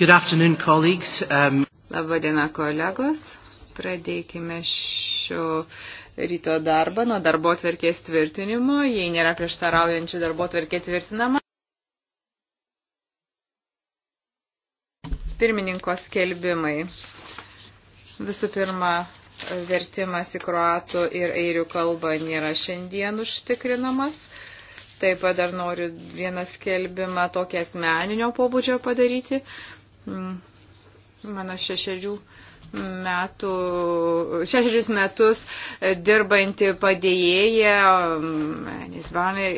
Good afternoon, colleagues. Um... Labadiena, kolegos. Pradėkime šio ryto darbą nuo darbo atverkės tvirtinimo. Jei nėra prieštaraujančių darbo atverkė tvirtinama. Pirmininko skelbimai. Visų pirma, vertimas į kroatų ir airių kalbą nėra šiandien užtikrinamas. Taip pat dar noriu vieną skelbimą tokią asmeninio pobūdžio padaryti. Mm. mano šešerių metų, šešerius metus dirbanti padėjėja, mm, Nisbanai,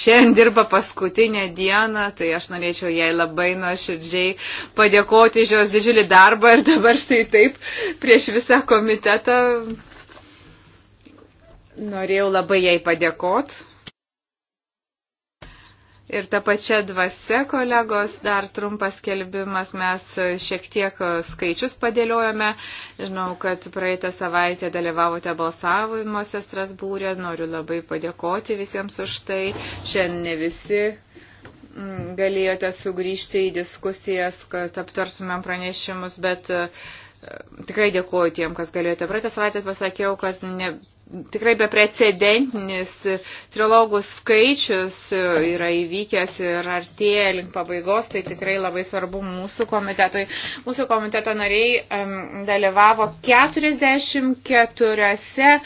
šiandien dirba paskutinę dieną, tai aš norėčiau jai labai nuoširdžiai padėkoti žios didžiulį darbą ir dabar štai taip prieš visą komitetą norėjau labai jai padėkoti Ir ta pačia dvasia, kolegos, dar trumpas kelbimas, mes šiek tiek skaičius padėliojame. Žinau, kad praeitą savaitę dalyvavote balsavimuose Strasbūrė, noriu labai padėkoti visiems už tai. Šiandien ne visi mm, galėjote sugrįžti į diskusijas, kad aptartumėm pranešimus, bet Ehm, tikrai dėkuoju tiem, kas galėjote. Praeitą savaitę pasakiau, kad ne, tikrai beprecedentinis trilogų skaičius e, yra įvykęs ir artėja link pabaigos, tai tikrai labai svarbu mūsų komitetui. Mūsų komiteto nariai um, dalyvavo 44 e,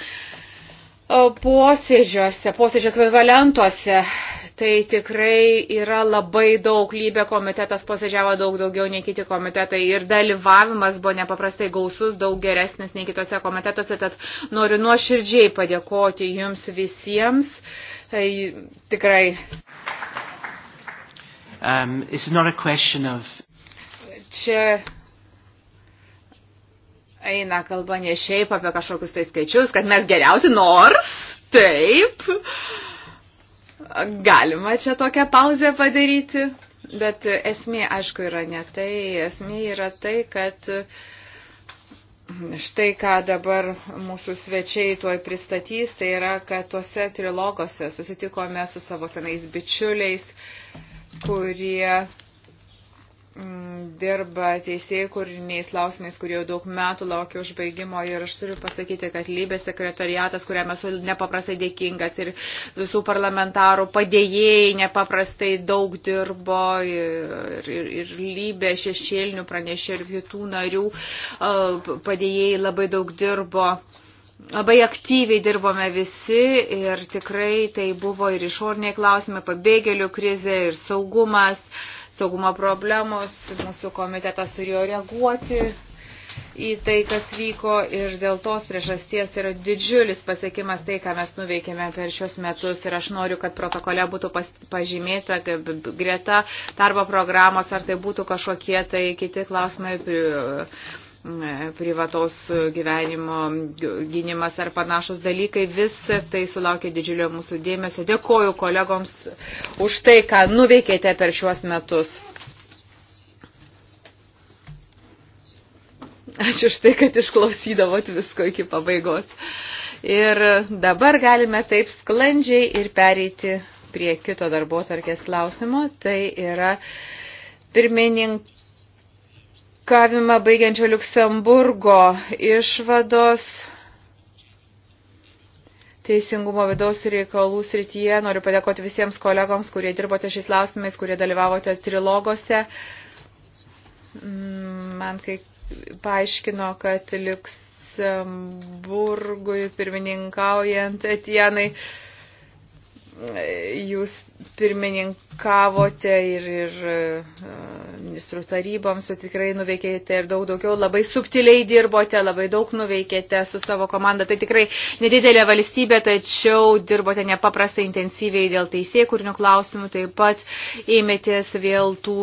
posėdžiuose, posėdžio ekvivalentuose Tai tikrai yra labai daug, lybė komitetas posėdžiavo daug daugiau nei kiti komitetai ir dalyvavimas buvo nepaprastai gausus, daug geresnis nei kitose komitetuose, tad noriu nuoširdžiai padėkoti jums visiems. Tai tikrai. Um, of... Čia eina kalba ne šiaip apie kažkokius tai skaičius, kad mes geriausi nors, taip. Uh, Galima čia tokią pauzę padaryti, bet esmė, aišku, yra ne tai. Esmė yra tai, kad štai ką dabar mūsų svečiai tuoj pristatys, tai yra, kad tuose trilogose susitikome su savo senais bičiuliais, kurie Mm, dirba teisėjai kūriniais klausimais, kurie jau daug metų laukia užbaigimo ir aš turiu pasakyti, kad lybės sekretariatas, kuriam esu nepaprastai dėkingas ir visų parlamentarų padėjėjai nepaprastai daug dirbo ir, ir, ir lybė šešėlinių pranešė ir kitų narių padėjėjai labai daug dirbo. Labai aktyviai dirbome visi ir tikrai tai buvo ir išorniai klausimai, pabėgėlių krizė ir saugumas. Uh, saugumo problemos, mūsų komitetas turėjo reaguoti į tai, kas vyko ir dėl tos priežasties yra didžiulis pasiekimas tai, ką mes nuveikėme per šios metus ir aš noriu, kad protokole būtų pas, pažymėta kaip greta darbo programos, ar tai būtų kažkokie tai kiti klausimai, E, privataus gyvenimo gynimas ar panašus dalykai, visa tai sulaukia didžiulio mūsų dėmesio. Dėkoju kolegoms už tai, ką nuveikėte per šiuos metus. Ačiū už tai, kad išklausydavot visko iki pabaigos. Ir dabar galime taip sklandžiai ir pereiti prie kito darbo tarkės klausimo. Tai yra pirmininkas pirmininkavimą baigiančio Luksemburgo išvados Teisingumo vidaus reikalų srityje. Noriu padėkoti visiems kolegoms, kurie dirbote šiais klausimais, kurie dalyvavote trilogose. Mm, man kai paaiškino, kad Luksemburgui pirmininkaujant Etienai jūs pirmininkavote ir, ir e, ministrų taryboms, o tikrai nuveikėte ir daug daugiau, labai subtiliai dirbote, labai daug nuveikėte su savo komanda. Tai tikrai nedidelė valstybė, tačiau dirbote nepaprastai intensyviai dėl teisėkūrinių klausimų, taip pat ėmėtės vėl tų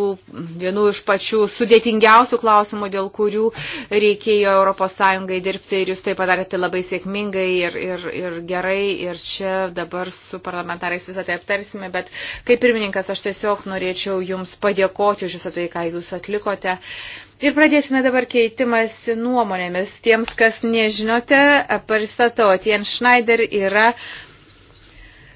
vienų iš pačių sudėtingiausių klausimų, dėl kurių reikėjo ES dirbti ir jūs tai padarėte labai sėkmingai ir, ir, ir gerai ir čia dabar su parlamentarai narais visą tai aptarsime, bet kaip pirmininkas aš tiesiog norėčiau Jums padėkoti už visą tai, ką Jūs atlikote. Ir pradėsime dabar keitimąsi nuomonėmis. Tiems, kas nežinote, pristatau, Tien Schneider yra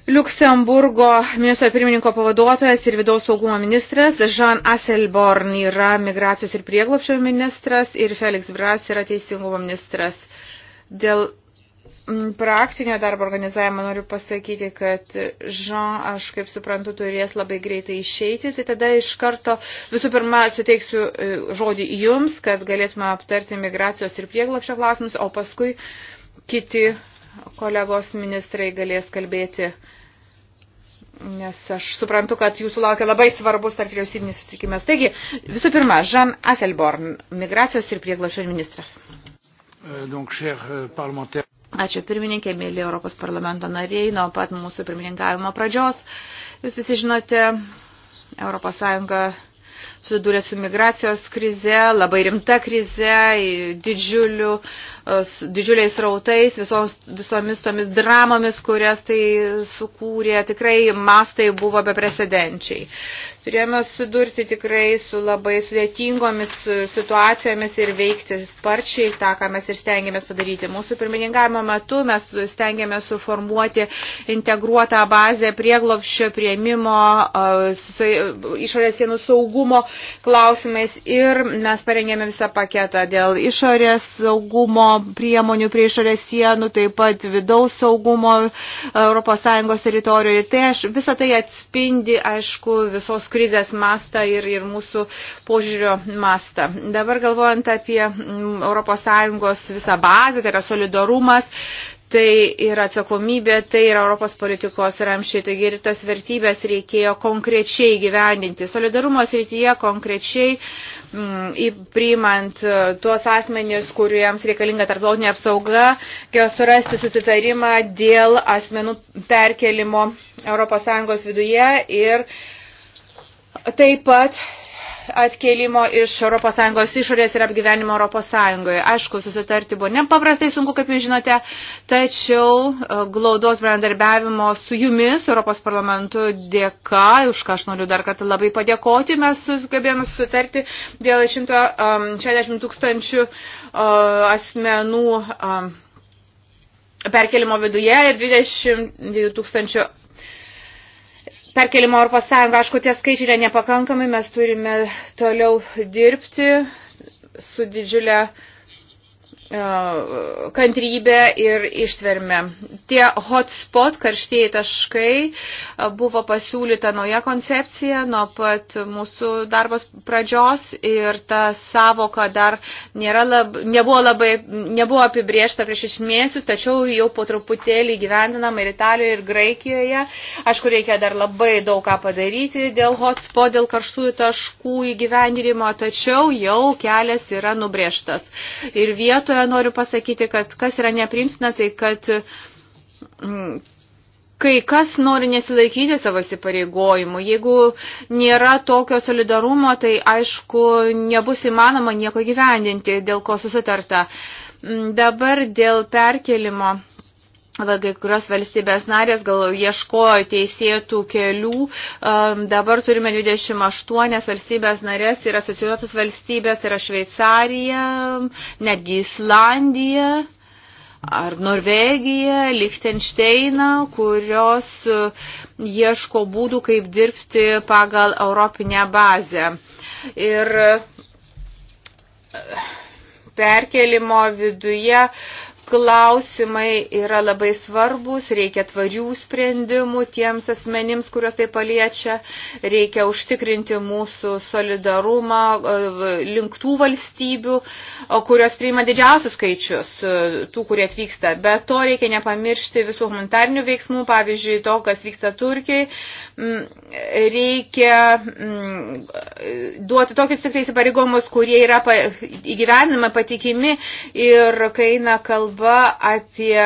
Liuksemburgo ministro pirmininko pavaduotojas ir vidaus saugumo ministras, Jean Asselborn yra migracijos ir prieglopščio ministras ir Felix Bras yra teisingumo ministras. Dėl Mm, praktinio darbo organizavimą noriu pasakyti, kad Žan, aš kaip suprantu, turės labai greitai išeiti, tai tada iš karto visų pirma suteiksiu e, žodį jums, kad galėtume aptarti migracijos ir prieglapšio klausimus, o paskui kiti kolegos ministrai galės kalbėti, nes aš suprantu, kad jūsų laukia labai svarbus tarp vyriausybinis sutikimas. Taigi, visų pirma, Žan Aselborn, migracijos ir prieglapšio ministras. Euh, donc, cher euh, parlementaire. Ačiū pirmininkė, mėly Europos parlamento nariai, nuo pat mūsų pirmininkavimo pradžios. Jūs visi žinote, Europos Sąjunga susidūrė su migracijos krize, labai rimta krize, didžiuliu didžiuliais rautais, visos, visomis tomis dramomis, kurias tai sukūrė. Tikrai mastai buvo beprecedenčiai. Turėjome sudurti tikrai su labai sudėtingomis situacijomis ir veikti sparčiai, tą, ką mes ir stengiamės padaryti. Mūsų pirmininkavimo metu mes stengiamės suformuoti integruotą bazę prieglovščio prieimimo, išorės sienų saugumo klausimais ir mes parengėme visą paketą dėl išorės saugumo saugumo priemonių prie išorės sienų, taip pat vidaus saugumo ES teritorijoje. Ir tai aš, visą tai atspindi, aišku, visos krizės mastą ir, ir mūsų požiūrio mastą. Dabar galvojant apie mm, ES visą bazę, tai yra solidarumas, tai yra atsakomybė, tai yra Europos politikos ramšiai, taigi ir tas vertybės reikėjo konkrečiai gyvendinti. Solidarumo srityje konkrečiai m, mm, priimant e, tuos asmenys, kuriems reikalinga tarptautinė apsauga, reikėjo surasti susitarimą dėl asmenų perkelimo ES viduje ir taip pat atkėlimo iš ES išorės ir apgyvenimo ES. Aišku, susitarti buvo nepaprastai sunku, kaip jūs žinote, tačiau e, glaudos bendarbiavimo su jumis, Europos parlamentu dėka, už ką aš noriu dar kartą labai padėkoti, mes sugebėjome susitarti dėl 160 tūkstančių e, asmenų perkelimo viduje ir 22 tūkstančių perkelimo Europos Sąjungą. Aišku, tie skaičiai yra nepakankami, mes turime toliau dirbti su didžiulė uh, E, kantrybę ir ištvermę. Tie hotspot, karštieji taškai, e, buvo pasiūlyta nauja koncepcija nuo pat mūsų darbos pradžios ir ta savoka dar nėra lab, nebuvo, labai, nebuvo apibriešta prieš šešis mėnesius, tačiau jau po truputėlį gyvendinama ir Italijoje, ir Graikijoje. Aišku, reikia dar labai daug ką padaryti dėl hotspot, dėl karštųjų taškų įgyvendinimo, tačiau jau kelias yra nubrėžtas. Ir vietoje klausytoje noriu pasakyti, kad kas yra neprimstina, tai kad mm, kai kas nori nesilaikyti savo įsipareigojimų. Jeigu nėra tokio solidarumo, tai aišku, nebus įmanoma nieko gyvendinti, dėl ko susitarta. Mm, dabar dėl perkelimo kai kurios valstybės narės gal ieškojo teisėtų kelių. Dabar turime 28 valstybės narės ir asociuotus valstybės, tai yra Šveicarija, netgi Islandija ar Norvegija, Lichtensteina, kurios e, ieško būdų, kaip dirbti pagal europinę bazę. Ir e, perkelimo viduje klausimai yra labai svarbus, reikia tvarių sprendimų tiems asmenims, kuriuos tai paliečia, reikia užtikrinti mūsų solidarumą e, linktų valstybių, kurios priima didžiausius skaičius e, tų, kurie atvyksta. Be to reikia nepamiršti visų humanitarnių veiksmų, pavyzdžiui, to, kas vyksta Turkijai Mm, reikia mm, duoti tokius tik tai įsipareigomus, kurie yra įgyvenime patikimi ir kai eina kalba apie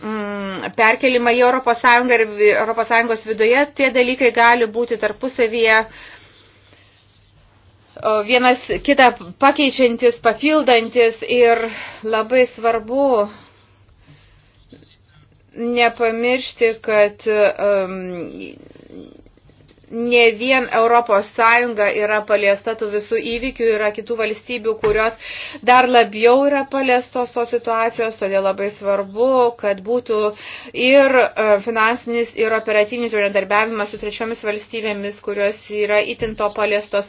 mm, perkelimą į ES ir ES viduje, tie dalykai gali būti tarpusavyje vienas kitą pakeičiantis, papildantis ir labai svarbu nepamiršti, kad um, ne vien Europos Sąjunga yra paliesta tų visų įvykių, yra kitų valstybių, kurios dar labiau yra paliestos tos situacijos, todėl labai svarbu, kad būtų ir e, finansinis, ir operatyvinis bendarbiavimas su trečiomis valstybėmis, kurios yra itinto paliestos.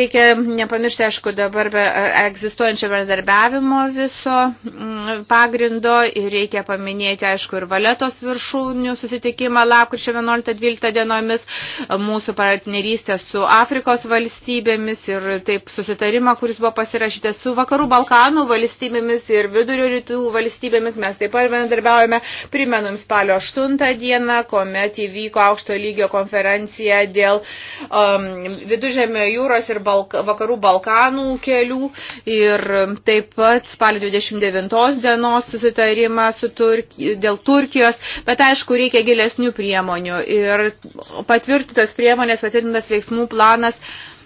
Reikia nepamiršti, aišku, dabar be e, egzistuojančio bendarbiavimo viso mm, pagrindo ir reikia paminėti, aišku, ir valetos viršūnių susitikimą lapkričio 11-12 dienomis mūsų partnerystę su Afrikos valstybėmis ir taip susitarimą, kuris buvo pasirašytas su Vakarų Balkanų valstybėmis ir Vidurio rytų valstybėmis. Mes taip pat bendarbiaujame, primenu, spalio 8 dieną, kuomet įvyko aukšto lygio konferencija dėl um, Vidužėmio jūros ir Balk Vakarų Balkanų kelių ir taip pat spalio 29 dienos susitarimą su Turk dėl Turkijos, bet aišku, reikia gilesnių priemonių. Ir patvirtintas patvirtintos priemonės, patvirtintas veiksmų planas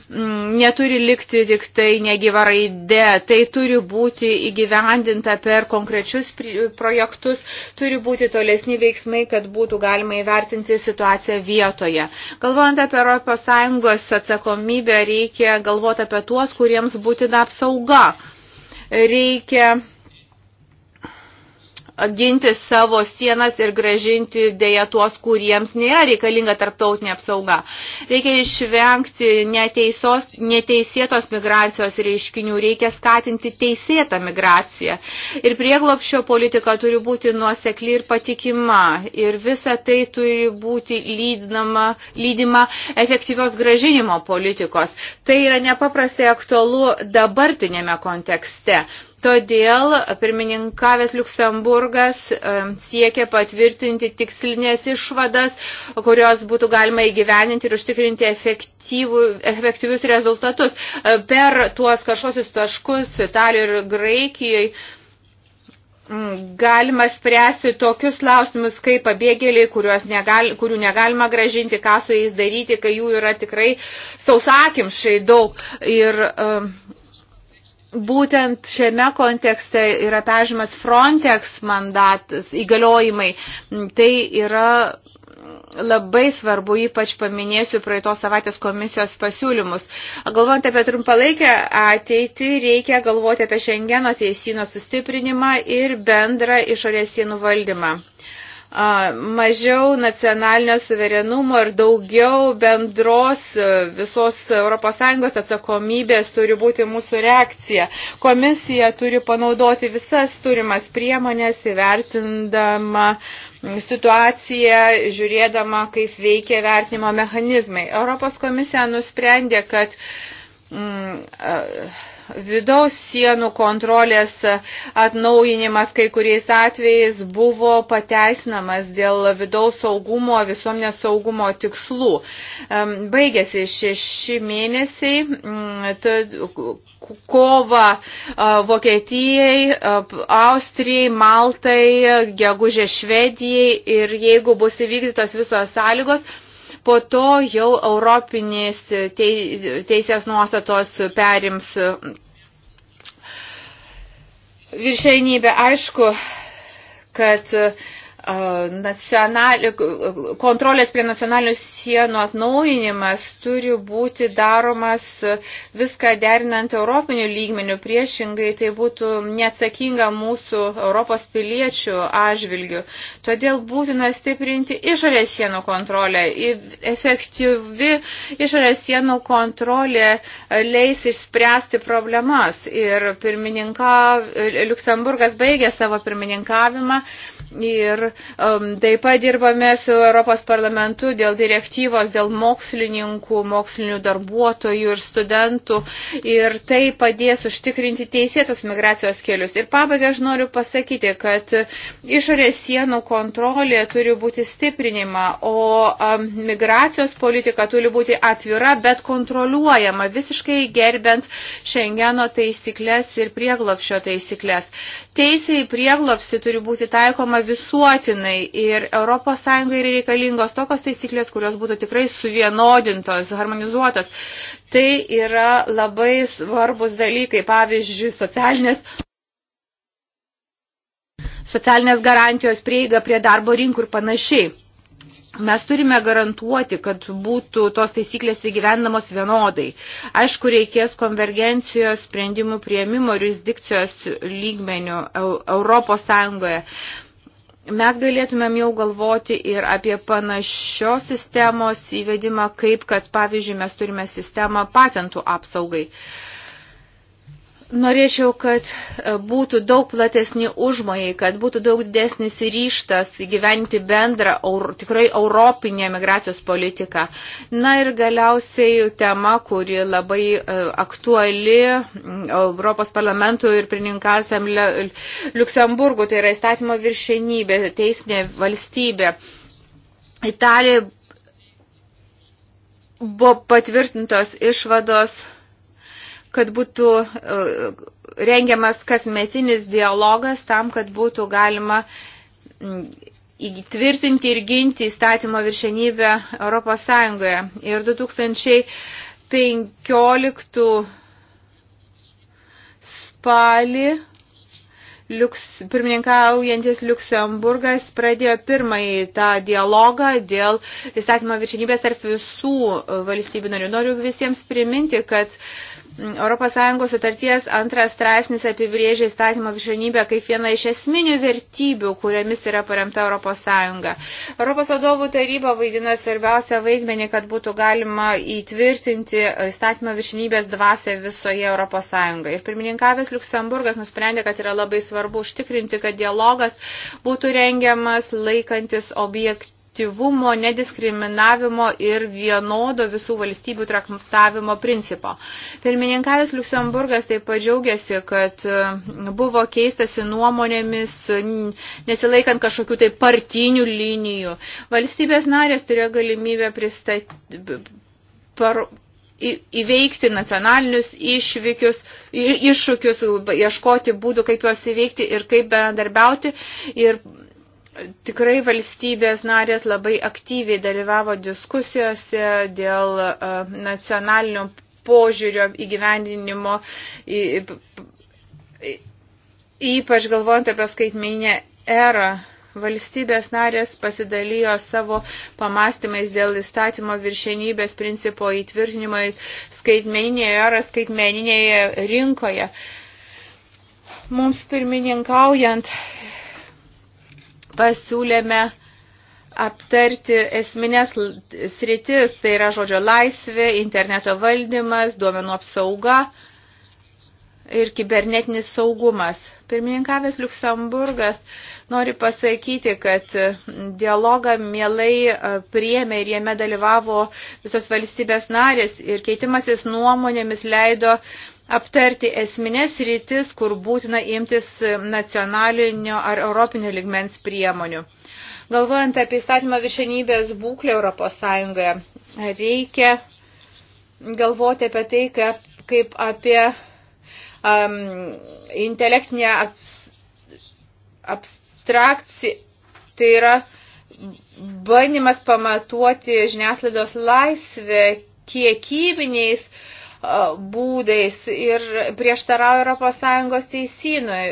mm, neturi likti tik tai negyva raide, tai turi būti įgyvendinta per konkrečius projektus, turi būti tolesni veiksmai, kad būtų galima įvertinti situaciją vietoje. Galvojant apie ES atsakomybę, reikia galvoti apie tuos, kuriems būtina apsauga. Reikia ginti savo sienas ir gražinti dėja tuos, kuriems nėra reikalinga tarptautinė apsauga. Reikia išvengti neteisos, neteisėtos migracijos reiškinių, reikia skatinti teisėtą migraciją. Ir prieglopšio politika turi būti nuosekli ir patikima. Ir visa tai turi būti lydinama, lydima efektyvios gražinimo politikos. Tai yra nepaprastai aktualu dabartinėme kontekste. Todėl pirmininkavęs Luksemburgas e, siekia patvirtinti tikslinės išvadas, kurios būtų galima įgyveninti ir užtikrinti efektyvų, efektyvius rezultatus. E, per tuos kažkosius taškus Italijoje ir Graikijoje galima spręsti tokius klausimus, kaip pabėgėliai, negal, kurių negalima gražinti, ką su jais daryti, kai jų yra tikrai sausakimšai daug. Ir, um, būtent šiame kontekste yra pežimas Frontex mandatas, įgaliojimai. Tai yra labai svarbu, ypač paminėsiu praeitos savaitės komisijos pasiūlymus. Galvojant apie trumpalaikę ateitį, reikia galvoti apie Šengeno teisino sustiprinimą ir bendrą išorės sienų valdymą mažiau nacionalinio suverenumo ir daugiau bendros e, visos ES atsakomybės turi būti mūsų reakcija. Komisija turi panaudoti visas turimas priemonės įvertindama situaciją, žiūrėdama, kaip veikia vertinimo mechanizmai. Europos komisija nusprendė, kad mm, vidaus sienų kontrolės atnaujinimas kai kuriais atvejais buvo pateisinamas dėl vidaus saugumo, visuomenės saugumo tikslų. Baigėsi šeši mėnesiai, mm, kova Vokietijai, Austrijai, Maltai, gegužė Švedijai ir jeigu bus įvykdytos visos sąlygos, po to jau Europinės teisės nuostatos perims e, viršenybę. Aišku, kad uh, nacionali, kontrolės prie nacionalinių sienų atnaujinimas turi būti daromas viską derinant europinių lygmenių. Priešingai tai būtų neatsakinga mūsų Europos piliečių atžvilgių. Todėl būtina stiprinti išorės sienų kontrolę. Efektyvi išorės sienų kontrolė leis išspręsti problemas. Ir pirmininka, Luksemburgas baigė savo pirmininkavimą. Ir um, taip pat dirbame su Europos parlamentu dėl direktyvos, dėl mokslininkų, mokslinių darbuotojų ir studentų. Ir tai padės užtikrinti teisėtus migracijos kelius. Ir pabaigai aš noriu pasakyti, kad išorės sienų kontrolė turi būti stiprinima, o um, migracijos politika turi būti atvira, bet kontroliuojama, visiškai gerbent Šengeno taisyklės ir prieglopšio taisyklės. Teisė į prieglopsį turi būti taikoma visuotinai ir ES reikalingos tokios taisyklės, kurios būtų tikrai suvienodintos, harmonizuotos. Tai yra labai svarbus dalykai, pavyzdžiui, socialinės socialinės garantijos prieiga prie darbo rinkų ir panašiai. Mes turime garantuoti, kad būtų tos taisyklės įgyvendamos vienodai. Aišku, reikės konvergencijos sprendimų prieimimo jurisdikcijos lygmenių Europos Sąjungoje mes galėtumėm jau galvoti ir apie panašios sistemos įvedimą, kaip kad, pavyzdžiui, mes turime sistemą patentų apsaugai. Uh, Norėčiau, kad e, būtų daug platesni užmojai, kad būtų daug didesnis ryštas gyventi bendrą, eur, tikrai europinę migracijos politiką. Na ir galiausiai tema, kuri labai e, aktuali Europos parlamentui ir prininkasiam Liuksemburgu, tai yra įstatymo viršenybė, teisinė valstybė. Italija buvo patvirtintos išvados kad būtų e, rengiamas kasmetinis dialogas tam, kad būtų galima įtvirtinti ir ginti įstatymo viršenybę Europos Sąjungoje. Ir 2015 spalį Liuks, pirmininkaujantis Luksemburgas pradėjo pirmąjį tą dialogą dėl įstatymo viršinybės tarp visų valstybių narių. Noriu visiems priminti, kad uh, ES sutarties antras straipsnis apibrėžia įstatymo viršenybę kaip viena iš esminių vertybių, kuriomis yra paremta ES. ES vadovų taryba vaidina svarbiausią vaidmenį, kad būtų galima įtvirtinti įstatymo viršenybės dvasę visoje ES. Ir pirmininkavęs Luksemburgas nusprendė, kad yra labai svarbu užtikrinti, kad dialogas būtų rengiamas laikantis objektų objektivumo, nediskriminavimo ir vienodo visų valstybių traktavimo principo. Pirmininkavęs Luksemburgas taip pat džiaugiasi, kad e, buvo keistasi nuomonėmis, nesilaikant kažkokių tai partinių linijų. Valstybės narės turėjo galimybę pristatyti. Par, įveikti nacionalinius išvykius, iššūkius, ieškoti būdų, kaip juos įveikti ir kaip bendarbiauti. Ir Tikrai valstybės narės labai aktyviai dalyvavo diskusijose dėl e, nacionalinio požiūrio įgyvendinimo, ypač galvojant apie skaitmeinę erą valstybės narės pasidalijo savo pamastymais dėl įstatymo viršenybės principo įtvirtinimo skaitmeninėje ar skaitmeninėje rinkoje. Mums pirmininkaujant pasiūlėme aptarti esminės sritis, tai yra žodžio laisvė, interneto valdymas, duomenų apsauga ir kibernetinis saugumas. Pirmininkavęs Luxemburgas nori pasakyti, kad dialogą mielai e, priėmė ir jame dalyvavo visas valstybės narės ir keitimasis nuomonėmis leido uh, aptarti esminės rytis, kur būtina imtis nacionalinio ar europinio ligmens priemonių. Galvojant apie įstatymą viršenybės būklę Europos Sąjungoje, reikia galvoti apie tai, kaip, kaip apie um, intelektinę abs, abstrakciją, tai yra bandymas pamatuoti žiniaslaidos laisvę kiekybiniais uh, būdais ir prieštarauja ES teisynui.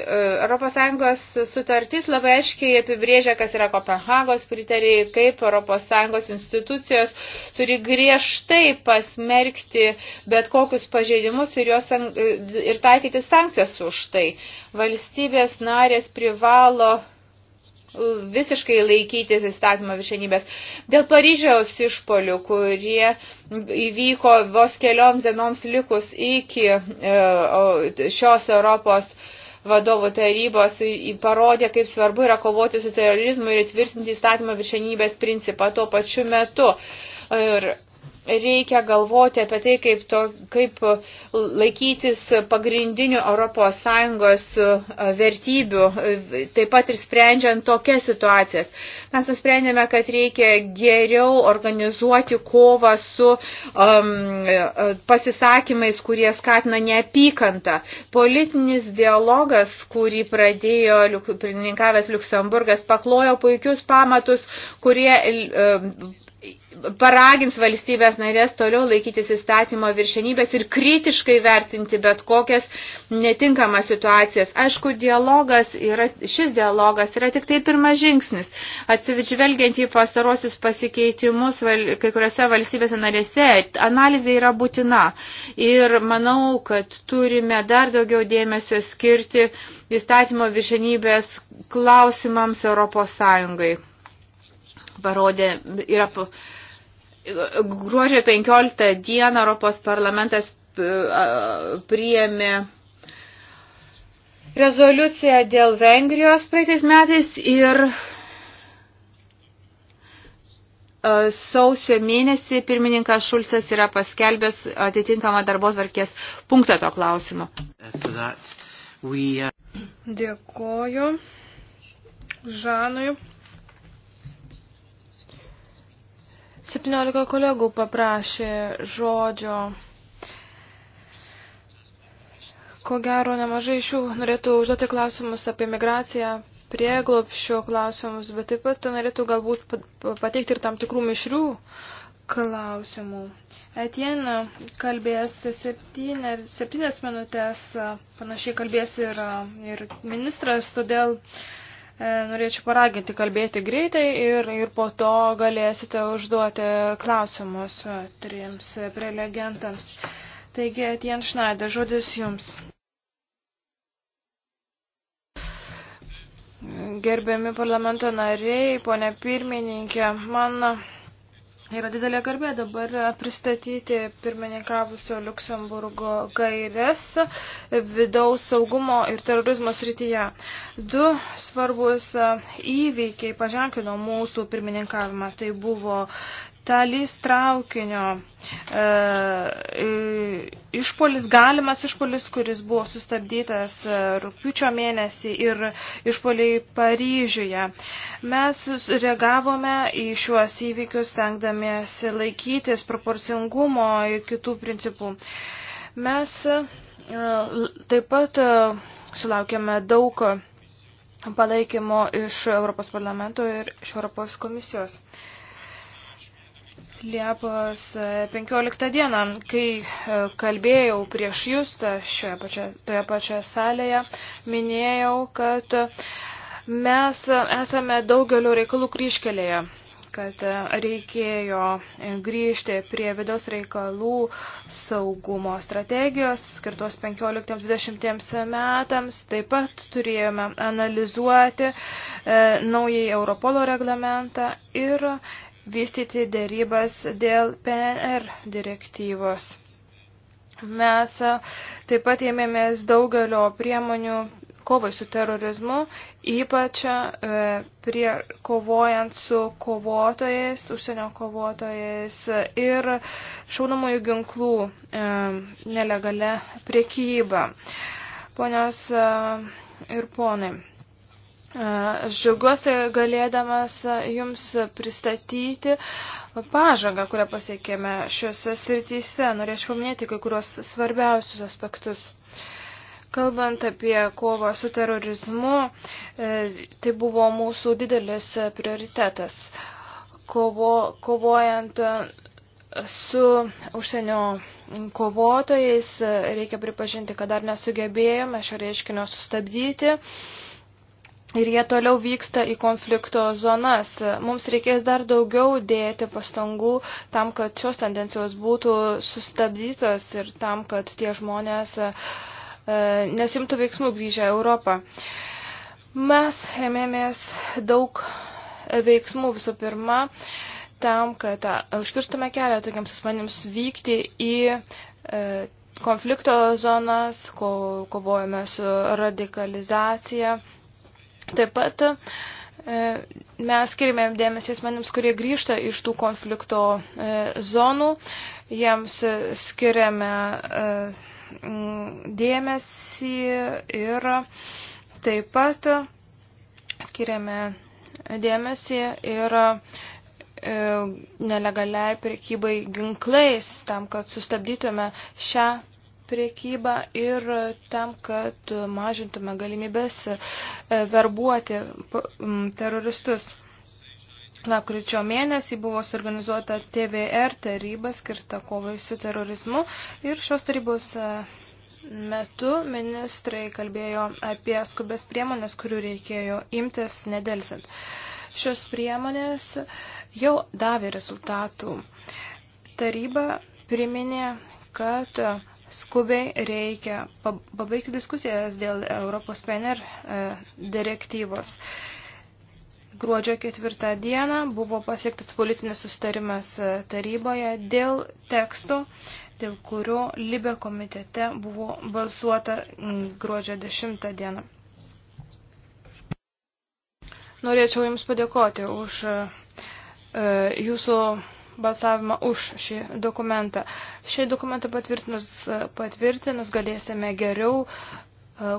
ES sutartis labai aiškiai apibrėžia, kas yra Kopenhagos kriterijai ir kaip ES institucijos turi griežtai pasmerkti bet kokius pažeidimus ir, juos, ir taikyti sankcijas už tai. Valstybės narės privalo visiškai laikytis įstatymo viršenybės. Dėl Paryžiaus išpolių, kurie įvyko vos kelioms dienoms likus iki e, šios Europos vadovų tarybos parodė, kaip svarbu yra kovoti su terorizmu ir įtvirtinti įstatymo viršenybės principą tuo pačiu metu. Ir reikia galvoti apie tai, kaip, to, kaip laikytis pagrindinių ES e, vertybių, e, taip pat ir sprendžiant tokias situacijas. Mes nusprendėme, kad reikia geriau organizuoti kovą su um, pasisakymais, kurie skatina neapykantą. Politinis dialogas, kurį pradėjo pirmininkavęs Luksemburgas, paklojo puikius pamatus, kurie um, paragins valstybės narės toliau laikytis įstatymo viršenybės ir kritiškai vertinti bet kokias netinkamas situacijas. Aišku, dialogas yra, šis dialogas yra tik tai pirmas žingsnis. Atsižvelgiant į pastarosius pasikeitimus kai kuriuose valstybėse narėse, analizė yra būtina. Ir manau, kad turime dar daugiau dėmesio skirti įstatymo viršenybės klausimams Europos Sąjungai. Parodė, yra Gruodžio 15 dieną Europos parlamentas e, priėmė rezoliuciją dėl Vengrijos praeitais metais ir e, sausio mėnesį pirmininkas Šulcas yra paskelbęs atitinkamą darbos varkės punktą to klausimu. Uh, Dėkoju Žanui. 17 kolegų paprašė žodžio. Ko gero, nemažai iš jų norėtų užduoti klausimus apie migraciją, prieglopščio klausimus, bet taip pat norėtų galbūt pateikti ir tam tikrų mišrių klausimų. Etien kalbės septynė, septynės minutės, panašiai kalbės ir, ir ministras, todėl uh, E, norėčiau paraginti kalbėti greitai ir, ir po to galėsite užduoti klausimus e, trims prelegentams. Taigi, Tien Šnaider, žodis jums. Gerbiami parlamento nariai, ponė pirmininkė, man Yra didelė garbė dabar pristatyti pirmininkavusio Luksemburgo gairias vidaus saugumo ir terorizmo srityje. Du svarbus įvykiai paženklino mūsų pirmininkavimą. Tai buvo talys traukinio e, išpolis, galimas išpolis, kuris buvo sustabdytas e, rūpiučio mėnesį ir išpoliai Paryžiuje. Mes reagavome į šiuos įvykius, stengdamiesi laikytis proporcingumo ir kitų principų. Mes e, taip pat e, sulaukėme daug palaikymo iš Europos parlamento ir iš Europos komisijos. E, Liepos 15 e, dieną, kai e, kalbėjau prieš jūs šioje pačioje, toje pačioje salėje, minėjau, kad mes esame daugelio reikalų kryškelėje kad reikėjo grįžti prie vidaus reikalų saugumo strategijos skirtos 15-20 metams. Taip pat turėjome analizuoti e, naująjį Europolo reglamentą ir vystyti dėrybas dėl PNR direktyvos. Mes taip pat ėmėmės daugelio priemonių kovai su terorizmu, ypač prie kovojant su kovotojais, užsienio kovotojais ir šaunamųjų ginklų nelegale priekyba. Ponios ir ponai, Aš džiaugiuosi galėdamas Jums pristatyti pažangą, kurią pasiekėme šiuose srityse. Norėčiau paminėti kai kurios svarbiausius aspektus. Kalbant apie kovą su terorizmu, e, tai buvo mūsų didelis prioritetas. Kovo, kovojant su užsienio kovotojais, reikia pripažinti, kad dar nesugebėjome šio reiškinio sustabdyti ir jie toliau vyksta į konflikto zonas. Mums reikės dar daugiau dėti pastangų tam, kad šios tendencijos būtų sustabdytos ir tam, kad tie žmonės e, nesimtų veiksmų grįžę Europą. Mes ėmėmės daug veiksmų visų pirma tam, kad užkirstume kelią tokiams asmenims vykti į e, konflikto zonas, ko, kovojame su radikalizacija Taip pat e, mes skirime dėmesį asmenims, kurie grįžta iš tų konflikto e, zonų, jiems skiriame e, dėmesį ir taip pat skiriame dėmesį ir nelegaliai prekybai ginklais, tam, kad sustabdytume šią priekybą ir tam, kad mažintume galimybės e, verbuoti teroristus. Lapkričio mėnesį buvo suorganizuota TVR taryba skirta kovai su terorizmu ir šios tarybos e, metu ministrai kalbėjo apie skubės priemonės, kurių reikėjo imtis nedelsint. Šios priemonės jau davė rezultatų. Taryba priminė, kad skubiai reikia pabaigti diskusijas dėl Europos PNR e, direktyvos. Gruodžio ketvirtą dieną buvo pasiektas politinis sustarimas e, taryboje dėl teksto, dėl kurio Libė komitete buvo balsuota gruodžio dešimtą dieną. Norėčiau Jums padėkoti už e, Jūsų balsavimą už šį dokumentą. Šį dokumentą patvirtinus, patvirtinus galėsime geriau e,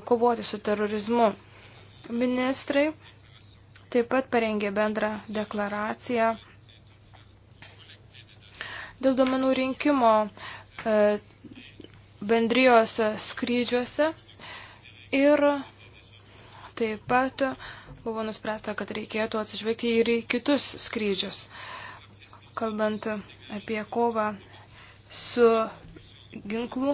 kovoti su terorizmu. Ministrai taip pat parengė bendrą deklaraciją dėl domenų rinkimo e, bendrijos skrydžiuose ir taip pat buvo nuspręsta, kad reikėtų atsižvelgti ir į kitus skrydžius. Uh, kalbant apie kovą su ginklų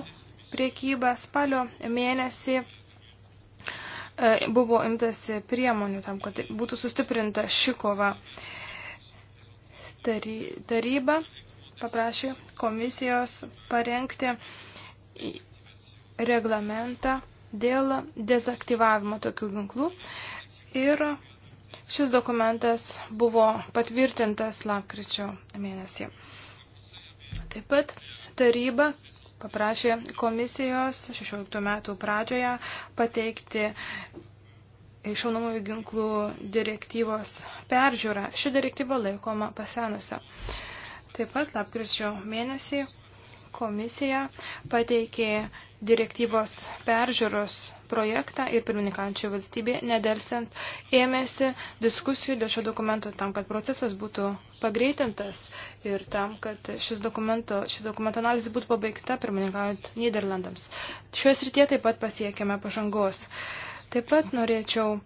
priekyba. Spalio mėnesį e, buvo imtasi priemonių tam, kad būtų sustiprinta ši kova. Taryba paprašė komisijos parengti reglamentą dėl dezaktyvavimo tokių ginklų ir Šis dokumentas buvo patvirtintas lapkričio mėnesį. Taip pat taryba paprašė komisijos 16 metų pradžioje pateikti šaunamųjų ginklų direktyvos peržiūrą. Ši direktyva laikoma pasenusią. Taip pat lapkričio mėnesį komisija pateikė direktyvos peržiūros projektą ir pirmininkančio valstybė nedelsiant ėmėsi diskusijų dėl šio dokumento tam, kad procesas būtų pagreitintas ir tam, kad šis dokumento, šis dokumento analizė būtų pabaigta pirmininkaujant Niderlandams. Šioje srityje taip pat pasiekėme pažangos. Taip pat norėčiau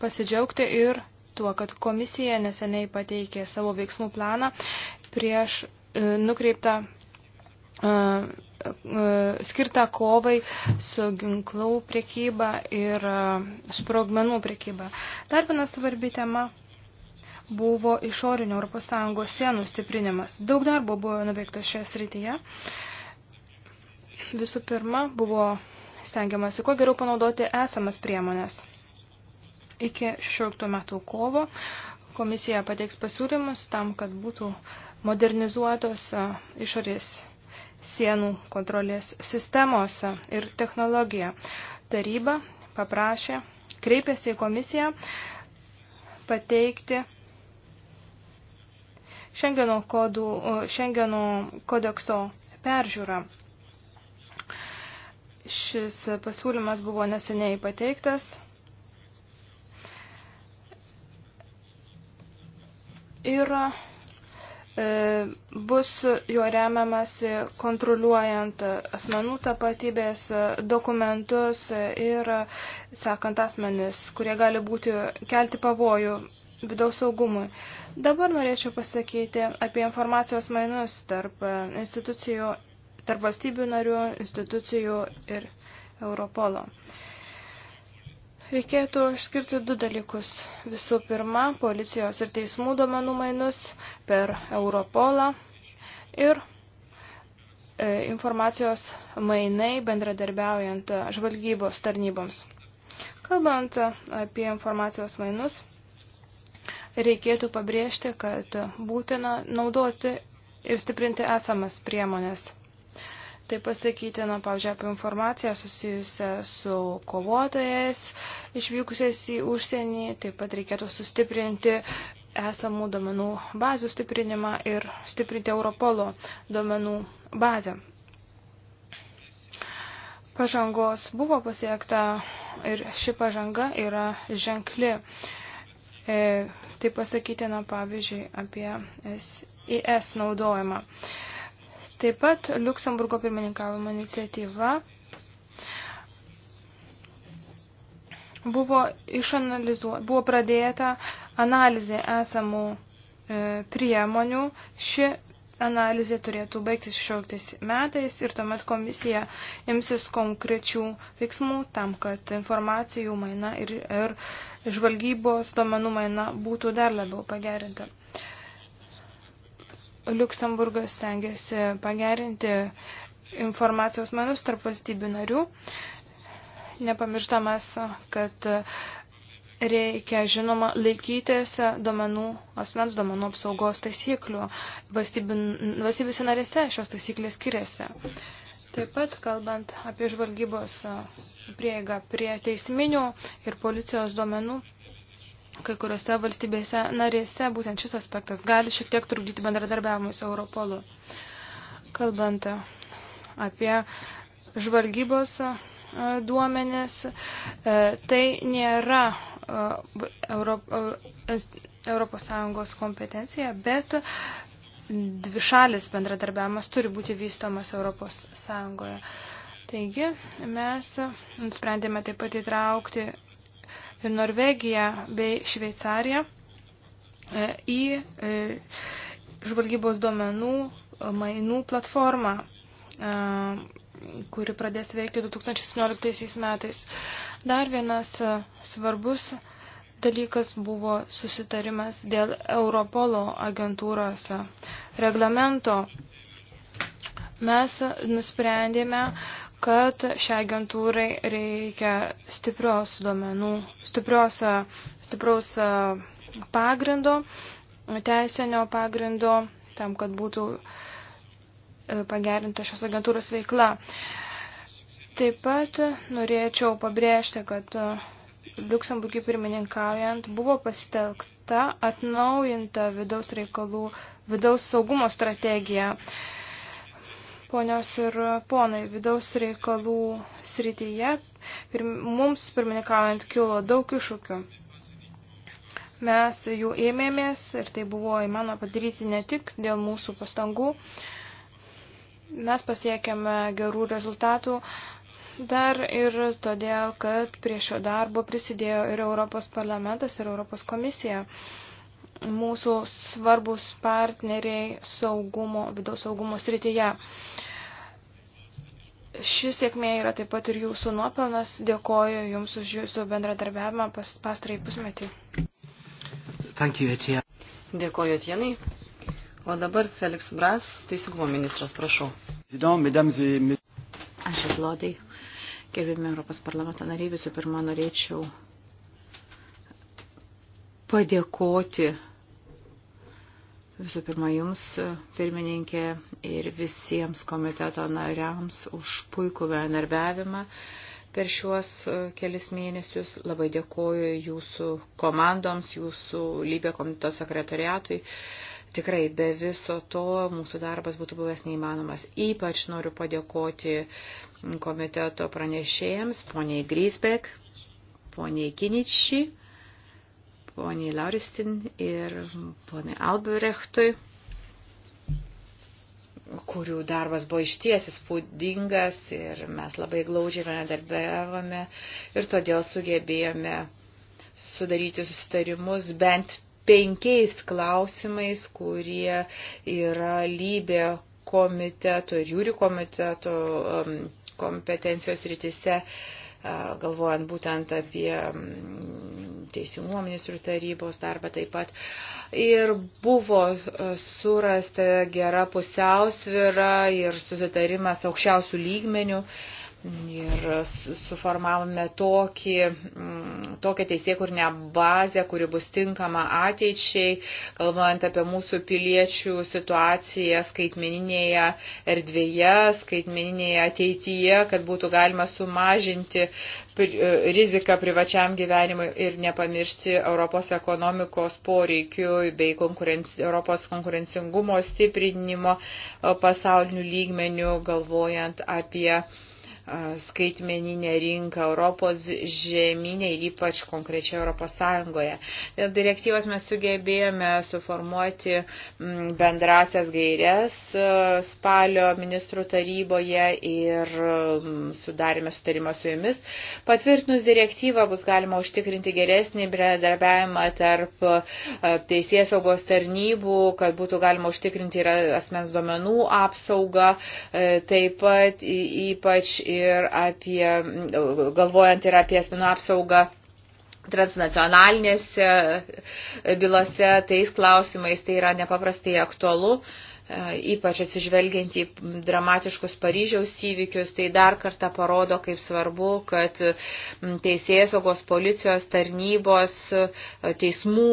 pasidžiaugti ir tuo, kad komisija neseniai pateikė savo veiksmų planą prieš e, nukreiptą skirtą kovai su ginklų priekyba ir sprogmenų priekyba. Dar viena svarbi tema buvo išorinio ES sienų stiprinimas. Daug darbo buvo nuveikta šioje srityje. Visų pirma, buvo stengiamasi kuo geriau panaudoti esamas priemonės. Iki 16 metų kovo komisija pateiks pasiūlymus tam, kad būtų modernizuotos išorės sienų kontrolės sistemose ir technologija. Taryba paprašė, kreipėsi į komisiją pateikti Šengeno, kodų, Šengeno kodekso peržiūrą. Šis pasiūlymas buvo neseniai pateiktas. Ir E, bus juo remiamasi kontroliuojant asmenų tapatybės dokumentus ir sekant asmenis, kurie gali būti kelti pavojų vidaus saugumui. Dabar norėčiau pasakyti apie informacijos mainus tarp institucijų, tarp valstybių narių, institucijų ir Europolo. Uh, Reikėtų išskirti du dalykus. Visų pirma, policijos ir teismų duomenų mainus per Europolą ir e, informacijos mainai bendradarbiaujant žvalgybos tarnyboms. Kalbant apie informacijos mainus, reikėtų pabrėžti, kad būtina naudoti ir stiprinti esamas priemonės. Tai pasakyti, na, pavyzdžiui, apie informaciją susijusią su kovotojais išvykusiais į užsienį, taip pat reikėtų sustiprinti esamų domenų bazių stiprinimą ir stiprinti Europolo domenų bazę. Pažangos buvo pasiekta ir ši pažanga yra ženkli. E, tai pasakytina pavyzdžiui apie SIS naudojimą. E, Taip pat Luksemburgo pirmininkavimo iniciatyva buvo, buvo pradėta analizė esamų e, priemonių. Ši analizė turėtų baigtis 16 metais ir tuomet komisija imsis konkrečių veiksmų tam, kad informacijų maina ir, ir žvalgybos domenų maina būtų dar labiau pagerinta. Luksemburgas stengiasi pagerinti informacijos menus tarp valstybių narių. Nepamirštamas, kad reikia, žinoma, laikytis domenų, asmens domenų apsaugos taisyklių. Valstybėse narėse šios taisyklės skiriasi. Taip pat, kalbant apie žvalgybos prieigą prie teisminių ir policijos duomenų, kai kuriuose valstybėse narėse būtent šis aspektas gali šiek tiek trukdyti bendradarbiavimui su Europolu. Kalbant apie žvalgybos e, duomenis, e, tai nėra e, Europos Sąjungos kompetencija, bet dvišalis bendradarbiavimas turi būti vystomas Europos Sąjungoje. Taigi mes nusprendėme taip pat įtraukti Norvegiją bei Šveicariją e, į e, žvalgybos duomenų e, mainų platformą, kuri pradės veikti 2017 metais. Dar vienas svarbus dalykas buvo susitarimas dėl Europolo agentūros reglamento. Mes nusprendėme uh, kad šiai agentūrai reikia stiprios duomenų, stiprios, stipraus pagrindo, teisinio pagrindo, tam, kad būtų e, pagerinta šios agentūros veikla. Taip pat norėčiau pabrėžti, kad Liuksemburgiai pirmininkaujant buvo pasitelkta atnaujinta vidaus reikalų, vidaus saugumo strategija. Uh, Ponios ir ponai, vidaus reikalų srityje pirm, mums pirmininkaujant kilo daug iššūkių. Mes jų ėmėmės ir tai buvo įmanoma padaryti ne tik dėl mūsų pastangų. Mes pasiekėme gerų rezultatų dar ir todėl, kad prie šio darbo prisidėjo ir Europos parlamentas, ir Europos komisija mūsų svarbus partneriai saugumo, vidaus saugumo srityje. Ši sėkmė yra taip pat ir jūsų nuopelnas. Dėkoju Jums už Jūsų bendradarbiavimą pas, pastarai pusmetį. Thank you, Etienne. Dėkoju, Etienai. O dabar Felix Bras, teisingumo ministras, prašau. Aš atlodai. Gerbėme Europos parlamento nariai, visų pirma, norėčiau padėkoti visų pirma Jums, pirmininkė, ir visiems komiteto nariams už puikų bendarbiavimą per šiuos e, kelis mėnesius. Labai dėkoju Jūsų komandoms, Jūsų lybė komiteto sekretariatui. Tikrai be viso to mūsų darbas būtų buvęs neįmanomas. Ypač noriu padėkoti komiteto pranešėjams, poniai Grisbek, poniai Kiničiai poniai Lauristin ir poniai Albrechtui, kurių darbas buvo išties įspūdingas ir mes labai glaudžiai bendradarbiavome ir todėl sugebėjome sudaryti susitarimus bent penkiais klausimais, kurie yra lybė komiteto ir jūrių komiteto um, kompetencijos rytise. Uh, galvojant būtent apie Teisingumo ministrų tarybos darbą taip pat. Ir buvo surasta gera pusiausvyra ir susitarimas aukščiausių lygmenių. Uh, Ir suformavome tokį, mm, tokią teisėkurnę bazę, kuri bus tinkama ateičiai, kalbant apie mūsų piliečių situaciją skaitmeninėje erdvėje, skaitmeninėje ateityje, kad būtų galima sumažinti e, riziką privačiam gyvenimui ir nepamiršti Europos ekonomikos poreikių bei konkurenci, Europos konkurencingumo stiprinimo e, pasaulinių lygmenių, galvojant apie skaitmeninę rinką Europos žemynė ir ypač konkrečiai Europos Sąjungoje. Dėl direktyvos mes sugebėjome suformuoti mm, bendrasias gairias spalio ministrų taryboje ir mm, sudarėme sutarimą su jumis. Patvirtinus direktyvą bus galima užtikrinti geresnį bendradarbiavimą tarp teisės saugos tarnybų, kad būtų galima užtikrinti ir asmens duomenų apsaugą, e, taip pat ypač ir apie, galvojant ir apie asmenų apsaugą transnacionalinėse e, bylose, tais klausimais tai yra nepaprastai aktualu e, ypač atsižvelgiant į dramatiškus Paryžiaus įvykius, tai dar kartą parodo, kaip svarbu, kad teisėsaugos, policijos, tarnybos, e, teismų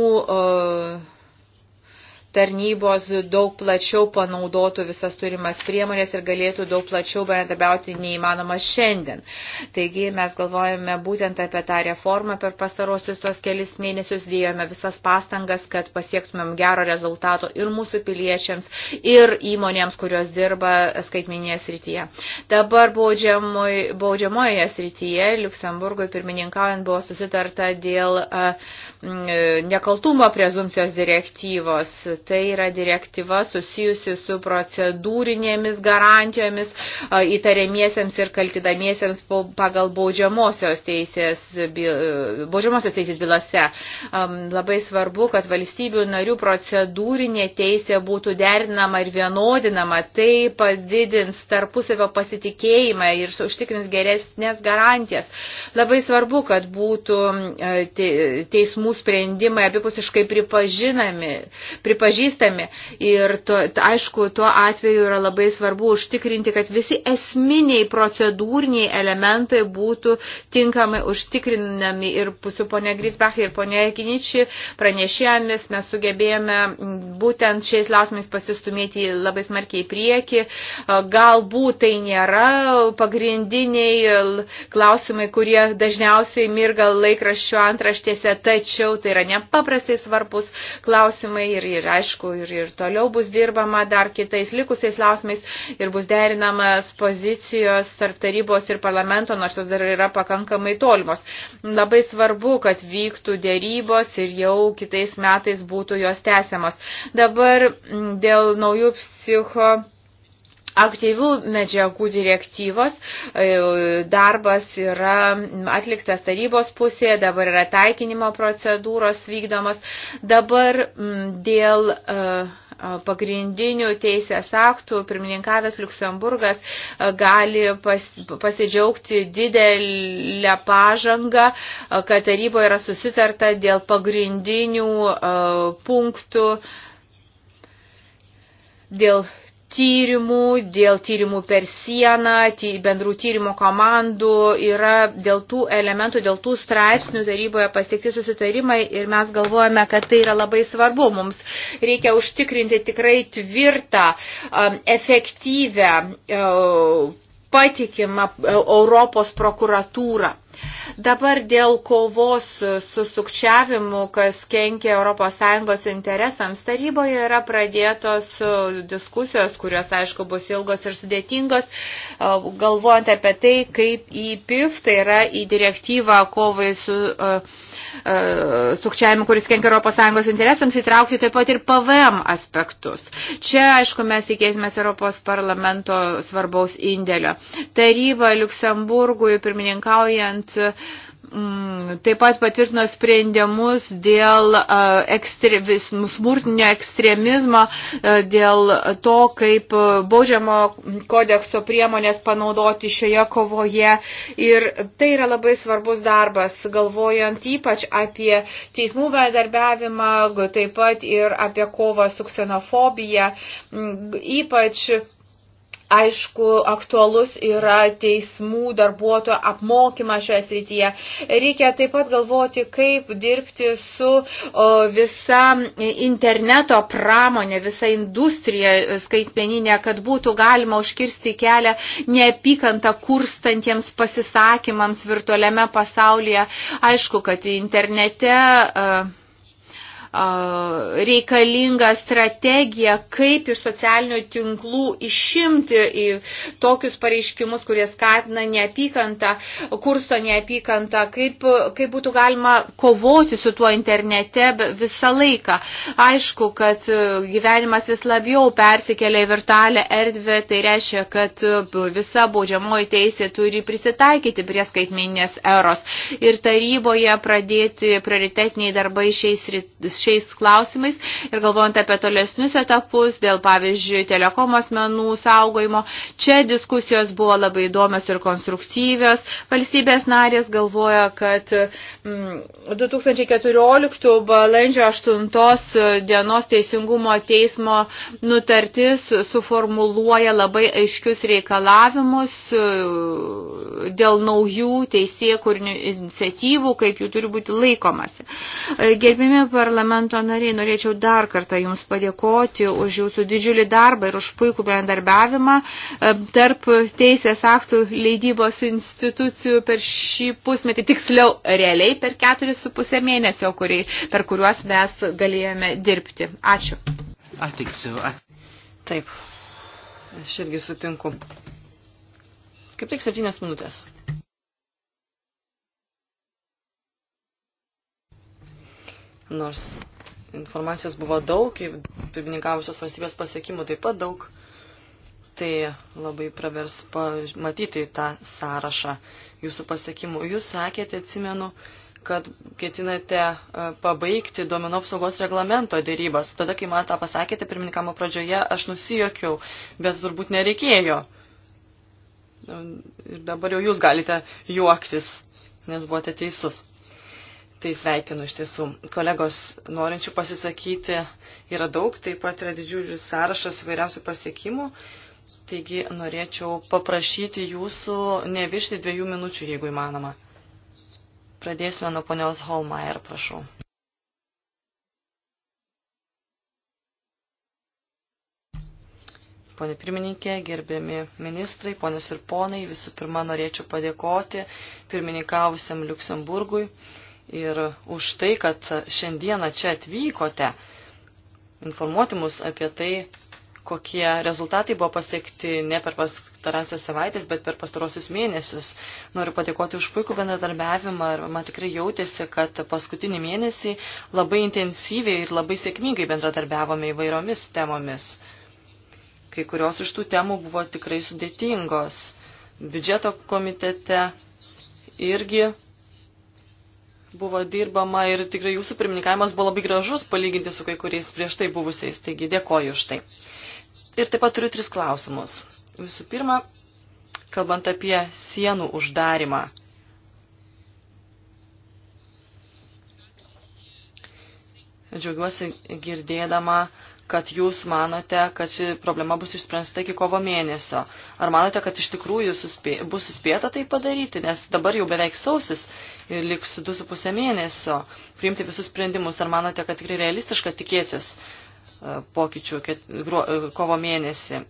tarnybos daug plačiau panaudotų visas turimas priemonės ir galėtų daug plačiau bendradarbiauti neįmanoma šiandien. Taigi mes galvojame būtent apie tą reformą per pastarosius tuos kelis mėnesius, dėjome visas pastangas, kad pasiektumėm gero rezultato ir mūsų piliečiams, ir įmonėms, kurios dirba skaitminėje srityje. Dabar baudžiamoje srityje, Luksemburgui pirmininkaujant, buvo susitarta dėl uh, Mm, nekaltumo prezumcijos direktyvos. Tai yra direktyva susijusi su procedūrinėmis garantijomis įtariamiesiems ir kaltinamiesiems pagal baudžiamosios teisės, e, baudžiamosios teisės bylose. Labai svarbu, kad valstybių narių procedūrinė teisė būtų derinama ir vienodinama. Tai padidins tarpusavio pasitikėjimą ir užtikrins geresnės garantijas. Labai svarbu, kad būtų e, teismų teismų sprendimai abipusiškai pripažinami, pripažįstami. Ir to, aišku, tuo atveju yra labai svarbu užtikrinti, kad visi esminiai procedūriniai elementai būtų tinkamai užtikrinami. Ir su ponia Grisbach ir ponia Kiničiai pranešėjomis mes sugebėjome būtent šiais lausmais pasistumėti labai smarkiai į priekį. Galbūt tai nėra pagrindiniai klausimai, kurie dažniausiai mirga laikraščio antraštėse, tačiau tačiau tai yra nepaprastai svarbus klausimai ir, ir aišku, ir, ir toliau bus dirbama dar kitais likusiais klausimais ir bus derinamas pozicijos tarp tarybos ir parlamento, nors jos dar yra pakankamai tolimos. Labai svarbu, kad vyktų dėrybos ir jau kitais metais būtų jos tęsiamos. Dabar dėl naujų psicho aktyvių medžiagų direktyvos. E, darbas yra atliktas tarybos pusėje, dabar yra taikinimo procedūros vykdomas. Dabar mm, dėl e, pagrindinių teisės aktų pirmininkavęs Luksemburgas e, gali pas, pasidžiaugti didelę pažangą, kad taryboje yra susitarta dėl pagrindinių punktų dėl tyrimų, dėl tyrimų per sieną, bendrų tyrimo komandų, yra dėl tų elementų, dėl tų straipsnių taryboje pasiekti susitarimai ir mes galvojame, kad tai yra labai svarbu. Mums reikia užtikrinti tikrai tvirtą, um, efektyvę, uh, patikimą uh, Europos prokuratūrą. Dabar dėl kovos su sukčiavimu, kas kenkia ES interesams, taryboje yra pradėtos e, diskusijos, kurios, aišku, bus ilgos ir sudėtingos, e, galvojant apie tai, kaip į PIF, tai yra į direktyvą kovai su. Uh, E, sukčiavimą, kuris kenkia ES interesams, įtraukti taip pat ir PVM aspektus. Čia, aišku, mes tikėsimės Europos parlamento svarbaus indėlio. Taryba Luksemburgui pirmininkaujant Mm, taip pat patvirtino sprendimus dėl ekstre, smurtinio ekstremizmo, dėl to, kaip baudžiamo kodekso priemonės panaudoti šioje kovoje. Ir tai yra labai svarbus darbas, galvojant ypač apie teismų bendarbiavimą, taip pat ir apie kovą su ksenofobija. Ypač Aišku, aktualus yra teismų darbuotojų apmokymas šioje srityje. Reikia taip pat galvoti, kaip dirbti su o, visa interneto pramonė, visa industrija e, skaitmeninė, kad būtų galima užkirsti kelią neapykantą kurstantiems pasisakymams virtualiame pasaulyje. Aišku, kad internete. O, e, reikalinga strategija, kaip iš socialinių tinklų išimti į tokius pareiškimus, kurie skatina neapykantą, kursto neapykantą, kaip, kaip būtų galima kovoti su tuo internete visą laiką. Aišku, kad e, gyvenimas vis labiau persikelia į virtualią erdvę, tai reiškia, kad e, visa baudžiamoji teisė turi prisitaikyti prie skaitmeninės eros. Ir taryboje pradėti prioritetiniai darbai šiais rytais šiais klausimais ir galvojant apie tolesnius etapus dėl, pavyzdžiui, telekomos menų saugojimo. Čia diskusijos buvo labai įdomios ir konstruktyvios. Valstybės narės galvoja, kad 2014 mm, balandžio 8 dienos teisingumo teismo nutartis suformuluoja labai aiškius reikalavimus mm, dėl naujų teisėkurnių iniciatyvų, kaip jų turi būti laikomasi. Gerbimi parlamentai, parlamento nariai, norėčiau dar kartą Jums padėkoti už Jūsų didžiulį darbą ir už puikų bendarbiavimą e, tarp teisės aktų leidybos institucijų per šį pusmetį, tiksliau realiai per keturis su pusę mėnesio, kurį, per kuriuos mes galėjome dirbti. Ačiū. So. I... Taip, aš irgi sutinku. Kaip tik septynės minutės. Nors informacijos buvo daug, pirmininkavusios valstybės pasiekimų taip pat daug, tai labai pravers pamatyti tą sąrašą jūsų pasiekimų. Jūs sakėte, atsimenu, kad ketinate e, pabaigti duomenų apsaugos reglamento dėrybas. Tada, kai man tą pasakėte pirmininkamo pradžioje, aš nusijokiau, bet turbūt nereikėjo. E, ir dabar jau jūs galite juoktis, nes buvote teisus. Tai sveikinu iš tiesų. Kolegos norinčių pasisakyti yra daug, taip pat yra didžiulis sąrašas vairiausių pasiekimų. Taigi norėčiau paprašyti jūsų neviršti dviejų minučių, jeigu įmanoma. Pradėsime nuo ponios Holmeier, prašau. Pone pirmininkė, gerbiami ministrai, ponios ir ponai, visų pirma norėčiau padėkoti pirmininkavusiam Luksemburgui ir už tai, kad šiandieną čia atvykote informuoti mus apie tai, kokie rezultatai buvo pasiekti ne per pastarąsias savaitės, bet per pastarosius mėnesius. Noriu patikoti už puikų bendradarbiavimą ir man tikrai jautėsi, kad paskutinį mėnesį labai intensyviai ir labai sėkmingai bendradarbiavome įvairiomis temomis. Kai kurios iš tų temų buvo tikrai sudėtingos. Biudžeto komitete irgi buvo dirbama ir tikrai jūsų pirmininkavimas buvo labai gražus palyginti su kai kuriais prieš tai buvusiais, taigi dėkoju už tai. Ir taip pat turiu tris klausimus. Visų pirma, kalbant apie sienų uždarimą. Džiaugiuosi girdėdama uh, kad jūs manote, kad ši problema bus išspręsta iki kovo mėnesio. Ar manote, kad iš tikrųjų suspė, bus suspėta tai padaryti, nes dabar jau beveik sausis ir liks 2,5 mėnesio priimti visus sprendimus. Ar manote, kad tikrai realistiška tikėtis e, pokyčių ket, gruo, e, kovo mėnesį?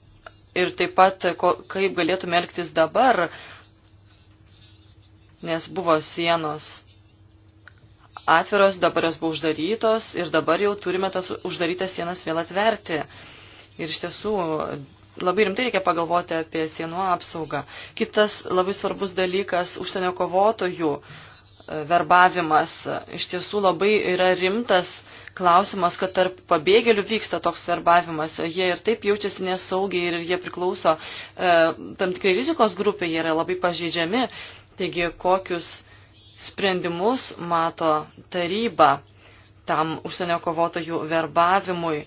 Ir taip pat, ko, kaip galėtume elgtis dabar, nes buvo sienos atviros, dabar jos buvo uždarytos ir dabar jau turime tas uždarytas sienas vėl atverti. Ir iš tiesų labai rimtai reikia pagalvoti apie sienų apsaugą. Kitas labai svarbus dalykas - užsienio kovotojų e, verbavimas. Iš tiesų labai yra rimtas klausimas, kad tarp pabėgėlių vyksta toks verbavimas. Jie ir taip jaučiasi nesaugiai ir jie priklauso e, tam tikrai rizikos grupė, jie yra labai pažeidžiami. Taigi kokius sprendimus mato taryba tam užsienio kovotojų verbavimui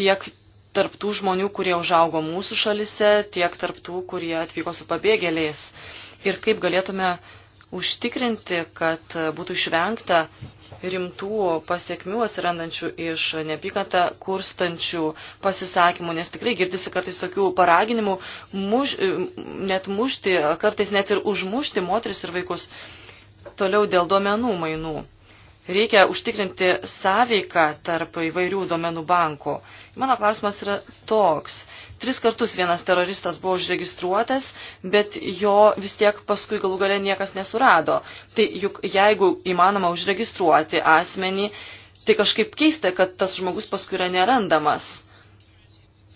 tiek tarptų žmonių, kurie užaugo mūsų šalise, tiek tarptų, kurie atvyko su pabėgėliais ir kaip galėtume užtikrinti, kad būtų išvengta rimtų pasiekmių atsirandančių iš neapykantą kurstančių pasisakymų, nes tikrai girdisi kartais tokių paraginimų muž, net mušti, kartais net ir užmušti moteris ir vaikus toliau dėl duomenų mainų. Reikia užtikrinti sąveiką tarp įvairių duomenų bankų. Mano klausimas yra toks. Tris kartus vienas teroristas buvo užregistruotas, bet jo vis tiek paskui galų gale niekas nesurado. Tai juk jeigu įmanoma užregistruoti asmenį, tai kažkaip keista, kad tas žmogus paskui yra nerandamas.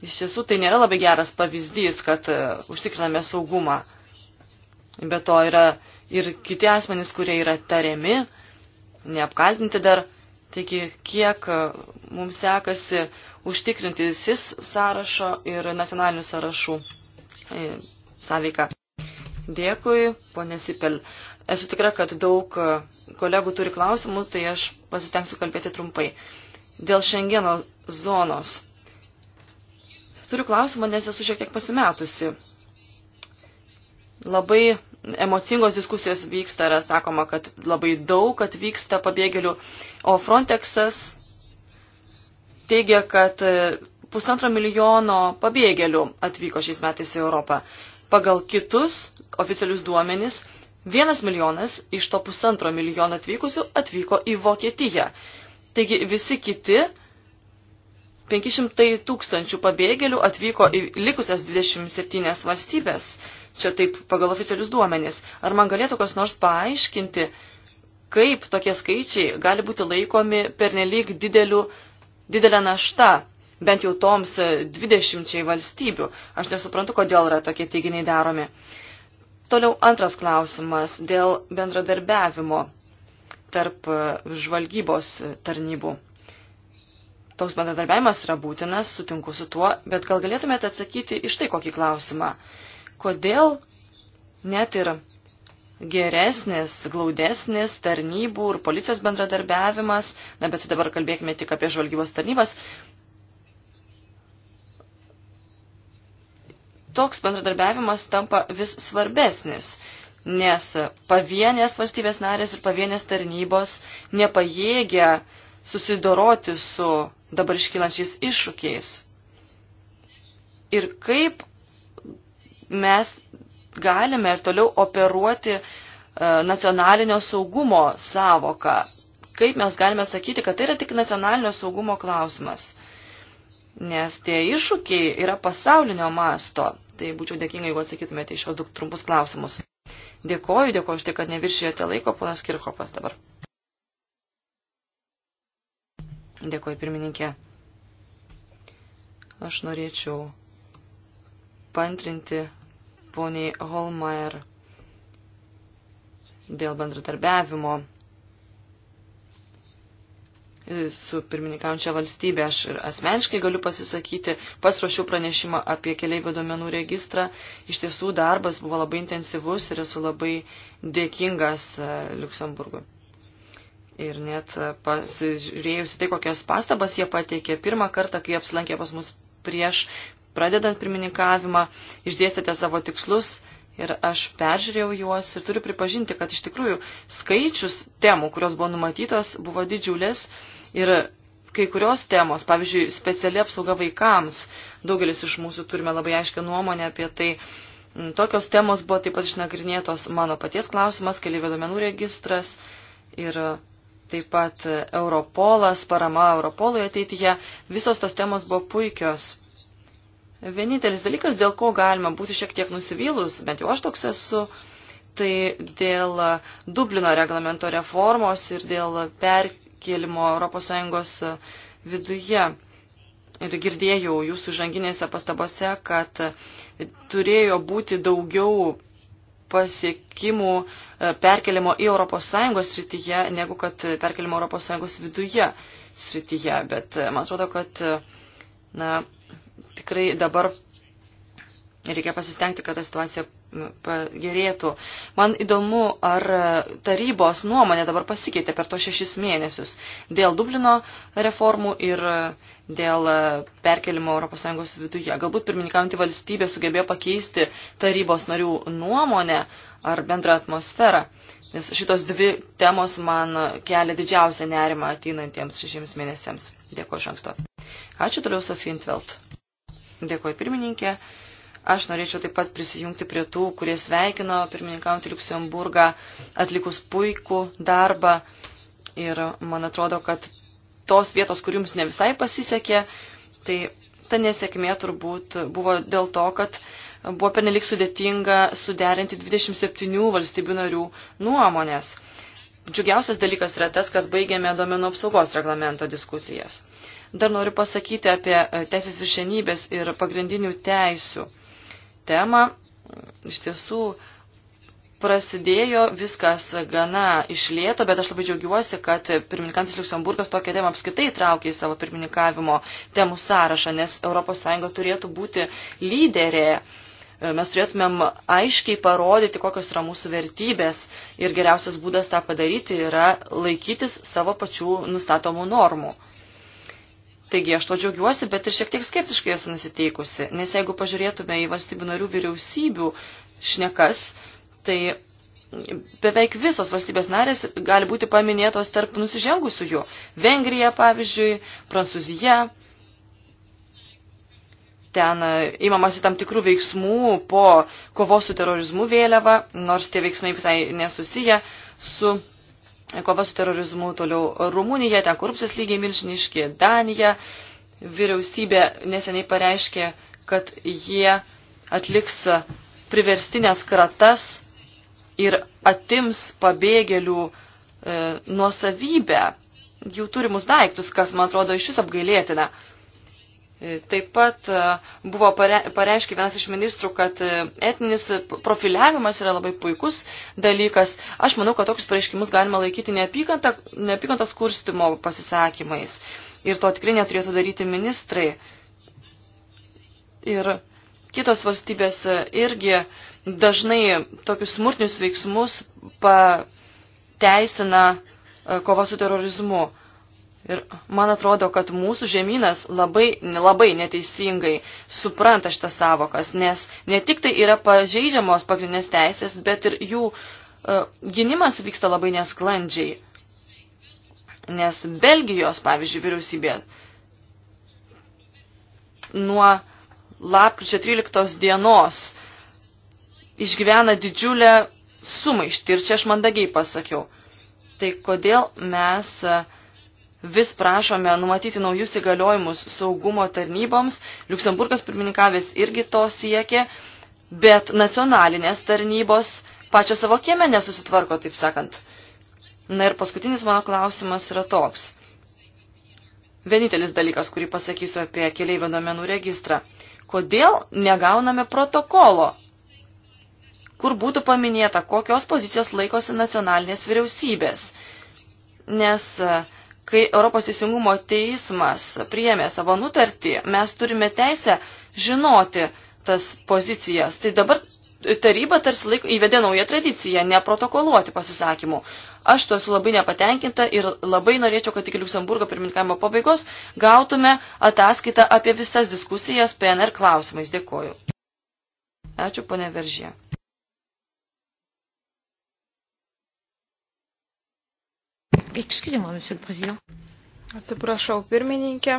Iš tiesų tai nėra labai geras pavyzdys, kad e, užtikriname saugumą. Be to yra ir kiti asmenys, kurie yra tariami, neapkaltinti dar. Taigi, kiek e, mums sekasi užtikrinti SIS sąrašo ir nacionalinių sąrašų e, sąveiką. Dėkui, ponė Sipel. Esu tikra, kad daug e, kolegų turi klausimų, tai aš pasistengsiu kalbėti trumpai. Dėl Šengeno zonos. Turiu klausimą, nes esu šiek tiek pasimetusi. Labai emocingos diskusijos vyksta, yra sakoma, kad labai daug atvyksta pabėgėlių, o Frontexas teigia, kad e, pusantro milijono pabėgėlių atvyko šiais metais į Europą. Pagal kitus oficialius duomenis, vienas milijonas iš to pusantro milijono atvykusių atvyko į Vokietiją. Taigi visi kiti 500 tūkstančių pabėgėlių atvyko į likusias 27 valstybės. Čia taip pagal oficialius duomenys. Ar man galėtų kas nors paaiškinti, kaip tokie skaičiai gali būti laikomi pernelyg dideliu didelė našta bent jau toms 20 e, valstybių. Aš nesuprantu, kodėl yra tokie teiginiai daromi. Toliau antras klausimas dėl bendradarbiavimo tarp e, žvalgybos tarnybų. Toks bendradarbiavimas yra būtinas, sutinku su tuo, bet gal galėtumėte atsakyti iš tai kokį klausimą. Kodėl net ir geresnis, glaudesnis tarnybų ir policijos bendradarbiavimas, na bet dabar kalbėkime tik apie žvalgybos tarnybas. Toks bendradarbiavimas tampa vis svarbesnis, nes pavienės valstybės narės ir pavienės tarnybos nepajėgia susidoroti su dabar iškylančiais iššūkiais. Ir kaip mes galime ir toliau operuoti e, nacionalinio saugumo savoką. Kaip mes galime sakyti, kad tai yra tik nacionalinio saugumo klausimas? Nes tie iššūkiai yra pasaulinio masto. Tai būčiau dėkinga, jeigu atsakytumėte iš šios du trumpus klausimus. Dėkoju, dėkoju už tai, kad neviršijote laiko, ponas Kirchopas dabar. Dėkoju, pirmininkė. Aš norėčiau pantrinti poniai Holmeier dėl bendradarbiavimo su pirmininkaujančia valstybė. Aš ir asmeniškai galiu pasisakyti, pasruošiau pranešimą apie keliaivių duomenų registrą. Iš tiesų darbas buvo labai intensyvus ir esu labai dėkingas e, Luksemburgui. Ir net e, pasižiūrėjusi tai, kokias pastabas jie pateikė pirmą kartą, kai apsilankė pas mus prieš pradedant pirmininkavimą, išdėstėte savo tikslus ir aš peržiūrėjau juos ir turiu pripažinti, kad iš tikrųjų skaičius temų, kurios buvo numatytos, buvo didžiulis ir kai kurios temos, pavyzdžiui, speciali apsauga vaikams, daugelis iš mūsų turime labai aiškę nuomonę apie tai, mm, tokios temos buvo taip pat išnagrinėtos mano paties klausimas, keliaivių duomenų registras ir taip pat Europolas, parama Europolui ateityje, visos tos temos buvo puikios Vienintelis dalykas, dėl ko galima būti šiek tiek nusivylus, bent jau aš toks esu, tai dėl Dublino reglamento reformos ir dėl perkelimo ES viduje. Ir girdėjau jūsų žanginėse pastabose, kad turėjo būti daugiau pasiekimų e, perkelimo į ES srityje, negu kad perkelimo ES viduje srityje. Bet e, man atrodo, kad e, na, tikrai dabar reikia pasistengti, kad ta situacija pagerėtų. Man įdomu, ar tarybos nuomonė dabar pasikeitė per to šešis mėnesius dėl Dublino reformų ir dėl perkelimo ES viduje. Galbūt pirmininkaujantį valstybę sugebėjo pakeisti tarybos narių nuomonę ar bendrą atmosferą, nes šitos dvi temos man kelia didžiausią nerimą ateinantiems šešiems mėnesiams. Dėkuoju iš anksto. Ačiū toliau, Sofie Intvelt. Dėkuoju pirmininkė. Aš norėčiau taip pat prisijungti prie tų, kurie sveikino pirmininkaujantį Luxemburgą atlikus puikų darbą. Ir man atrodo, kad tos vietos, kur jums ne visai pasisekė, tai ta nesėkmė turbūt buvo dėl to, kad buvo pernelik sudėtinga suderinti 27 valstybių narių nuomonės. Džiugiausias dalykas yra tas, kad baigėme domenų apsaugos reglamento diskusijas. Dar noriu pasakyti apie e, teisės viršenybės ir pagrindinių teisių temą. Iš tiesų, prasidėjo viskas gana išlėto, bet aš labai džiaugiuosi, kad pirmininkantis Luxemburgas tokią temą apskaitai traukė į savo pirmininkavimo temų sąrašą, nes ES turėtų būti lyderė. E, mes turėtumėm aiškiai parodyti, kokios yra mūsų vertybės ir geriausias būdas tą padaryti yra laikytis savo pačių nustatomų normų. Taigi aš to džiaugiuosi, bet ir šiek tiek skeptiškai esu nusiteikusi, nes jeigu pažiūrėtume į valstybių narių vyriausybių šnekas, tai beveik visos valstybės narės gali būti paminėtos tarp nusižengusių jų. Vengrija, pavyzdžiui, Prancūzija. Ten įmamasi e, tam tikrų veiksmų po kovos su terorizmu vėliava, nors tie veiksmai visai nesusiję su kova su terorizmu, toliau Rumunija, ten korupcijos lygiai milžiniški, Danija, vyriausybė neseniai pareiškė, kad jie atliks priverstinės kratas ir atims pabėgėlių e, nuosavybę, jų turimus daiktus, kas, man atrodo, iš vis apgailėtina. Taip pat e, buvo pareiškia vienas iš ministrų, kad e, etinis profiliavimas yra labai puikus dalykas. Aš manau, kad tokius pareiškimus galima laikyti neapykantos kurstimo pasisakymais. Ir to tikrai neturėtų daryti ministrai. Ir kitos valstybės e, irgi dažnai tokius smurtinius veiksmus pateisina kova su terorizmu. Ir man atrodo, kad mūsų žemynas labai, labai neteisingai supranta šitas savokas, nes ne tik tai yra pažeidžiamos pagrindinės teisės, bet ir jų uh, gynimas vyksta labai nesklandžiai. Nes Belgijos, pavyzdžiui, vyriausybė nuo lapkričio 13 dienos išgyvena didžiulę sumaištį ir čia aš mandagiai pasakiau. Tai kodėl mes uh, vis prašome numatyti naujus įgaliojimus saugumo tarnyboms. Luksemburgas pirmininkavęs irgi to siekė, bet nacionalinės tarnybos pačio savo kieme nesusitvarko, taip sakant. Na ir paskutinis mano klausimas yra toks. Vienintelis dalykas, kurį pasakysiu apie keliaivių domenų registrą. Kodėl negauname protokolo, kur būtų paminėta, kokios pozicijos laikosi nacionalinės vyriausybės? Nes uh, kai Europos teisingumo teismas priėmė savo nutartį, mes turime teisę žinoti tas pozicijas. Tai dabar taryba tarsi laiko įvedė naują tradiciją neprotokoluoti pasisakymų. Aš to esu labai nepatenkinta ir labai norėčiau, kad iki Luxemburgo pirmininkavimo pabaigos gautume ataskaitą apie visas diskusijas PNR klausimais. Dėkoju. Ačiū, ponė Veržė. Atsiprašau, pirmininkė.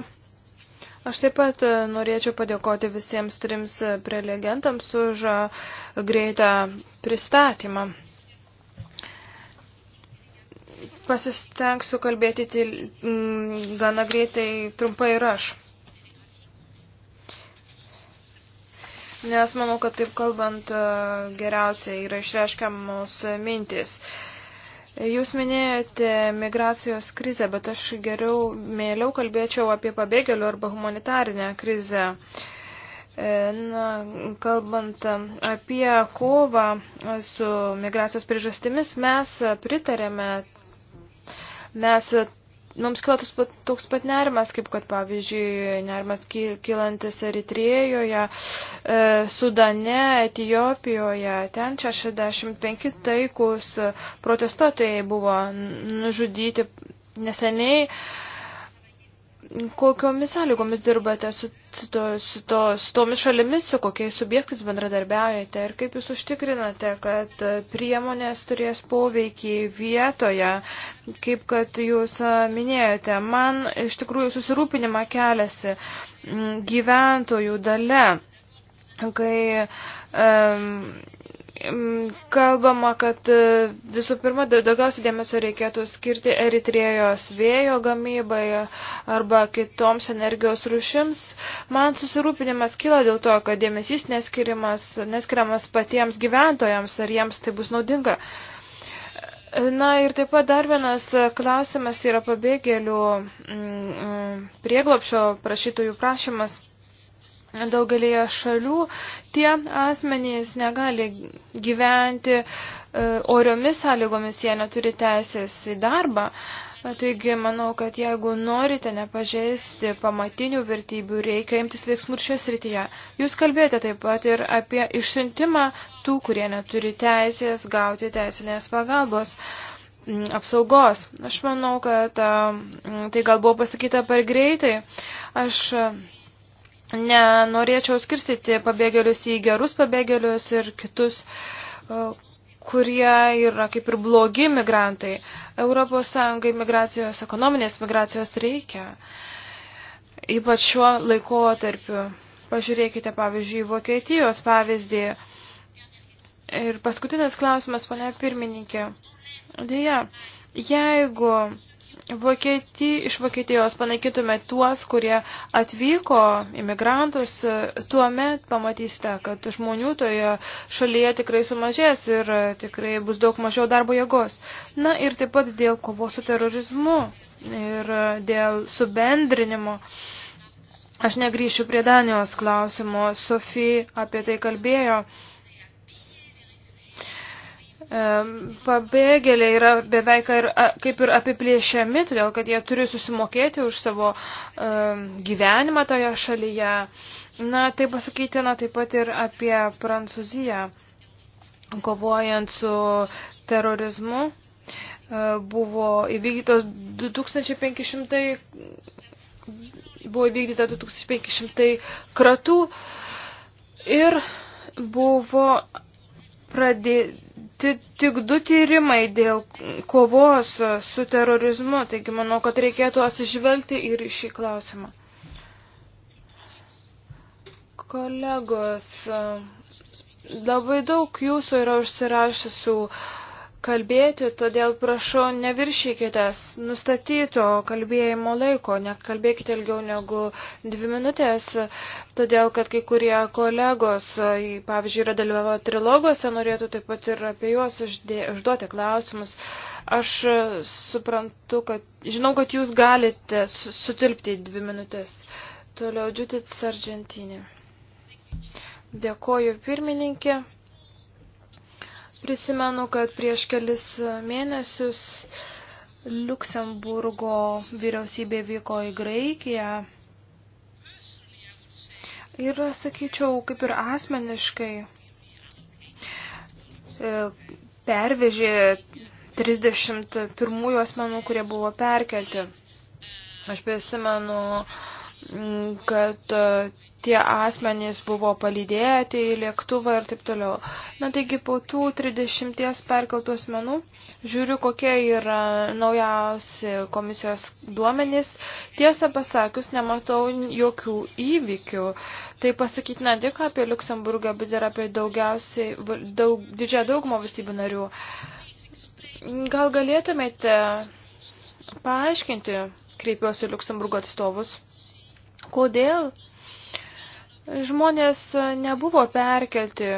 Aš taip pat e, norėčiau padėkoti visiems trims e, prelegentams už e, greitą pristatymą. Pasistengsiu kalbėti til, m, gana greitai, trumpai ir aš. Nes manau, kad taip kalbant geriausiai yra išreiškiamos mintis. Uh, Jūs minėjote migracijos krizę, bet aš geriau, mėliau kalbėčiau apie pabėgėlių arba humanitarinę krizę. E, na, kalbant apie kovą su migracijos priežastimis, mes pritarėme, mes mums kila toks pat, toks pat nerimas, kaip kad, pavyzdžiui, nerimas kilantis Eritrėjoje, e, Sudane, Etijopijoje. Ten 65 taikus protestuotojai buvo nužudyti neseniai. E, kokiomis sąlygomis dirbate su, to, su, to, su tomis šalimis, su kokiais subjektais bendradarbiaujate ir kaip jūs užtikrinate, kad priemonės turės poveikį vietoje, kaip kad jūs minėjote. Man iš tikrųjų susirūpinimą keliasi gyventojų dalė, kai um, Kalbama, kad e, visų pirma daugiausiai dėmesio reikėtų skirti Eritrėjos vėjo gamybai e, arba kitoms energijos rušims. Man susirūpinimas kyla dėl to, kad dėmesys neskiriamas, neskiriamas patiems gyventojams, ar jiems tai bus naudinga. Na ir taip pat dar vienas klausimas yra pabėgėlių prieglopšio prašytojų prašymas. Daugelėje šalių tie asmenys negali gyventi e, oriomis sąlygomis, jie neturi teisės į darbą. Taigi, manau, kad jeigu norite nepažeisti pamatinių vertybių, reikia imtis veiksmų ir šios rytyje. Jūs kalbėjote taip pat ir apie išsiuntimą tų, kurie neturi teisės gauti teisinės pagalbos apsaugos. Aš manau, kad a, tai gal buvo pasakyta per greitai. Aš Nenorėčiau skirstyti pabėgėlius į gerus pabėgėlius ir kitus, e, kurie yra kaip ir blogi migrantai. Europos Sąjungai migracijos, ekonominės migracijos reikia, ypač šiuo laikotarpiu. Pažiūrėkite, pavyzdžiui, Vokietijos pavyzdį. Ir paskutinis klausimas, ponia pirmininkė. Dėja, jeigu Vokietij, iš Vokietijos panaikytume tuos, kurie atvyko imigrantus, tuomet pamatysite, kad žmonių toje šalyje tikrai sumažės ir tikrai bus daug mažiau darbo jėgos. Na ir taip pat dėl kovos su terorizmu ir dėl subendrinimo. Aš negryšiu prie Danijos klausimo. Sofija apie tai kalbėjo. Pabėgėliai yra beveik ir, kaip ir apiplėšiami, todėl kad jie turi susimokėti už savo um, gyvenimą toje šalyje. Na, tai pasakytina taip pat ir apie Prancūziją, kovojant su terorizmu. E, buvo įvykdytos 2500, buvo įvykdyta 2500 kratų ir buvo pradėti tik du tyrimai dėl kovos su terorizmu, taigi manau, kad reikėtų atsižvelgti ir šį klausimą. Kolegos, labai daug jūsų yra užsirašysiu uh, kalbėti, todėl prašau neviršykite nustatyto kalbėjimo laiko, nekalbėkite ilgiau negu dvi minutės, todėl kad kai kurie kolegos, pavyzdžiui, yra dalyvavo trilogose, norėtų taip pat ir apie juos uždė, užduoti klausimus. Aš suprantu, kad, žinau, kad jūs galite sutilpti dvi minutės. Toliau Judith Sargentinė. Dėkoju pirmininkė. Prisimenu, kad prieš kelis mėnesius Luksemburgo vyriausybė vyko į Graikiją. Ir sakyčiau, kaip ir asmeniškai e, pervežė 31 asmenų, kurie buvo perkelti. Aš prisimenu kad e, tie asmenys buvo palydėti į lėktuvą ir taip toliau. Na taigi po tų 30 perkeltų asmenų žiūriu, kokie yra naujausi komisijos duomenys. Tiesą pasakius, nematau jokių įvykių. Tai pasakyti ne tik apie Luksemburgą, bet ir apie daugiausiai, daug, didžiąją daugumą valstybių narių. Gal galėtumėte paaiškinti, kreipiuosi Luksemburgo atstovus Kodėl žmonės nebuvo perkelti,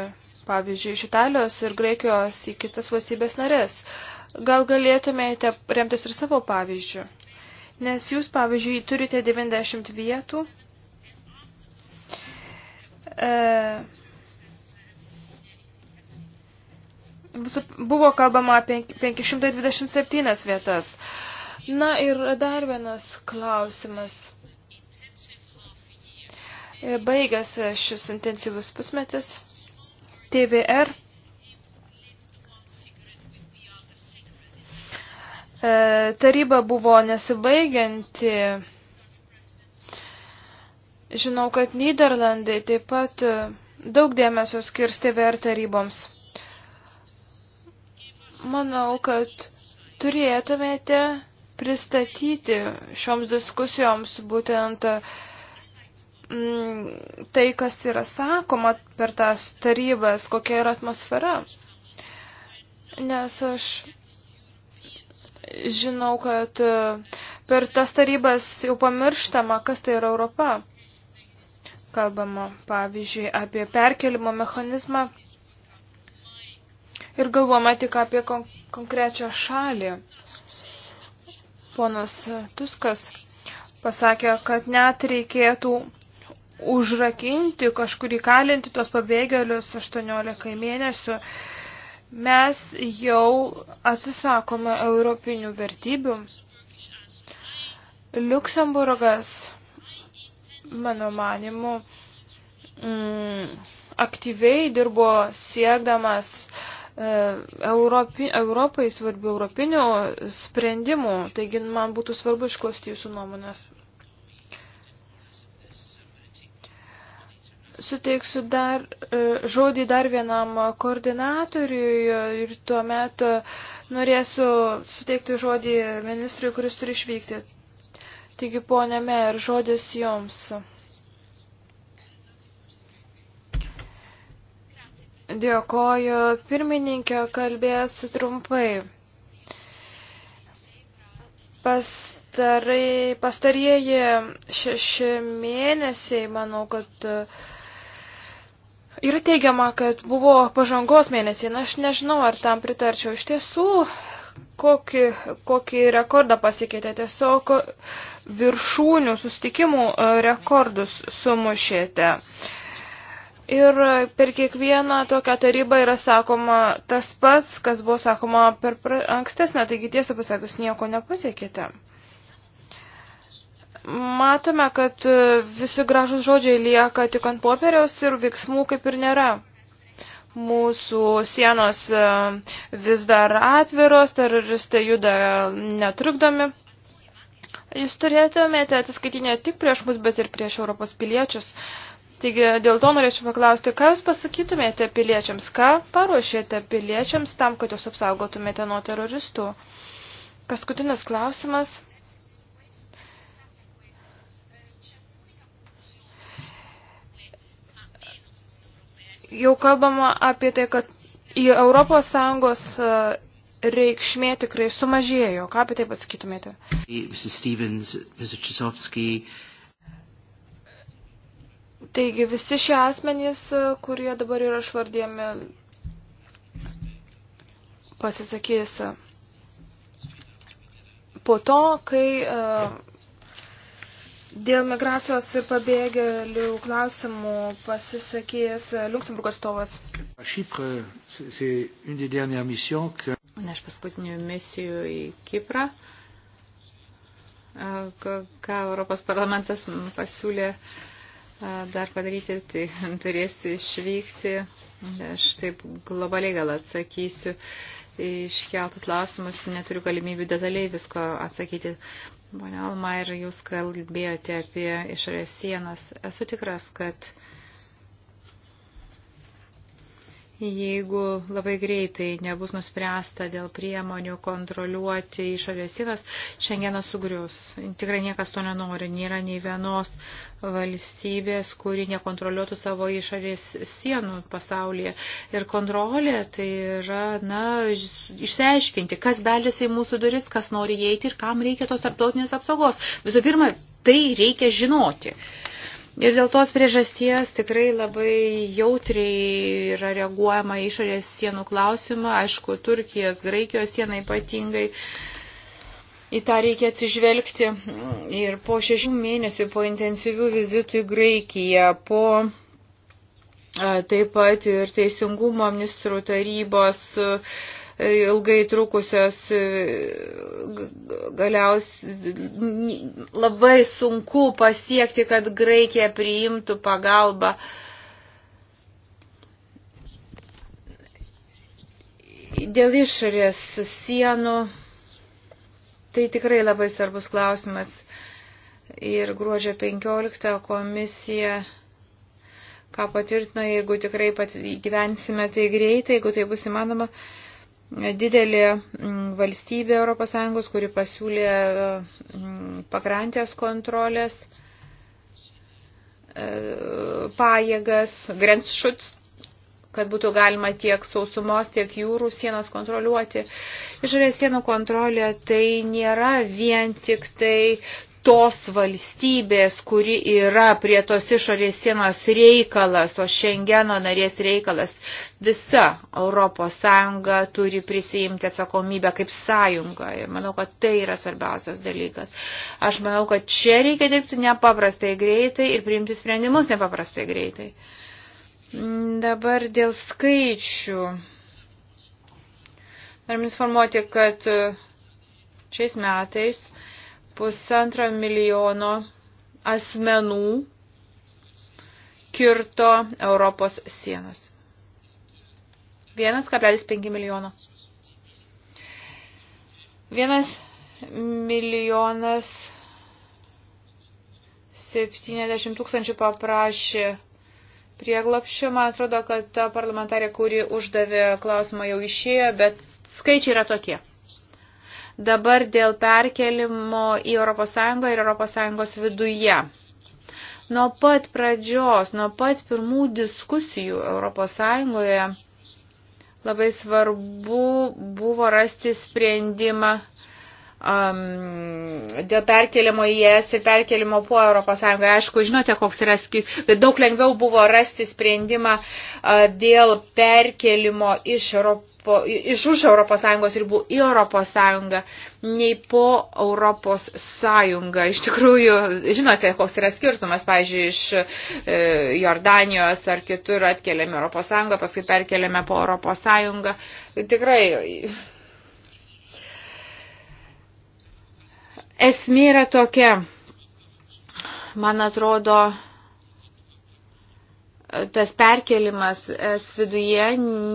pavyzdžiui, iš Italijos ir Graikijos į kitas valstybės narės? Gal galėtumėte remtis ir savo pavyzdžių? Nes jūs, pavyzdžiui, turite 90 vietų. E, buvo kalbama apie 527 vietas. Na ir dar vienas klausimas. E, baigęs e, šis intensyvus pusmetis, TVR e, taryba buvo nesibaigianti. Žinau, kad Niderlandai taip pat daug dėmesio skirs TVR taryboms. Manau, kad turėtumėte pristatyti šioms diskusijoms būtent uh, mm, tai, kas yra sakoma per tas tarybas, kokia yra atmosfera. Nes aš žinau, kad e, per tas tarybas jau pamirštama, kas tai yra Europa. Kalbama, pavyzdžiui, apie perkelimo mechanizmą ir galvojama tik apie kon konkrečią šalį. Ponas Tuskas pasakė, kad net reikėtų užrakinti, kažkur įkalinti tuos pabėgėlius 18 mėnesių, mes jau atsisakome europinių vertybių. Luksemburgas, mano manimu, m, mm, aktyviai dirbo siekdamas e, Europi, Europai svarbių europinių sprendimų. Taigi man būtų svarbu išklausyti jūsų nuomonės suteiksiu dar e, žodį dar vienam koordinatoriui ir tuo metu e, norėsiu suteikti žodį ministrui, kuris turi išvykti. Taigi, ponė Mer, žodis jums. Dėkoju, pirmininkė kalbės trumpai. Pas pastarai, pastarieji šeši mėnesiai, manau, kad Yra teigiama, kad buvo pažangos mėnesiai, na aš nežinau, ar tam pritarčiau. Iš tiesų, kokį, kokį rekordą pasikeitė, tiesiog viršūnių sustikimų e, rekordus sumušėte. Ir per kiekvieną tokią tarybą yra sakoma tas pats, kas buvo sakoma per ankstesnę, taigi tiesą pasakius nieko nepasiekėte. Matome, kad e, visi gražus žodžiai lieka tik ant popieriaus ir veiksmų kaip ir nėra. Mūsų sienos e, vis dar atviros, teroristai juda netrukdomi. Jūs turėtumėte atsiskaitinę tik prieš mus, bet ir prieš Europos piliečius. Taigi dėl to norėčiau paklausti, ką jūs pasakytumėte piliečiams, ką paruošėte piliečiams tam, kad jūs apsaugotumėte nuo teroristų. Paskutinis klausimas. jau kalbama apie tai, kad į ES e, reikšmė tikrai sumažėjo. Ką apie tai pasakytumėte? Taigi visi šie asmenys, e, kurie dabar yra švardėmi, pasisakys e, po to, kai uh, Dėl migracijos ir pabėgėlių klausimų pasisakys Luxemburgo atstovas. Aš paskutinių misijų į Kiprą, ką Europos parlamentas pasiūlė dar padaryti, tai turėsiu išvykti. Aš taip globaliai gal atsakysiu iškeltus klausimus, neturiu galimybių detaliai visko atsakyti. Pane Almair, jūs kalbėjote apie išorės sienas. Esu tikras, kad uh, Jeigu labai greitai nebus nuspręsta dėl priemonių kontroliuoti išorės įvas, šiandienas sugrius. Tikrai niekas to nenori. Nėra nei vienos valstybės, kuri nekontroliuotų savo išorės sienų pasaulyje. Ir kontrolė tai yra, na, išsiaiškinti, kas beldžiasi į mūsų duris, kas nori įeiti ir kam reikia tos tarptautinės apsaugos. Visų pirma, tai reikia žinoti. Uh, Ir dėl tos priežasties tikrai labai jautriai yra reaguojama išorės sienų klausimą, aišku, Turkijos, Graikijos siena ypatingai. Į tą reikia atsižvelgti. Ir po šešių mėnesių, po intensyvių vizitų į Graikiją, po taip pat ir Teisingumo ministrų tarybos ilgai trukusios, e, galiaus labai sunku pasiekti, kad Graikija priimtų pagalbą. Dėl išorės sienų, tai tikrai labai svarbus klausimas. Ir gruodžio 15 komisija ką patvirtino, jeigu tikrai pat gyvensime tai greitai, jeigu tai bus įmanoma, didelė mm, valstybė ES, kuri pasiūlė e, mm, pakrantės kontrolės e, pajėgas, grenzšutz, kad būtų galima tiek sausumos, tiek jūrų sienas kontroliuoti. Išorės sienų kontrolė tai nėra vien tik tai tos valstybės, kuri yra prie tos išorės sienos reikalas, o Šengeno narės reikalas. Visa ES turi prisijimti atsakomybę kaip sąjunga. Ir manau, kad tai yra svarbiausias dalykas. Aš manau, kad čia reikia dirbti nepaprastai greitai ir priimti sprendimus nepaprastai greitai. Dabar dėl skaičių. Norim informuoti, kad e, šiais metais pusantro milijono asmenų kirto Europos sienas. 1,5 milijono. Vienas milijonas 70 tūkstančių paprašė prieglapščio. Man atrodo, kad ta parlamentarė, kuri uždavė klausimą, jau išėjo, bet skaičiai yra tokie. Dabar dėl perkelimo į ES ir ES viduje. Nuo pat pradžios, nuo pat pirmų diskusijų ES labai svarbu buvo rasti sprendimą um, dėl perkelimo į ES ir perkelimo po ES. Aišku, žinote, koks yra, bet daug lengviau buvo rasti sprendimą uh, dėl perkelimo iš ES Europo, iš už ES ribų į ES, nei po ES. Iš tikrųjų, žinote, koks yra skirtumas, pavyzdžiui, iš e, Jordanijos ar kitur atkeliame ES, paskui perkeliame po ES. Tikrai esmė yra tokia, man atrodo, tas perkelimas es viduje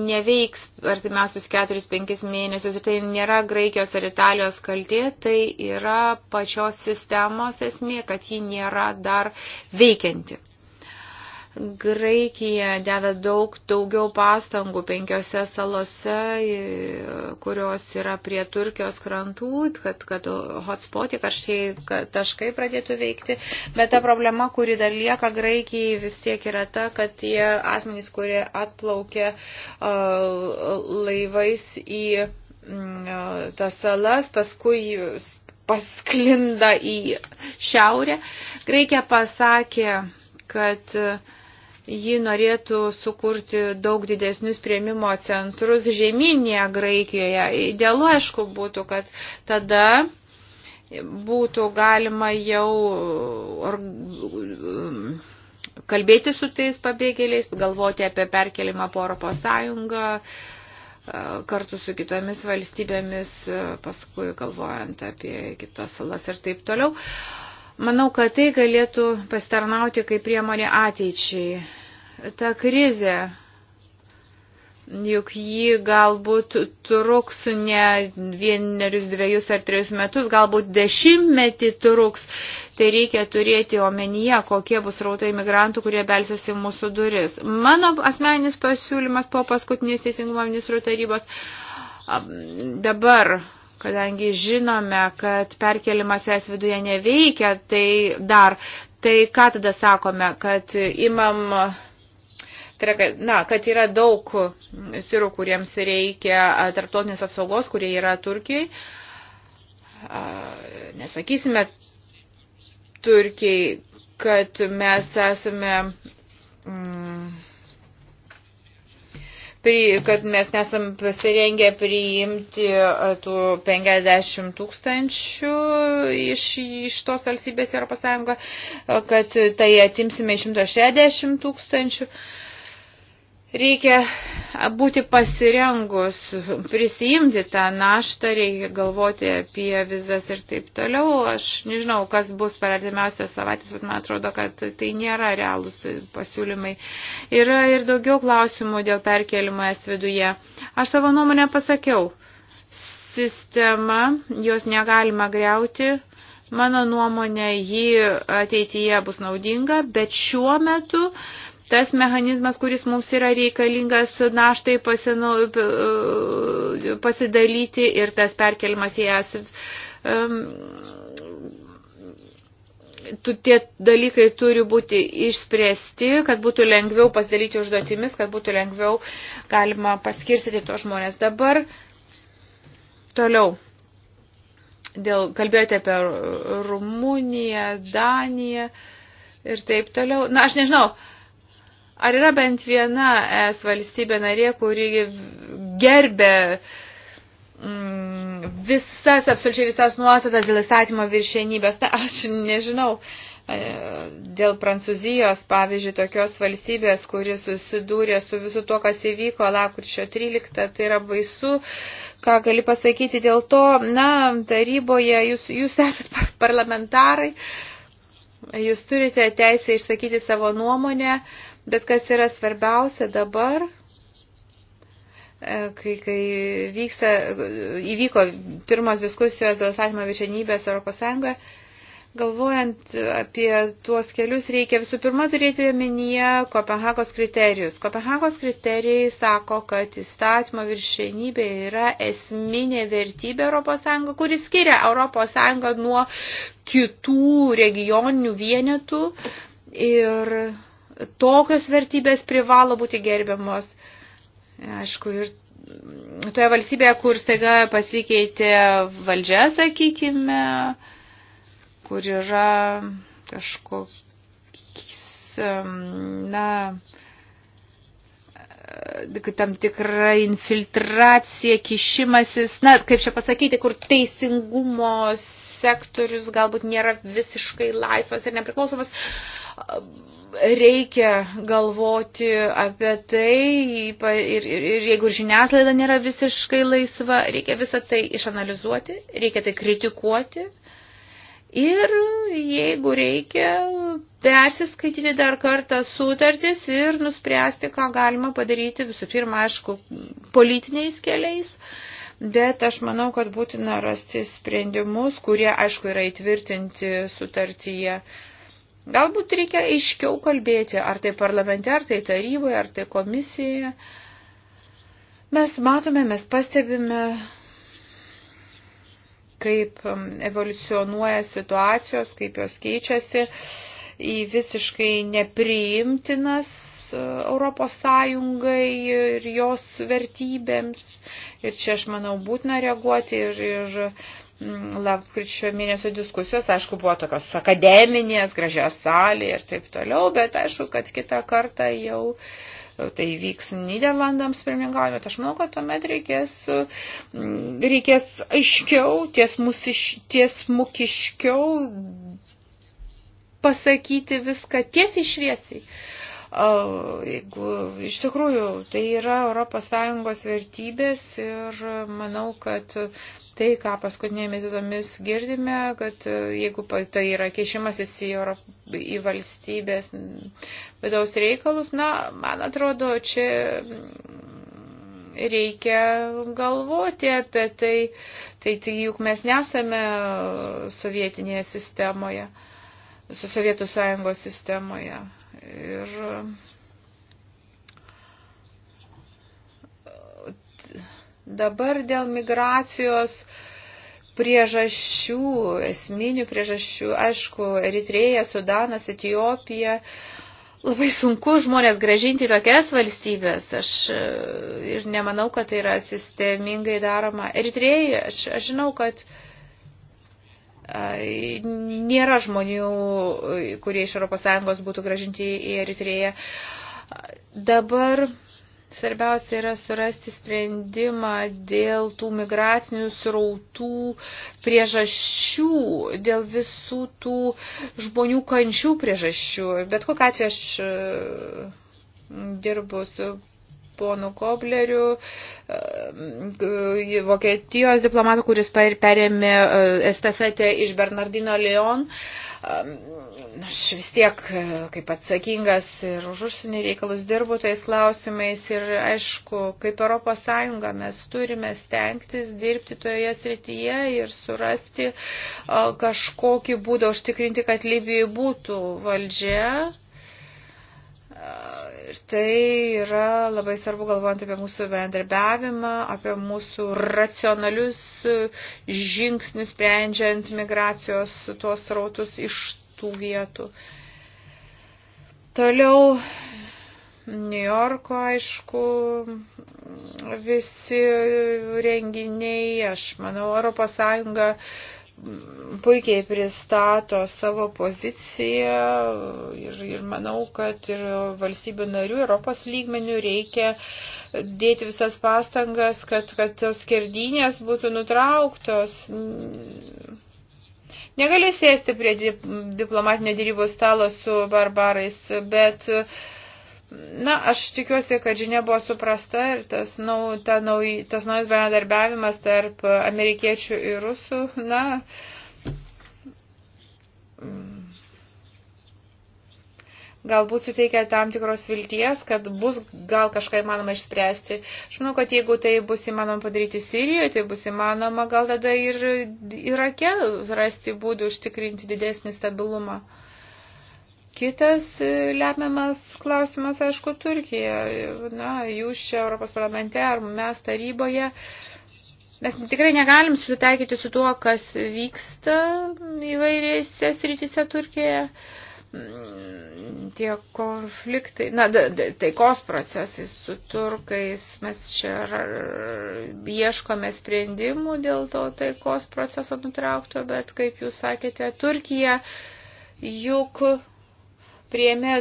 neveiks artimiausius 4-5 mėnesius ir tai nėra Graikijos ar Italijos kaltė, tai yra pačios sistemos esmė, kad ji nėra dar veikianti. Graikija deda daug daugiau pastangų penkiose salose, kurios yra prie Turkijos krantų, kad, kad hotspotai kažkiai taškai pradėtų veikti. Bet ta problema, kuri dar lieka Graikijai, vis tiek yra ta, kad tie asmenys, kurie atplaukia laivais į mm, tas salas, paskui pasklinda į šiaurę. Graikija pasakė, kad uh, ji norėtų sukurti daug didesnius prieimimo centrus žemynėje Graikijoje. Idealu, aišku, būtų, kad tada būtų galima jau or, kalbėti su tais pabėgėliais, galvoti apie perkelimą po Europos Sąjungą kartu su kitomis valstybėmis, paskui galvojant apie kitas salas ir taip toliau. Uh, Manau, kad tai galėtų pasitarnauti kaip priemonė ateičiai. Ta krizė, juk ji galbūt truks ne vienerius, dviejus ar trejus metus, galbūt dešimtmetį truks. Tai reikia turėti omenyje, kokie bus rautai imigrantų, kurie belsis į mūsų duris. Mano asmeninis pasiūlymas po paskutinės teisingumo ministrų tarybos dabar kadangi žinome, kad perkelimas es viduje neveikia, tai dar, tai ką tada sakome, kad imam tai na, kad yra daug sirų, kuriems reikia tarptautinės apsaugos, kurie yra Turkijai. Nesakysime Turkijai, kad mes esame kad mes nesam pasirengę priimti e, tų 50 tūkstančių iš, iš tos valstybės Europos Sąjunga, kad tai atimsime 160 tūkstančių. Uh, Reikia būti pasirengus prisijimti tą naštą, reikia galvoti apie vizas ir taip toliau. Aš nežinau, kas bus per artimiausias savaitės, bet man atrodo, kad tai nėra realūs pasiūlymai. Yra ir daugiau klausimų dėl perkelimo es viduje. Aš savo nuomonę pasakiau. Sistema, jos negalima greuti. Mano nuomonė, ji ateityje bus naudinga, bet šiuo metu uh, tas mechanizmas, kuris mums yra reikalingas naštai pasinu, e, pasidalyti ir tas perkelimas į es. Tie dalykai turi būti išspręsti, kad būtų lengviau pasidalyti užduotimis, kad būtų lengviau galima paskirstyti tos žmonės. Dabar toliau dėl, kalbėjote apie Rumuniją, Daniją ir taip toliau. Na, aš nežinau, Ar yra bent viena es valstybė narė, kuri gerbė mm, visas, absoliučiai visas nuostatas dėl įstatymo viršenybės? Na, aš nežinau e, dėl Prancūzijos, pavyzdžiui, tokios valstybės, kuri susidūrė su visu to, kas įvyko lakurčio 13, tai yra baisu, ką gali pasakyti dėl to, na, taryboje jūs, jūs esat parlamentarai, jūs turite teisę išsakyti savo nuomonę, uh, Bet kas yra svarbiausia dabar, e, kai, kai vyksta, įvyko pirmos diskusijos dėl statymo viršenybės Europos Sąjungoje, galvojant apie tuos kelius, reikia visų pirma turėti omenyje Kopenhagos kriterijus. Kopenhagos kriterijai sako, kad įstatymo viršenybė yra esminė vertybė ES, kuri skiria ES nuo kitų regioninių vienetų. Ir tokios vertybės privalo būti gerbiamos. Aišku, ir toje valstybėje, kur staiga pasikeitė valdžia, sakykime, kur yra kažkoks, na, tam tikra infiltracija, kišimasis, na, kaip čia pasakyti, kur teisingumo sektorius galbūt nėra visiškai laisvas ir nepriklausomas. Uh, reikia galvoti apie tai ir, ir, ir jeigu žiniaslaida nėra visiškai laisva, reikia visą tai išanalizuoti, reikia tai kritikuoti ir jeigu reikia persiskaityti dar kartą sutartis ir nuspręsti, ką galima padaryti visų pirma, aišku, politiniais keliais. Bet aš manau, kad būtina rasti sprendimus, kurie, aišku, yra įtvirtinti sutartyje. Uh, Galbūt reikia aiškiau kalbėti, ar tai parlamente, ar tai taryboje, ar tai komisijoje. Mes matome, mes pastebime, kaip um, evoliucionuoja situacijos, kaip jos keičiasi į visiškai nepriimtinas uh, Europos Sąjungai ir jos vertybėms. Ir čia, aš manau, būtina reaguoti ir, ir Mm, lapkričio mėnesio diskusijos, aišku, buvo tokios akademinės, gražios salė ir taip toliau, bet aišku, kad kitą kartą jau tai vyks Niderlandams pirmininkaujant, bet aš manau, kad tuomet reikės, mm, reikės aiškiau, ties, musiš, ties mukiškiau pasakyti viską tiesiai šviesiai jeigu iš tikrųjų tai yra ES vertybės ir manau, kad Tai, ką paskutinėmis dienomis girdime, kad e, jeigu tai yra kešimasis į, Europ... į valstybės vidaus reikalus, na, man atrodo, čia mm, reikia galvoti apie tai, tai, tai juk mes nesame sovietinėje sistemoje, su Sovietų sąjungos sistemoje. Ir Dabar dėl migracijos priežasčių, esminių priežasčių, aišku, Eritreja, Sudanas, Etijopija, labai sunku žmonės gražinti tokias valstybės. Aš e, ir nemanau, kad tai yra sistemingai daroma. Eritrėjai, aš, aš žinau, kad nėra žmonių, kurie iš ES būtų gražinti į Eritrėją. Dabar Svarbiausia yra surasti sprendimą dėl tų migracinių srautų priežasčių, dėl visų tų žmonių kančių priežasčių. Bet kokiu atveju aš e, dirbu su ponu Kobleriu, e, e, Vokietijos diplomatu, kuris perėmė estafetę iš Bernardino Leon. Uh, Aš vis tiek, e, kaip atsakingas ir už užsienio reikalus dirbu tais klausimais ir aišku, kaip ES mes turime stengtis dirbti toje srityje ir surasti kažkokį būdą užtikrinti, kad Libijai būtų valdžia Ir tai yra labai svarbu galvojant apie mūsų bendarbiavimą, apie mūsų racionalius žingsnius sprendžiant migracijos tuos rautus iš tų vietų. Toliau New Yorko, aišku, visi renginiai, aš manau, Europos Sąjunga uh, puikiai pristato savo poziciją ir, ir manau, kad ir valstybių narių Europos lygmenių reikia dėti visas pastangas, kad, kad tos skerdinės būtų nutrauktos. Negaliu sėsti prie diplomatinio dėrybų stalo su barbarais, bet uh, Na, aš tikiuosi, kad žinia buvo suprasta ir tas, nau, ta nauj, tas naujas bendradarbiavimas tarp amerikiečių ir rusų, na, mm, galbūt suteikia tam tikros vilties, kad bus gal kažką įmanoma išspręsti. Aš manau, kad jeigu tai bus įmanoma padaryti Sirijoje, tai bus įmanoma gal tada ir Irake rasti būdų užtikrinti didesnį stabilumą. Uh, Kitas e, lemiamas klausimas, aišku, Turkija. Na, jūs čia Europos parlamente ar mes taryboje. Mes tikrai negalim susitaikyti su tuo, kas vyksta įvairiose srityse Turkijoje. Mm, tie konfliktai, na, taikos procesai su turkais, mes čia ieškome sprendimų dėl to taikos proceso nutraukto, bet kaip jūs sakėte, Turkija juk prieėmė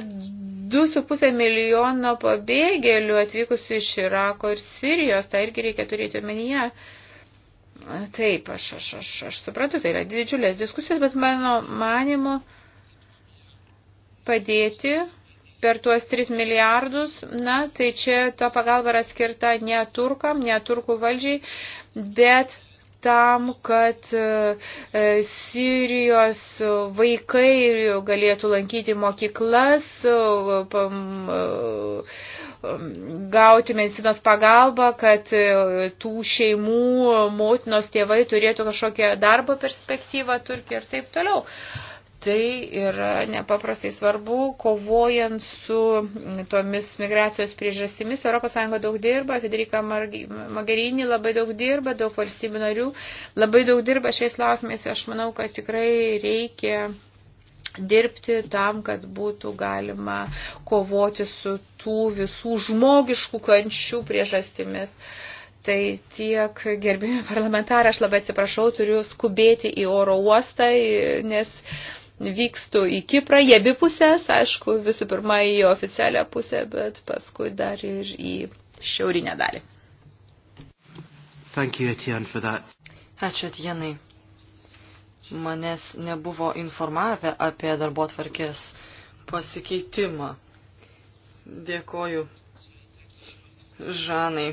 2,5 milijono pabėgėlių atvykusių iš Irako ir Sirijos, tai irgi reikia turėti omenyje. Taip, aš, aš, aš, aš suprantu, tai yra didžiulės diskusijos, bet mano manimo padėti per tuos 3 milijardus, na, tai čia ta pagalba yra skirta ne turkam, ne turkų valdžiai, bet tam, kad e, e, Sirijos vaikai galėtų lankyti mokyklas, e, gauti medicinos pagalbą, kad tų šeimų motinos tėvai turėtų kažkokią darbo perspektyvą Turkiją ir taip toliau. Uh, tai yra nepaprastai svarbu, kovojant su tomis migracijos priežastimis. ES daug dirba, Federika Magarinį labai daug dirba, daug valstybių narių labai daug dirba šiais klausimais. Aš manau, kad tikrai reikia dirbti tam, kad būtų galima kovoti su tų visų žmogiškų kančių priežastimis. Tai tiek, gerbimi parlamentarai, aš labai atsiprašau, turiu skubėti į oro uostą, nes vykstu į Kiprą, į abi pusės, aišku, visų pirma į oficialią pusę, bet paskui dar ir į šiaurinę dalį. Thank you, Etienne, for that. Ačiū, Etienai. Manęs nebuvo informavę apie darbo tvarkės pasikeitimą. Dėkoju, Žanai.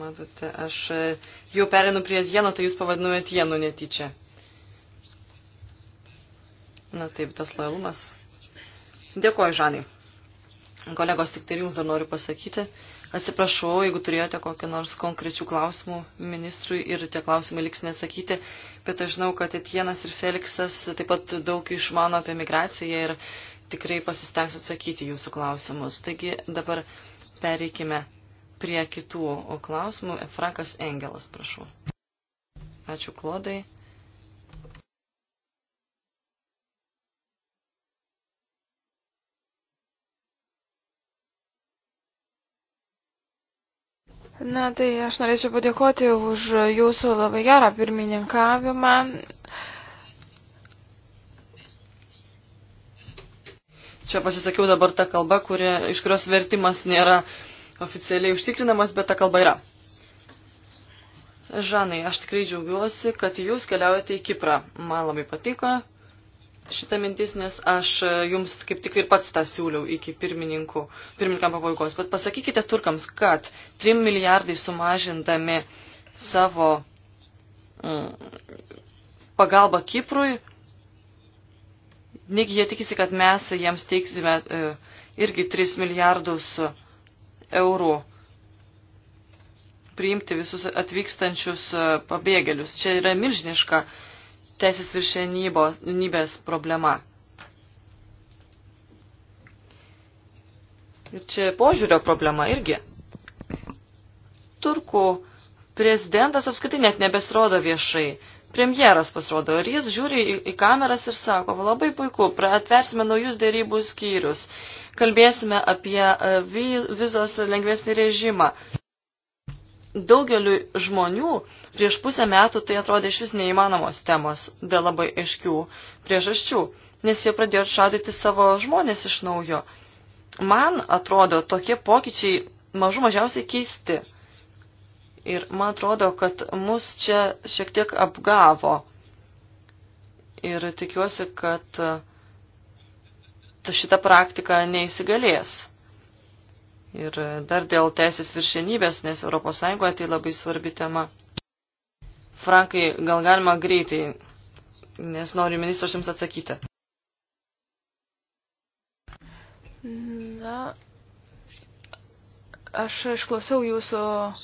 Matote, aš e, jau perinu prie jeno, tai jūs pavadinojat jenu netyčia. Na taip, tas lojalumas. Dėkuoju, Žanai. Kolegos, tik tai jums dar noriu pasakyti. Atsiprašau, jeigu turėjote kokią nors konkrečių klausimų ministrui ir tie klausimai liks nesakyti, bet aš žinau, kad Etienas ir Feliksas taip pat daug išmano apie migraciją ir tikrai pasistengs atsakyti jūsų klausimus. Taigi dabar pereikime prie kitų klausimų. Frankas Engelas, prašau. Ačiū, Klodai. Na, tai aš norėčiau padėkoti už jūsų labai gerą pirmininkavimą. Čia pasisakiau dabar tą kalbą, kuri, iš kurios vertimas nėra oficialiai užtikrinamas, bet ta kalba yra. Žanai, aš tikrai džiaugiuosi, kad jūs keliaujate į Kiprą. Man labai patiko šitą mintis, nes aš e, jums kaip tik ir pats tą siūliau iki pirmininkų, pirmininkam pabaigos. Bet pasakykite turkams, kad 3 milijardai sumažindami savo mm, pagalbą Kiprui, negi jie tikisi, kad mes jiems teiksime e, irgi 3 milijardus eurų priimti visus atvykstančius e, pabėgėlius. Čia yra milžiniška teisės viršenybės problema. Ir čia požiūrio problema irgi. Turkų prezidentas apskritai net nebesirodo viešai premjeras pasirodo ir jis žiūri į, į kameras ir sako, labai puiku, atversime naujus dėrybų skyrius, kalbėsime apie e, vizos lengvesnį režimą. Daugeliu žmonių prieš pusę metų tai atrodė iš vis neįmanomos temos dėl labai aiškių priežasčių, nes jie pradėjo atšaudyti savo žmonės iš naujo. Man atrodo, tokie pokyčiai mažų mažiausiai keisti. Ir man atrodo, kad mus čia šiek tiek apgavo. Ir tikiuosi, kad šita praktika neįsigalės. Ir dar dėl teisės viršenybės, nes ES tai labai svarbi tema. Frankai, gal galima greitai, nes noriu ministras jums atsakyti. Na, aš išklausiau jūsų uh,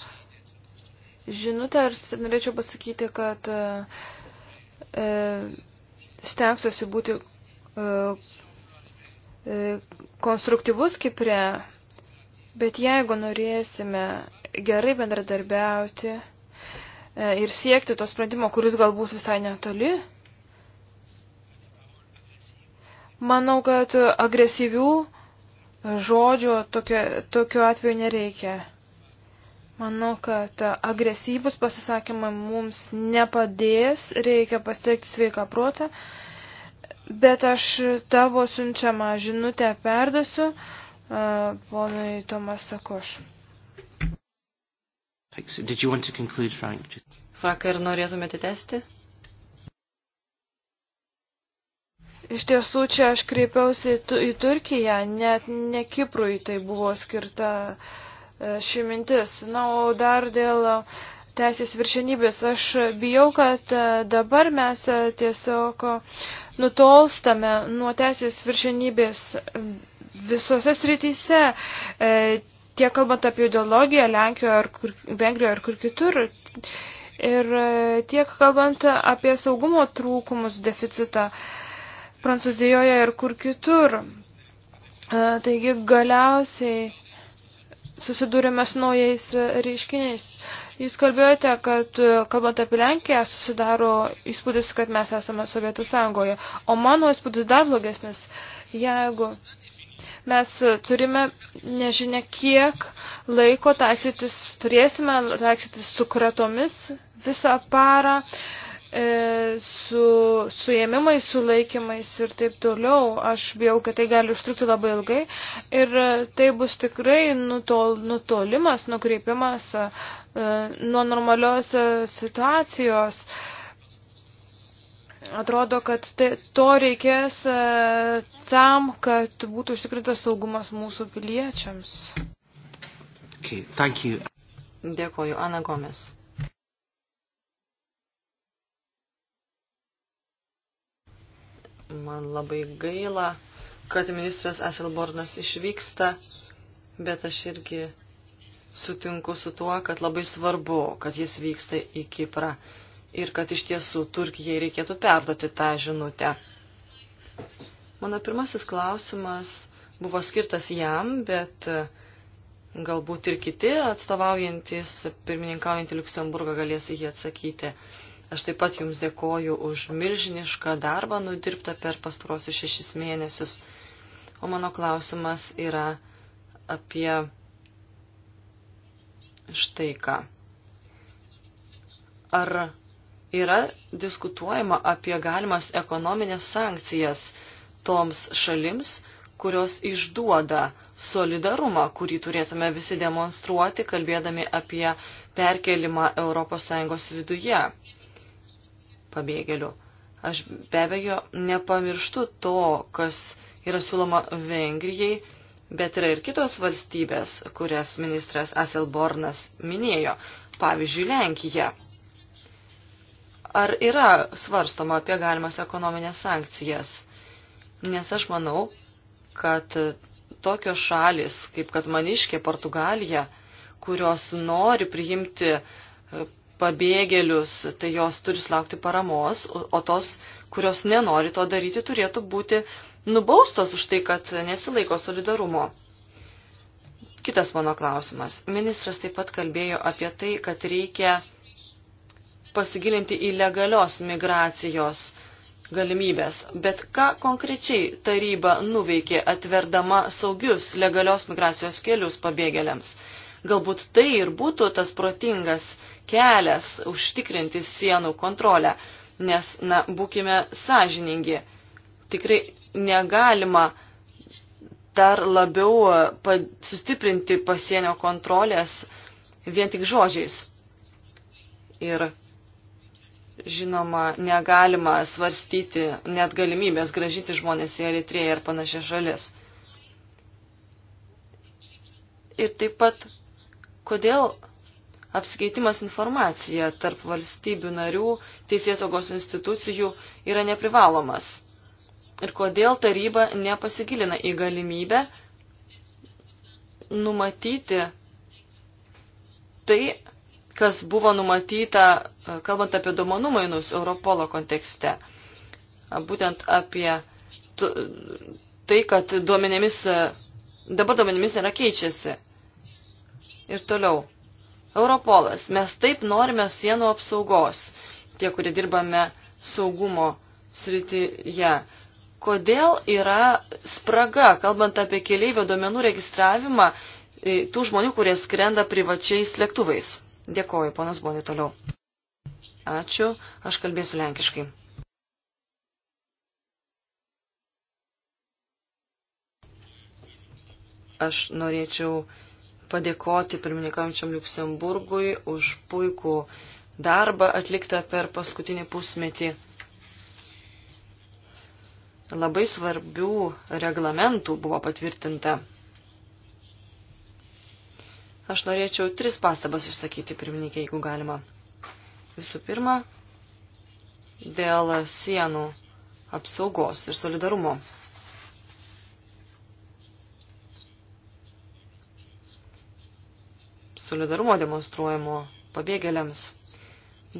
žinutę ir norėčiau pasakyti, kad e, e stengsiuosi būti e, e konstruktyvus Kiprė, bet jeigu norėsime gerai bendradarbiauti e, ir siekti to sprendimo, kuris galbūt visai netoli, manau, kad agresyvių žodžių tokio, tokiu atveju nereikia. Manau, kad agresyvus pasisakymai mums nepadės, reikia pasiekti sveiką protą, bet aš tavo siunčiamą žinutę perdasiu uh, ponui Tomas Sakoš. Vakar norėtumėte tęsti? Iš tiesų, čia aš kreipiausi į Turkiją, net ne Kiprui tai buvo skirta uh, E, ši mintis. Na, o dar dėl teisės viršenybės. Aš bijau, kad e, dabar mes e, tiesiog nutolstame nuo teisės viršenybės visose srityse. Tiek kalbant apie ideologiją Lenkijoje ar kur, Vengrijoje ar kur kitur. Ir tiek kalbant apie saugumo trūkumus, deficitą Prancūzijoje ir kur kitur. Taigi galiausiai susidūrėme su naujais reiškiniais. Jūs kalbėjote, kad kalbant apie Lenkiją susidaro įspūdis, kad mes esame Sovietų sąjungoje, o mano įspūdis dar blogesnis, jeigu mes turime nežinia kiek laiko taiksytis, turėsime taiksytis su kratomis visą parą, uh, E, su suėmimais, sulaikymais ir taip toliau. Aš bijau, kad tai gali užtrukti labai ilgai ir tai bus tikrai nutol, nutolimas, nukreipimas e, nuo normalios e, situacijos. Atrodo, kad tai, to reikės e, tam, kad būtų užtikrintas saugumas mūsų piliečiams. Okay, Dėkoju, Ana Gomes. Man labai gaila, kad ministras Aselbornas išvyksta, bet aš irgi sutinku su tuo, kad labai svarbu, kad jis vyksta į Kiprą ir kad iš tiesų Turkijai reikėtų perduoti tą žinutę. Mano pirmasis klausimas buvo skirtas jam, bet galbūt ir kiti atstovaujantis, pirmininkaujantį Luksemburgą galės jį atsakyti. Aš taip pat Jums dėkoju už milžinišką darbą nudirbtą per pastarosius šešis mėnesius. O mano klausimas yra apie štai ką. Ar yra diskutuojama apie galimas ekonominės sankcijas toms šalims, kurios išduoda solidarumą, kurį turėtume visi demonstruoti, kalbėdami apie perkelimą ES viduje? pabėgėlių. Aš be abejo nepamirštu to, kas yra siūloma Vengrijai, bet yra ir kitos valstybės, kurias ministras Aselbornas minėjo, pavyzdžiui, Lenkija. Ar yra svarstoma apie galimas ekonominės sankcijas? Nes aš manau, kad tokios šalis, kaip kad Maniškė, Portugalija, kurios nori priimti pabėgėlius, tai jos turi slaukti paramos, o tos, kurios nenori to daryti, turėtų būti nubaustos už tai, kad nesilaiko solidarumo. Kitas mano klausimas. Ministras taip pat kalbėjo apie tai, kad reikia pasigilinti į legalios migracijos galimybės. Bet ką konkrečiai taryba nuveikė atverdama saugius legalios migracijos kelius pabėgėliams? Galbūt tai ir būtų tas protingas kelias užtikrinti sienų kontrolę, nes, na, būkime sąžiningi, tikrai negalima dar labiau e, sustiprinti pasienio kontrolės vien tik žodžiais. Ir žinoma, negalima svarstyti net galimybės gražyti žmonės į Eritreją ir panašias šalis. Ir taip pat, kodėl apskaitimas informacija tarp valstybių narių teisėsaugos institucijų yra neprivalomas. Ir kodėl taryba nepasigilina į galimybę numatyti tai, kas buvo numatyta, kalbant apie domenų mainus Europolo kontekste. Būtent apie tai, kad duomenimis, dabar duomenimis nėra keičiasi. Ir toliau. Europolas. Mes taip norime sienų apsaugos, tie, kurie dirbame saugumo srityje. Kodėl yra spraga, kalbant apie keliaivio duomenų registravimą, e, tų žmonių, kurie skrenda privačiais lėktuvais? Dėkoju, ponas Boni, toliau. Ačiū, aš kalbėsiu lenkiškai. Aš norėčiau padėkoti pirmininkaujančiam Luksemburgui už puikų darbą atliktą per paskutinį pusmetį. Labai svarbių reglamentų buvo patvirtinta. Aš norėčiau tris pastabas išsakyti, pirmininkė, jeigu galima. Visų pirma, dėl sienų apsaugos ir solidarumo. solidarumo demonstruojamo pabėgėliams.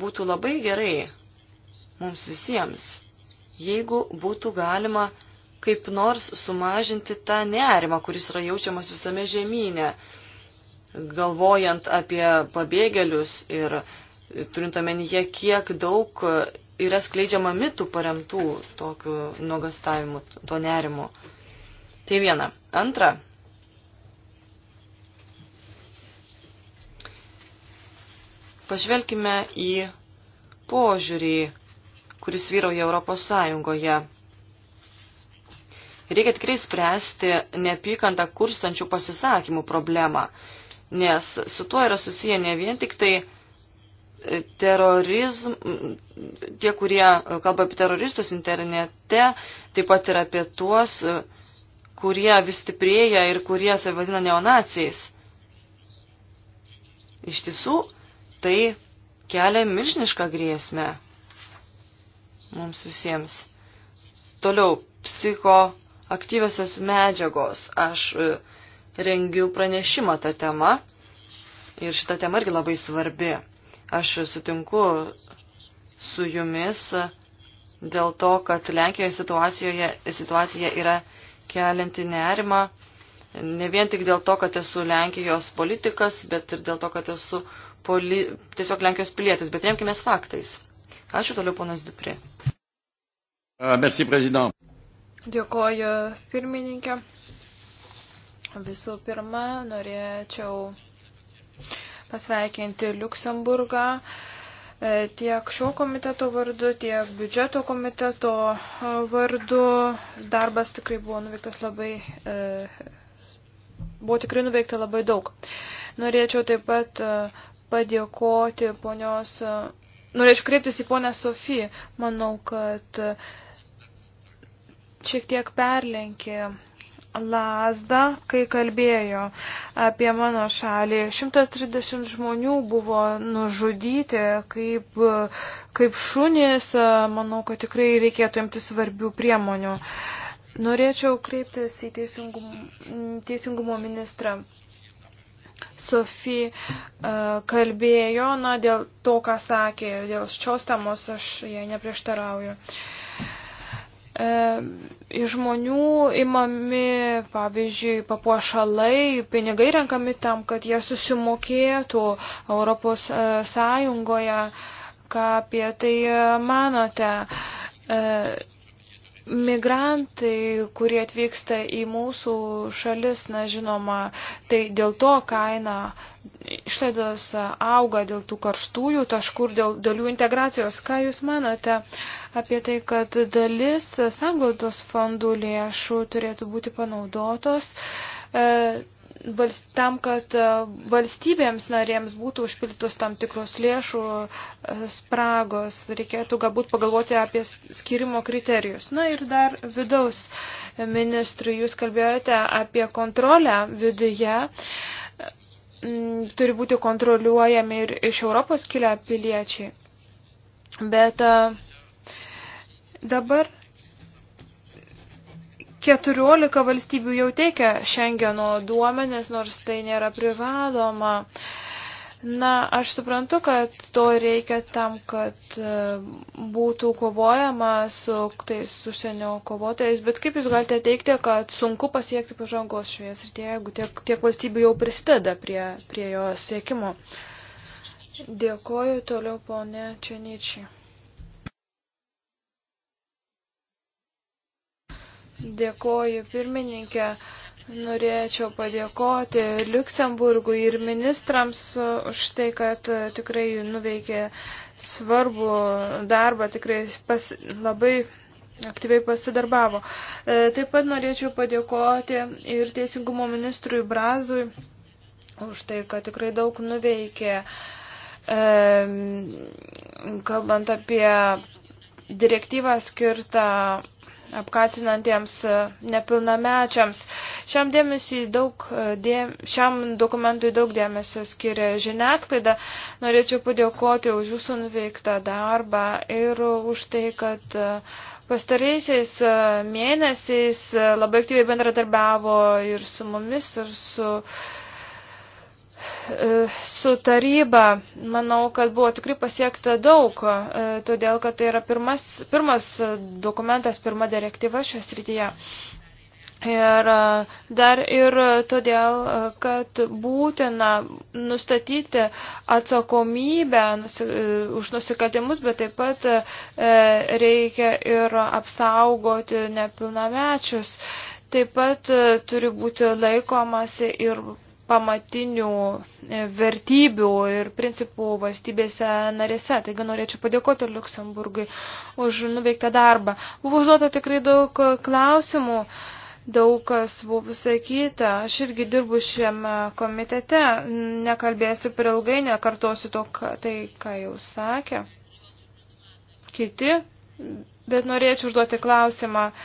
Būtų labai gerai mums visiems, jeigu būtų galima kaip nors sumažinti tą nerimą, kuris yra jaučiamas visame žemynė, galvojant apie pabėgėlius ir turint omenyje, kiek daug yra skleidžiama mitų paremtų tokiu nuogastavimu, to nerimu. Tai viena. Antra, Pažvelkime į požiūrį, kuris vyrauja Europos Sąjungoje. Reikia tikrai spręsti neapykantą kurstančių pasisakymų problemą, nes su tuo yra susiję ne vien tik tai e, terorizm, tie, kurie e, kalba apie teroristus internete, taip pat ir apie tuos, e, kurie vis stiprėja ir kurie savivadina neonaciais. Iš tiesų, tai kelia milžinišką grėsmę mums visiems. Toliau, psichoaktyviosios medžiagos. Aš e, rengiu pranešimą tą temą ir šita tema irgi labai svarbi. Aš sutinku su jumis dėl to, kad Lenkijoje situacijoje, situacija yra kelinti nerimą. Ne vien tik dėl to, kad esu Lenkijos politikas, bet ir dėl to, kad esu poli, tiesiog Lenkijos pilietis, bet remkime faktais. Ačiū toliau, ponas Dupri. Uh, merci, prezident. Dėkoju, pirmininkė. Visų pirma, norėčiau pasveikinti Luksemburgą e, tiek šio komiteto vardu, tiek biudžeto komiteto e, vardu. Darbas tikrai buvo nuveiktas labai, e, buvo tikrai nuveikta labai daug. Norėčiau taip pat padėkoti ponios, norėčiau kreiptis į ponę Sofiją. Manau, kad šiek tiek perlenkė lasdą, kai kalbėjo apie mano šalį. 130 žmonių buvo nužudyti kaip, kaip šunys. Manau, kad tikrai reikėtų imti svarbių priemonių. Norėčiau kreiptis į teisingumo, teisingumo ministrą. Sofi e, kalbėjo, na, dėl to, ką sakė, dėl šios temos aš jai neprieštarauju. E, iš žmonių imami, pavyzdžiui, papuošalai, pinigai renkami tam, kad jie susimokėtų Europos e, Sąjungoje. Ką apie tai manote? Migrantai, kurie atvyksta į mūsų šalis, na žinoma, tai dėl to kaina išlaidos auga dėl tų karštųjų taškų ir dėl dalių integracijos. Ką Jūs manote apie tai, kad dalis sanglaudos fondų lėšų turėtų būti panaudotos e, tam, kad e, valstybėms narėms būtų užpildytos tam tikros lėšų e, spragos, reikėtų galbūt pagalvoti apie skirimo kriterijus. Na ir dar vidaus e, ministrui, jūs kalbėjote apie kontrolę viduje, mm, turi būti kontroliuojami ir iš Europos kilę piliečiai. Bet dabar 14 valstybių jau teikia Schengeno duomenis, nors tai nėra privaloma. Na, aš suprantu, kad to reikia tam, kad e, būtų kovojama su tais užsienio kovotojais, bet kaip jūs galite teikti, kad sunku pasiekti pažangos šioje srityje, jeigu tiek, tiek valstybių jau prisideda prie, prie jo siekimo? Dėkoju toliau, ponė Čenyčiai. Dėkoju pirmininkė. Norėčiau padėkoti Luksemburgų ir ministrams už tai, kad tikrai nuveikė svarbų darbą, tikrai pas, labai aktyviai pasidarbavo. E, taip pat norėčiau padėkoti ir Teisingumo ministrui Brazui už tai, kad tikrai daug nuveikė, e, kalbant apie direktyvą skirtą apkatinantiems e, nepilnamečiams. Šiam, daug, e, dėm, šiam dokumentui daug dėmesio skiria žiniasklaida. Norėčiau padėkoti už jūsų nuveiktą darbą ir už tai, kad e, Pastaraisiais mėnesiais labai aktyviai bendradarbiavo ir su mumis, ir su uh, E, su taryba, manau, kad buvo tikrai pasiekta daug, e, todėl kad tai yra pirmas, pirmas dokumentas, pirma direktyva šioje srityje. Ir e, dar ir todėl, kad būtina nustatyti atsakomybę už nusikaltimus, bet taip pat reikia ir apsaugoti nepilnamečius. Taip pat turi būti laikomasi ir pamatinių e, vertybių ir principų valstybėse narėse. Taigi norėčiau padėkoti Luksemburgui už nuveiktą darbą. Buvo užduota tikrai daug klausimų, daug kas buvo pasakyta. Aš irgi dirbu šiame komitete, nekalbėsiu per ilgai, nekartosiu to, tai, ką jau sakė kiti, bet norėčiau užduoti klausimą. Uh,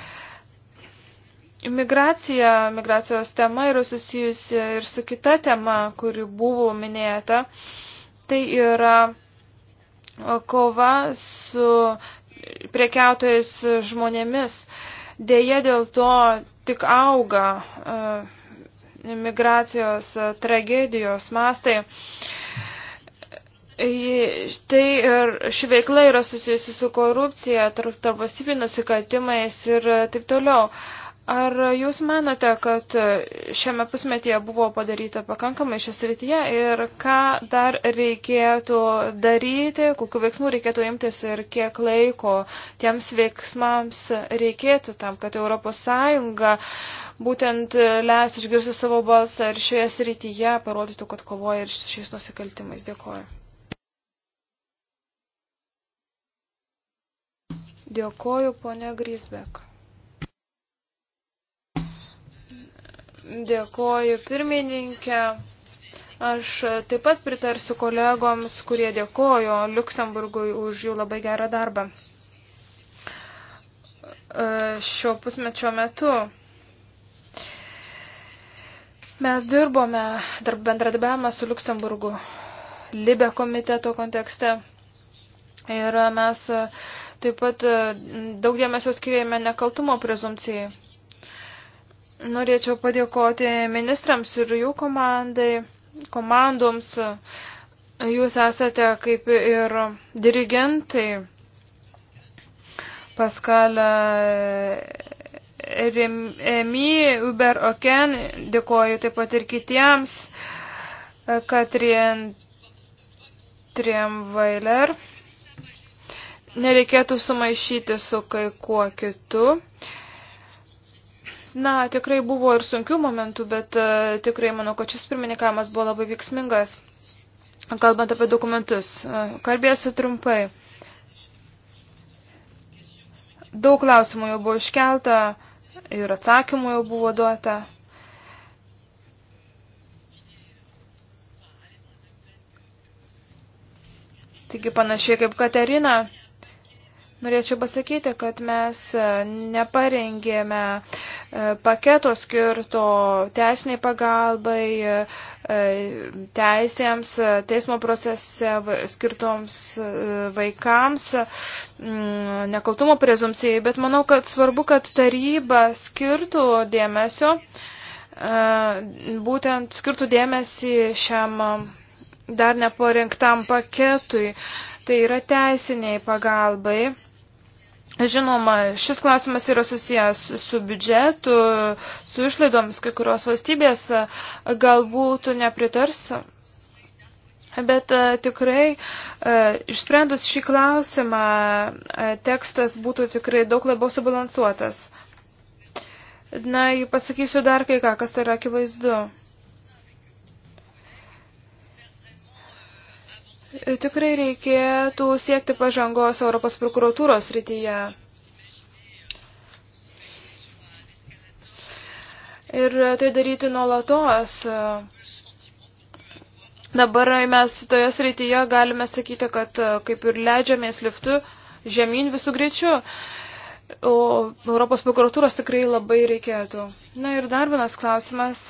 Migracija, migracijos tema yra susijusi ir su kita tema, kuri buvo minėta. Tai yra kova su prekiautojais žmonėmis. Deja dėl to tik auga e, migracijos tragedijos mastai. Tai ir ši veikla yra susijusi su korupcija, tarp valstybių nusikaltimais ir taip toliau. Ar jūs manote, kad šiame pusmetyje buvo padaryta pakankamai šios rytyje ir ką dar reikėtų daryti, kokiu veiksmu reikėtų imtis ir kiek laiko tiems veiksmams reikėtų tam, kad ES būtent leis išgirsti savo balsą ir šioje srityje parodytų, kad kovoja ir šiais nusikaltimais. Dėkoju. Dėkoju, ponia Grisbek. Dėkoju pirmininkė. Aš taip pat pritarsiu kolegoms, kurie dėkojo Luksemburgui už jų labai gerą darbą e, šio pusmečio metu. Mes dirbome darb bendradarbiavimą su Luksemburgu Libe komiteto kontekste ir mes taip pat e, daug dėmesio skiriame nekaltumo prezumcijai. Norėčiau padėkoti ministrams ir jų komandai, komandoms. Jūs esate kaip ir dirigentai Paskalę eh, Remy, Uber Oken, dėkoju taip pat ir kitiems, Katrien Triemvailer. Nereikėtų sumaišyti su kai kuo kitu. Na, tikrai buvo ir sunkių momentų, bet e, tikrai manau, kad šis pirmininkavimas buvo labai veiksmingas. Kalbant apie dokumentus, e, kalbėsiu trumpai. Daug klausimų jau buvo iškelta ir atsakymų jau buvo duota. Taigi panašiai kaip Katerina, norėčiau pasakyti, kad mes e, neparengėme uh, paketo skirto teisiniai pagalbai, e, teisėms, teismo procese skirtoms e, vaikams, nekaltumo prezumcijai, bet manau, kad svarbu, kad taryba skirtų dėmesio, e, būtent skirtų dėmesį šiam dar neparengtam paketui, tai yra teisiniai pagalbai Žinoma, šis klausimas yra susijęs su biudžetu, su išlaidomis, kai kurios valstybės e, galbūt nepritars. Bet e, tikrai e, išsprendus šį klausimą tekstas būtų tikrai daug labiau subalansuotas. Na, pasakysiu dar kai ką, kas yra akivaizdu. Tikrai reikėtų siekti pažangos Europos prokuratūros rytyje. Ir tai daryti nuolatos. Dabar mes toje srityje galime sakyti, kad kaip ir leidžiamės liftu žemyn visų greičių, o Europos prokuratūros tikrai labai reikėtų. Na ir dar vienas klausimas.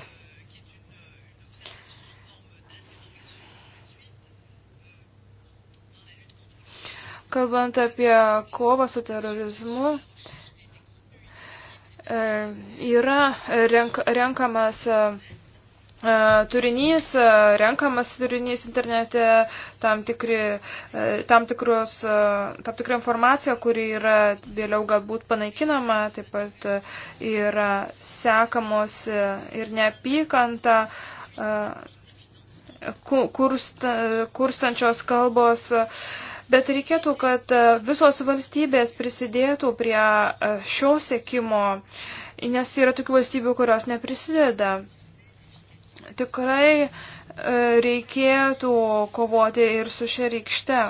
Kalbant apie kovą su terorizmu, e, yra renk, renkamas e, e, turinys, renkamas turinys internete, tam, tikri, tam, tikrus, tam tikra informacija, kuri yra vėliau galbūt panaikinama, taip pat yra sekamos ir neapykanta, kurst, kurstančios kalbos Bet reikėtų, kad e, visos valstybės prisidėtų prie e, šio sėkimo, nes yra tokių valstybių, kurios neprisideda. Tikrai e, reikėtų kovoti ir su šia rykšte.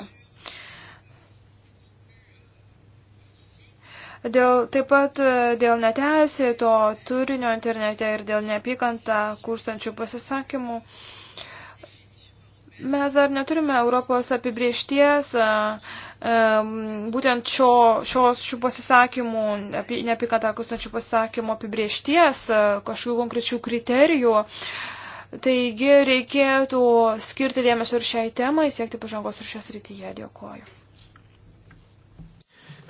Dėl, taip pat dėl neteisėto turinio internete ir dėl neapykantą kurstančių pasisakymų uh, Mes dar neturime Europos apibriešties būtent šio, šios šių pasisakymų, neapykantą kustančių pasisakymų apibriešties, kažkokių konkrečių kriterijų. Taigi reikėtų skirti dėmesio ir šiai temai, siekti pažangos ir šios rytyje. Dėkuoju.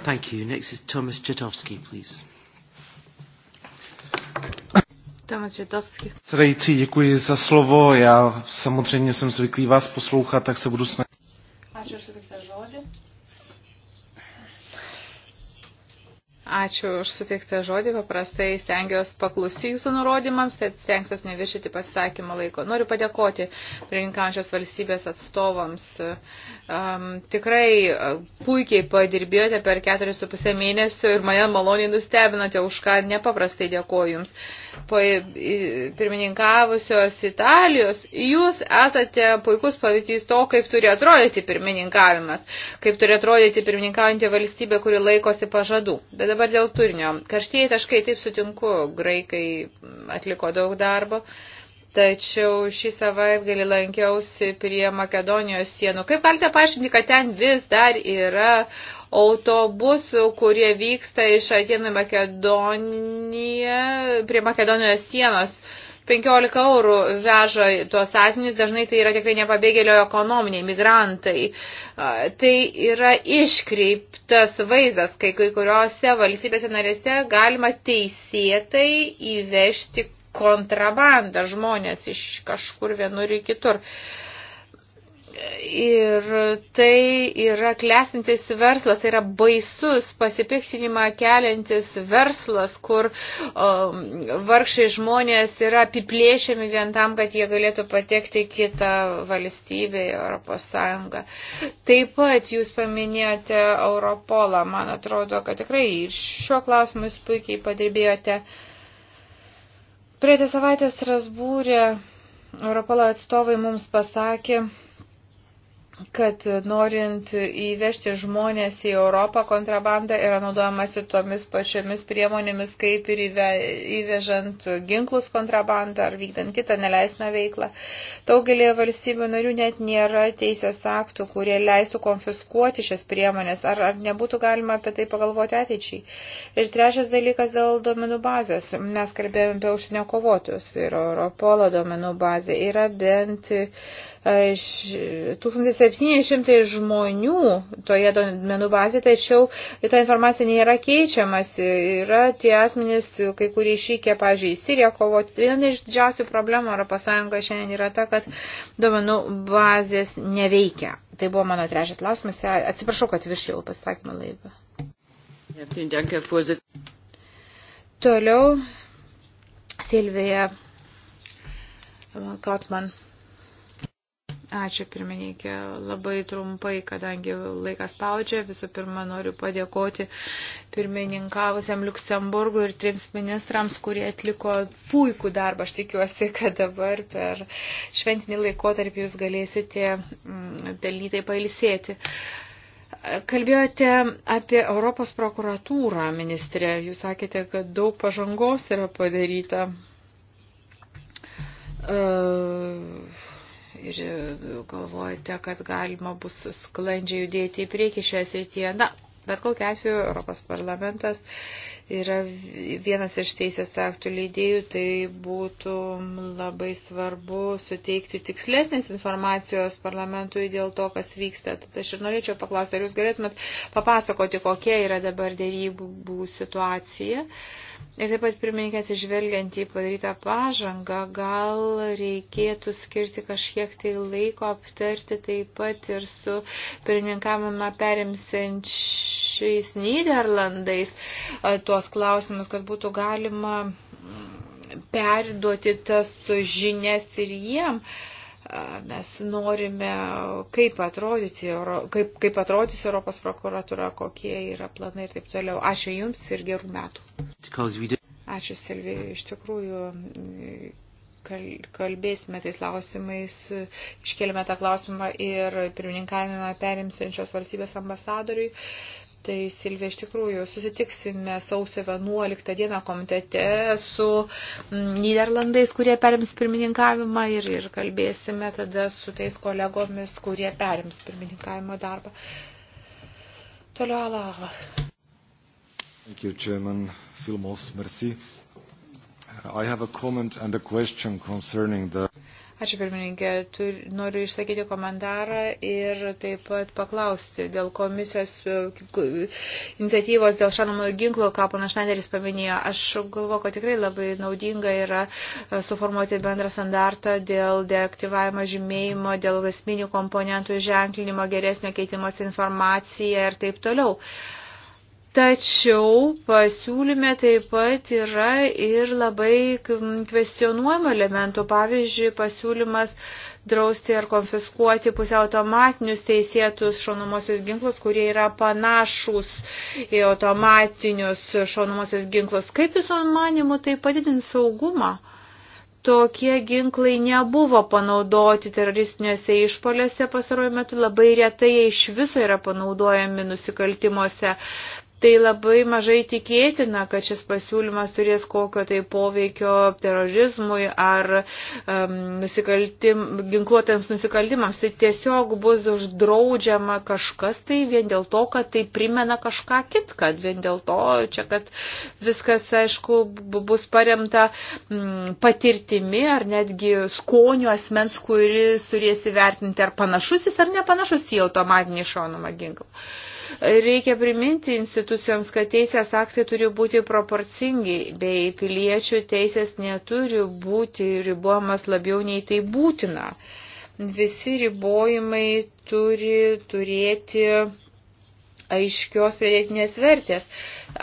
Thank you. Next is Thomas Jatovsky, please. Tomáš Židovský. Předající, děkuji za slovo. Já samozřejmě jsem zvyklý vás poslouchat, tak se budu snažit. Ačiū už Ačiū už suteiktą žodį. Paprastai stengiuosi paklusti jūsų nurodymams, tad stengsiuosi neviršyti pasisakymo laiko. Noriu padėkoti prieinkančios valstybės atstovams. Um, tikrai puikiai padirbėjote per 4,5 mėnesių ir mane maloniai nustebinote, už ką nepaprastai dėkoju jums. Po pirmininkavusios Italijos jūs esate puikus pavyzdys to, kaip turi atrodyti pirmininkavimas, kaip turi atrodyti pirmininkaujantį valstybę, kuri laikosi pažadų. Bet dabar Dabar dėl turinio. Karštieji taškai, taip sutinku, graikai atliko daug darbo. Tačiau šį savaitgalį lankiausi prie Makedonijos sienų. Kaip galite paaiškinti, kad ten vis dar yra autobusų, kurie vyksta iš Atenų Makedoniją prie Makedonijos sienos? 15 eurų veža tuos asmenys, dažnai tai yra tikrai nepabėgėlio ekonominiai, migrantai. Tai yra iškreiptas vaizdas, kai kai kuriuose valstybėse narėse galima teisėtai įvežti kontrabandą žmonės iš kažkur vienur ir kitur. Uh, Ir tai yra klesintis verslas, tai yra baisus pasipiktinimą keliantis verslas, kur o, um, vargšai žmonės yra apiplėšiami vien tam, kad jie galėtų patekti į kitą valstybę, Europos Sąjungą. Taip pat jūs paminėjote Europolą, man atrodo, kad tikrai ir šiuo klausimu jūs puikiai padirbėjote. Praeitą savaitę Strasbūrė Europolo atstovai mums pasakė, kad norint įvežti žmonės į Europą kontrabandą yra naudojamasi tomis pačiomis priemonėmis, kaip ir įvežant ginklus kontrabandą ar vykdant kitą neleisną veiklą. Daugelėje valstybių narių net nėra teisės aktų, kurie leistų konfiskuoti šias priemonės, ar, ar nebūtų galima apie tai pagalvoti ateičiai. Ir trečias dalykas dėl domenų bazės. Mes kalbėjome apie užsienio kovotojus ir Europolo domenų bazė yra bent 1700 e, žmonių toje domenų bazėje, tačiau ta informacija nėra keičiamas. Yra tie asmenys, kai kurie išvykę, pažiūrėjau, į Siriją kovoti. Viena iš didžiausių problemų ES šiandien yra ta, kad domenų bazės neveikia. Tai buvo mano trečias klausimas. Atsiprašau, kad viršėjau pasakymą laivą. Toliau Silvija Kautman. Ačiū pirmininkė. Labai trumpai, kadangi laikas spaudžia, visų pirma noriu padėkoti pirmininkavusiam Luksemburgui ir trims ministrams, kurie atliko puikų darbą. Aš tikiuosi, kad dabar per šventinį laikotarpį jūs galėsite pelnytai mm, pailsėti. Kalbėjote apie Europos prokuratūrą, ministrė. Jūs sakėte, kad daug pažangos yra padaryta. Uh, ir e, galvojate, kad galima bus sklandžiai judėti į priekį šioje srityje. Na, bet kokiu atveju Europos parlamentas yra vienas iš teisės aktų leidėjų, tai būtų labai svarbu suteikti tikslesnės informacijos parlamentui dėl to, kas vyksta. Tad aš ir norėčiau paklausti, ar jūs galėtumėt papasakoti, kokia yra dabar dėrybų situacija. Uh, Ir taip pat pirmininkė atsižvelgiant į padarytą pažangą, gal reikėtų skirti kažkiek tai laiko aptarti taip pat ir su pirmininkavimą perimsenčiais Niderlandais e, tuos klausimus, kad būtų galima perduoti tas žinias ir jiem. Uh, mes norime, kaip, atrodyti, kaip, kaip atrodys Europos prokuratura, kokie yra planai ir taip toliau. Ačiū Jums ir gerų metų. Ačiū Silvija, iš tikrųjų kalbėsime tais klausimais, iškėlėme tą klausimą ir pirmininkavimą perimsiančios valstybės ambasadoriui. Tai Silvė, iš tikrųjų, susitiksime sausio 11 dieną komitete su mm, Niderlandais, kurie perims pirmininkavimą ir, ir kalbėsime tada su tais kolegomis, kurie perims pirmininkavimo darbą. Toliau Alava. Thank you, Chairman. Filmos, merci. I have a comment and a question concerning the... Ačiū pirmininkė, Tur, noriu išsakyti komentarą ir taip pat paklausti dėl komisijos e, iniciatyvos dėl šanomo ginklo, ką pana Šnaideris paminėjo. Aš galvoju, kad tikrai labai naudinga yra e, suformuoti bendrą standartą dėl deaktyvavimo žymėjimo, dėl esminių komponentų ženklinimo, geresnio keitimos informaciją ir taip toliau. Uh, Tačiau pasiūlyme taip pat yra ir labai kvestionuojamų elementų. Pavyzdžiui, pasiūlymas drausti ar konfiskuoti pusiau automatinius teisėtus šaunamosius ginklus, kurie yra panašus į automatinius šaunamosius ginklus. Kaip jūsų manimu tai padidins saugumą? tokie ginklai nebuvo panaudoti teroristinėse išpoliuose pasaruoju metu, labai retai jie iš viso yra panaudojami nusikaltimuose tai labai mažai tikėtina, kad šis pasiūlymas turės kokio tai poveikio terorizmui ar um, nusikaltim, ginkluotėms nusikaltimams. Tai tiesiog bus uždraudžiama kažkas tai vien dėl to, kad tai primena kažką kitką, vien dėl to, čia, kad viskas, aišku, bus paremta m, mm, patirtimi ar netgi skoniu asmens, kuris turės įvertinti, ar panašus jis ar nepanašus į automatinį šaunamą ginklą. Uh, Reikia priminti institucijoms, kad teisės aktai turi būti proporcingi, bei piliečių teisės neturi būti ribojamas labiau nei tai būtina. Visi ribojimai turi turėti aiškios pridėtinės vertės.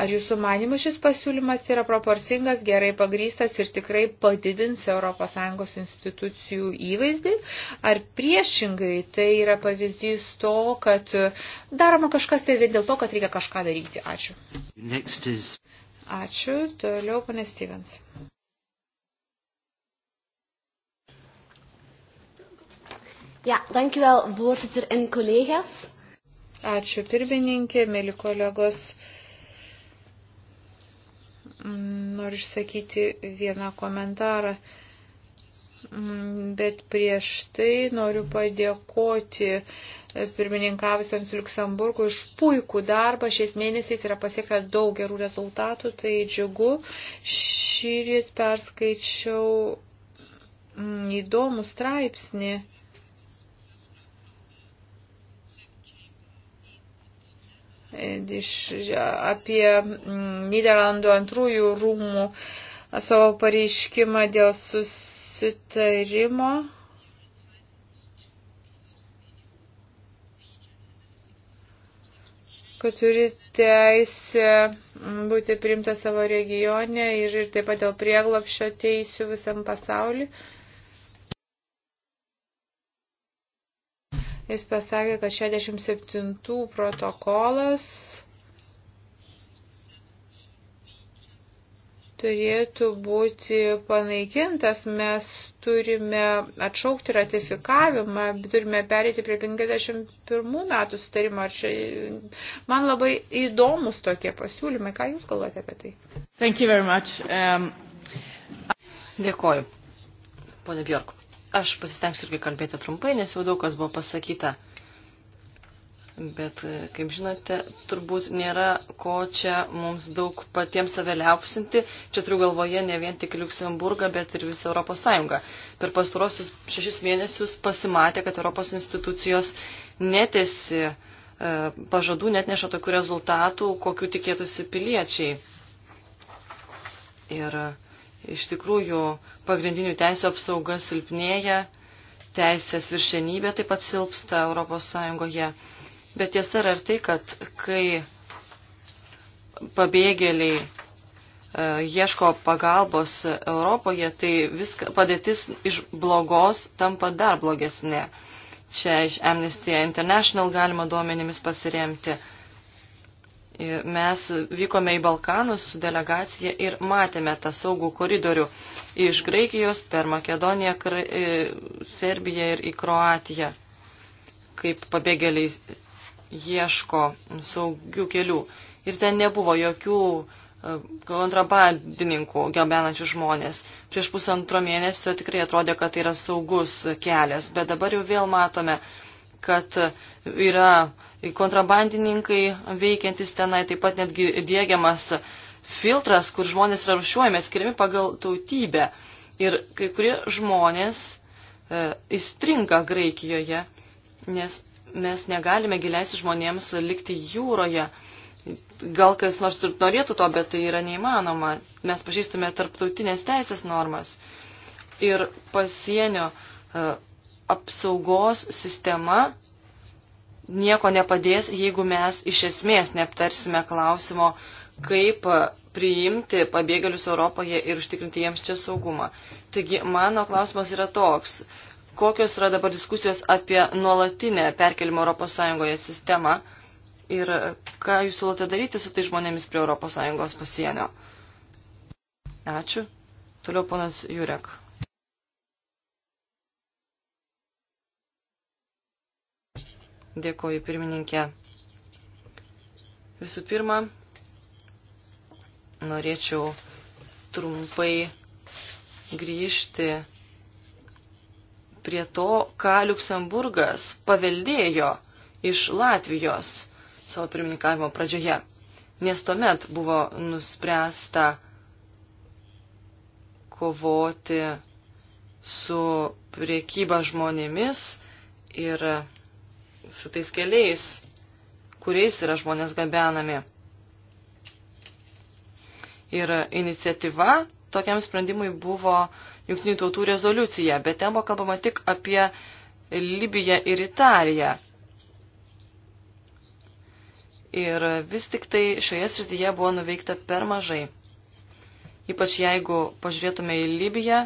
Ar jūsų manimų šis pasiūlymas yra proporcingas, gerai pagrystas ir tikrai padidins ES institucijų įvaizdį? Ar priešingai tai yra pavyzdys to, kad daroma kažkas tai vien dėl to, kad reikia kažką daryti? Ačiū. Is... Ačiū. Toliau, ponė Stevens. Ja, dank u wel, voorzitter en collega's. Ačiū pirmininkė, mėly kolegos. Noriu išsakyti vieną komentarą, bet prieš tai noriu padėkoti pirmininkavusiams Luksemburgų iš puikų darbą. Šiais mėnesiais yra pasiekta daug gerų rezultatų, tai džiugu. Šį rytą perskaičiau įdomų straipsnį iš, apie mm, Niderlandų antrųjų rūmų savo pareiškimą dėl susitarimo. kad turi teisę mm, būti primta savo regione ir, ir taip pat dėl prieglapšio teisių visam pasauliu. Uh, Jis pasakė, kad 67 protokolas turėtų būti panaikintas, mes turime atšaukti ratifikavimą, turime perėti prie 51 metų sutarimo. Man labai įdomus tokie pasiūlymai. Ką Jūs galvote apie tai? Thank you very much. Um, Dėkoju. Pone Bjork. Aš pasistengsiu irgi kalbėti trumpai, nes jau daug kas buvo pasakyta. Bet, kaip žinote, turbūt nėra ko čia mums daug patiems save liaupsinti. Čia turiu galvoje ne vien tik Luxemburgą, bet ir visą Europos Sąjungą. Per pastarosius šešis mėnesius pasimatė, kad Europos institucijos netesi e, pažadų, net neša tokių rezultatų, kokių tikėtųsi piliečiai. Ir uh, iš tikrųjų pagrindinių teisų apsauga silpnėja, teisės viršenybė taip pat silpsta Europos Sąjungoje. Bet tiesa yra ir tai, kad kai pabėgėliai e, ieško pagalbos Europoje, tai viską, padėtis iš blogos tampa dar blogesnė. Čia iš Amnesty International galima duomenimis pasiremti. Mes vykome į Balkanus su delegacija ir matėme tą saugų koridorių iš Graikijos per Makedoniją, e, Serbiją ir į Kroatiją, kaip pabėgėliai ieško saugių kelių. Ir ten nebuvo jokių e, kontrabandininkų gabenančių žmonės. Prieš pusantro mėnesio tikrai atrodė, kad tai yra saugus kelias, bet dabar jau vėl matome, kad yra uh, kontrabandininkai veikiantis tenai, taip pat netgi dėgiamas filtras, kur žmonės yra rušiuojami, skiriami pagal tautybę. Ir kai kurie žmonės e, įstringa Graikijoje, nes mes negalime gileisti žmonėms likti jūroje. Gal kas nors ir norėtų to, bet tai yra neįmanoma. Mes pažįstume tarptautinės teisės normas. Ir pasienio e, apsaugos sistema nieko nepadės, jeigu mes iš esmės neaptarsime klausimo, kaip priimti pabėgėlius Europoje ir užtikrinti jiems čia saugumą. Taigi mano klausimas yra toks, kokios yra dabar diskusijos apie nuolatinę perkelimo ES sistemą ir ką jūs siūlote daryti su tai žmonėmis prie ES pasienio. Ačiū. Toliau ponas Jurek. Dėkoju pirmininkė. Visų pirma, norėčiau trumpai grįžti prie to, ką Luksemburgas paveldėjo iš Latvijos savo pirmininkavimo pradžioje. Nes tuomet buvo nuspręsta kovoti su priekyba žmonėmis ir su tais keliais, kuriais yra žmonės gabenami. Ir iniciatyva tokiam sprendimui buvo Junktinių tautų rezoliucija, bet ten buvo kalbama tik apie Libiją ir Italiją. Ir vis tik tai šioje srityje buvo nuveikta per mažai. Ypač jeigu pažiūrėtume į Libiją,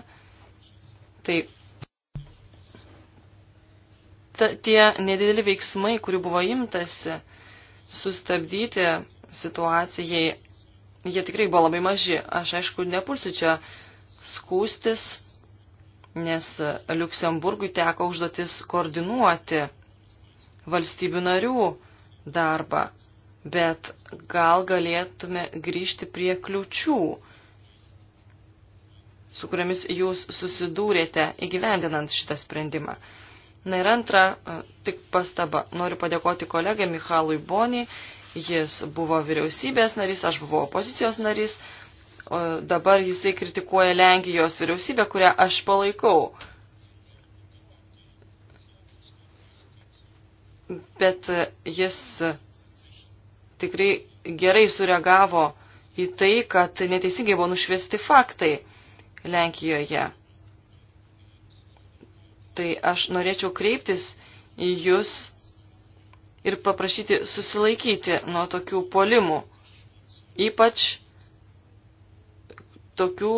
tai ta, tie nedideli veiksmai, kurių buvo imtasi sustabdyti situacijai, jie tikrai buvo labai maži. Aš aišku, nepulsiu čia skūstis, nes Luksemburgui teko užduotis koordinuoti valstybių narių darbą, bet gal galėtume grįžti prie kliučių, su kuriamis jūs susidūrėte įgyvendinant šitą sprendimą. Na ir antra, tik pastaba. Noriu padėkoti kolegai Michalui Boniai. Jis buvo vyriausybės narys, aš buvau opozicijos narys. Dabar jisai kritikuoja Lenkijos vyriausybę, kurią aš palaikau. Bet jis tikrai gerai sureagavo į tai, kad neteisingai buvo nušviesti faktai Lenkijoje tai aš norėčiau kreiptis į jūs ir paprašyti susilaikyti nuo tokių polimų. Ypač tokių,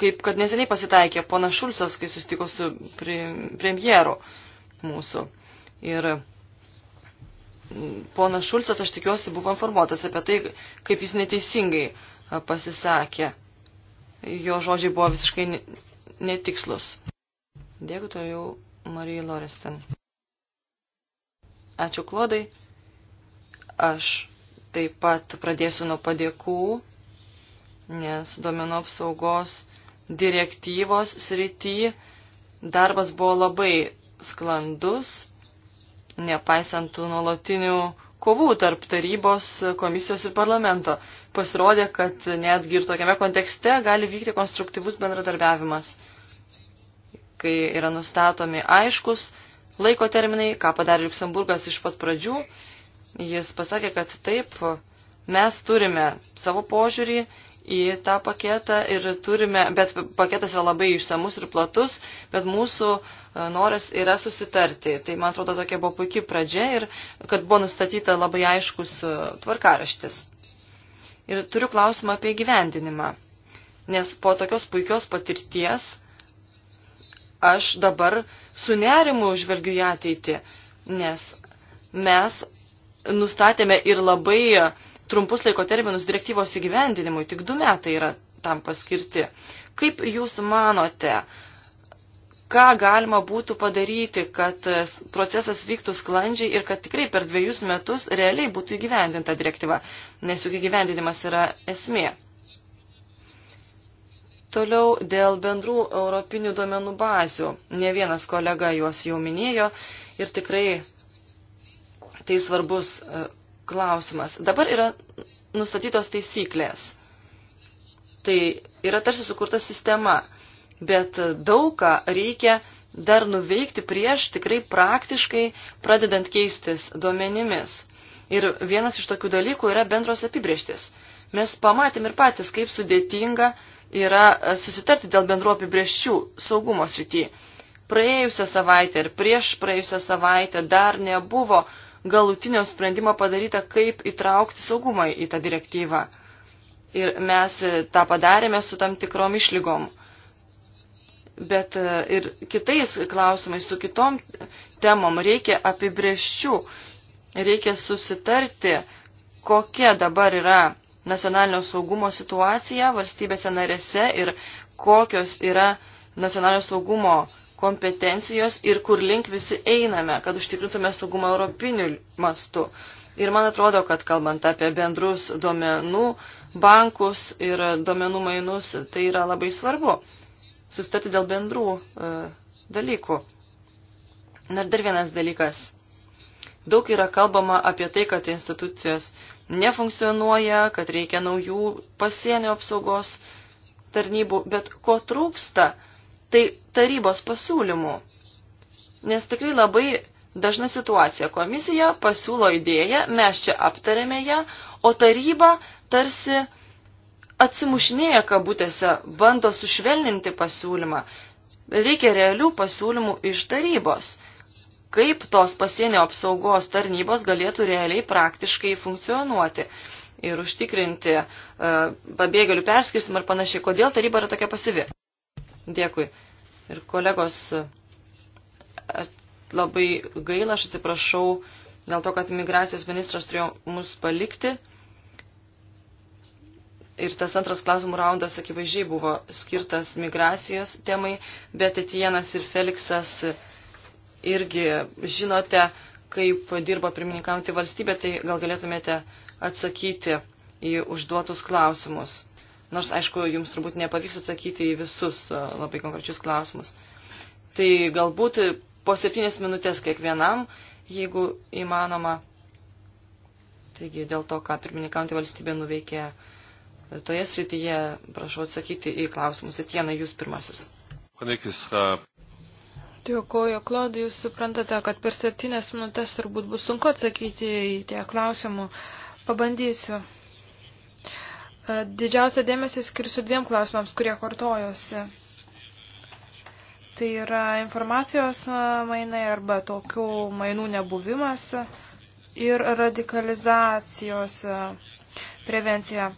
kaip kad neseniai pasitaikė pona Šulcas, kai sustiko su premjeru mūsų. Ir pona Šulcas, aš tikiuosi, buvo informuotas apie tai, kaip jis neteisingai pasisakė. Jo žodžiai buvo visiškai netikslus. Dėkui toliau Marijai Loresten. Ačiū, Klodai. Aš taip pat pradėsiu nuo padėkų, nes duomenų apsaugos direktyvos srity darbas buvo labai sklandus, nepaisant tų nuolatinių kovų tarp tarybos, komisijos ir parlamento. Pasirodė, kad netgi ir tokiame kontekste gali vykti konstruktyvus bendradarbiavimas kai yra nustatomi aiškus laiko terminai, ką padarė Luksemburgas iš pat pradžių. Jis pasakė, kad taip, mes turime savo požiūrį į tą paketą ir turime, bet paketas yra labai išsamus ir platus, bet mūsų e, noras yra susitarti. Tai, man atrodo, tokia buvo puikiai pradžia ir kad buvo nustatyta labai aiškus e, tvarkaraštis. Ir turiu klausimą apie gyvendinimą, nes po tokios puikios patirties aš dabar su nerimu žvelgiu į ateitį, nes mes nustatėme ir labai trumpus laiko terminus direktyvos įgyvendinimui, tik du metai yra tam paskirti. Kaip Jūs manote, ką galima būtų padaryti, kad procesas vyktų sklandžiai ir kad tikrai per dviejus metus realiai būtų įgyvendinta direktyva, nes juk įgyvendinimas yra esmė. Toliau dėl bendrų europinių duomenų bazių. Ne vienas kolega juos jau minėjo ir tikrai tai svarbus e, klausimas. Dabar yra nustatytos taisyklės. Tai yra tarsi sukurta sistema, bet daugą reikia dar nuveikti prieš tikrai praktiškai pradedant keistis duomenimis. Ir vienas iš tokių dalykų yra bendros apibrieštis. Mes pamatėm ir patys, kaip sudėtinga uh, yra e, susitarti dėl bendruo apibrieščių saugumo srityje. Praėjusią savaitę ir prieš praėjusią savaitę dar nebuvo galutinio sprendimo padaryta, kaip įtraukti saugumą į tą direktyvą. Ir mes e, tą padarėme su tam tikrom išlygom. Bet e, ir kitais klausimais, su kitom temom reikia apibrieščių, reikia susitarti, kokia dabar yra nacionalinio saugumo situacija valstybėse narėse ir kokios yra nacionalinio saugumo kompetencijos ir kur link visi einame, kad užtikrintume saugumą europiniu mastu. Ir man atrodo, kad kalbant apie bendrus duomenų bankus ir duomenų mainus, tai yra labai svarbu sustarti dėl bendrų e, dalykų. Na ir dar vienas dalykas. Daug yra kalbama apie tai, kad institucijos nefunkcionuoja, kad reikia naujų pasienio apsaugos tarnybų, bet ko trūksta, tai tarybos pasiūlymų. Nes tikrai labai dažna situacija. Komisija pasiūlo idėją, mes čia aptarėme ją, o taryba tarsi atsimušinėja kabutėse, bando sušvelninti pasiūlymą. Reikia realių pasiūlymų iš tarybos kaip tos pasienio apsaugos tarnybos galėtų realiai praktiškai funkcionuoti ir užtikrinti e, pabėgėlių perskirstimą ir panašiai. Kodėl taryba yra tokia pasivi? Dėkui. Ir kolegos, e, labai gaila, aš atsiprašau dėl to, kad migracijos ministras turėjo mus palikti. Ir tas antras klausimų raundas akivaizdžiai buvo skirtas migracijos temai, bet Etienas ir Feliksas irgi žinote, kaip dirba pirmininkauti valstybė, tai gal galėtumėte atsakyti į užduotus klausimus. Nors, aišku, jums turbūt nepavyks atsakyti į visus labai konkrečius klausimus. Tai galbūt po septynės minutės kiekvienam, jeigu įmanoma. Taigi dėl to, ką pirmininkaujantį valstybė nuveikė toje srityje, prašau atsakyti į klausimus. Etienai, jūs pirmasis. Dėkuoju, Klaudai, jūs suprantate, kad per septynes minutės turbūt bus sunku atsakyti į tie klausimų. Pabandysiu. E, didžiausia dėmesį skirsiu dviem klausimams, kurie kartojosi. Tai yra informacijos e, mainai arba tokių mainų nebuvimas ir radikalizacijos mainai e, prevencija.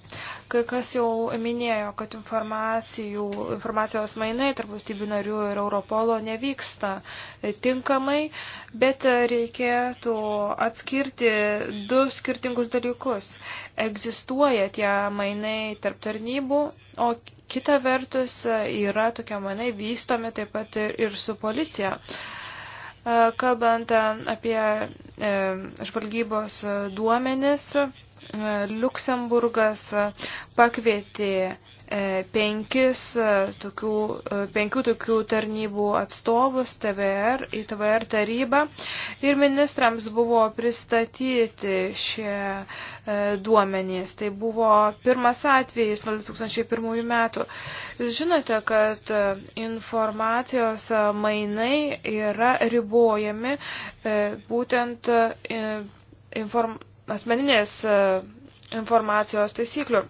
Kai kas jau minėjo, kad informacijos mainai tarp valstybių narių ir Europolo nevyksta tinkamai, bet reikėtų atskirti du skirtingus dalykus. Egzistuoja tie mainai tarp tarnybų, o kita vertus yra tokie mainai vystomi taip pat ir, ir su policija kalbant apie e, žvalgybos duomenis, E, Luksemburgas e, pakvietė e, penkis tokių, penkių tokių tarnybų atstovus TVR į TVR tarybą ir ministrams buvo pristatyti šie duomenys. Tai buvo pirmas atvejis nuo 2001 metų. Jūs žinote, kad informacijos mainai yra ribojami būtent inform asmeninės e, informacijos taisyklių.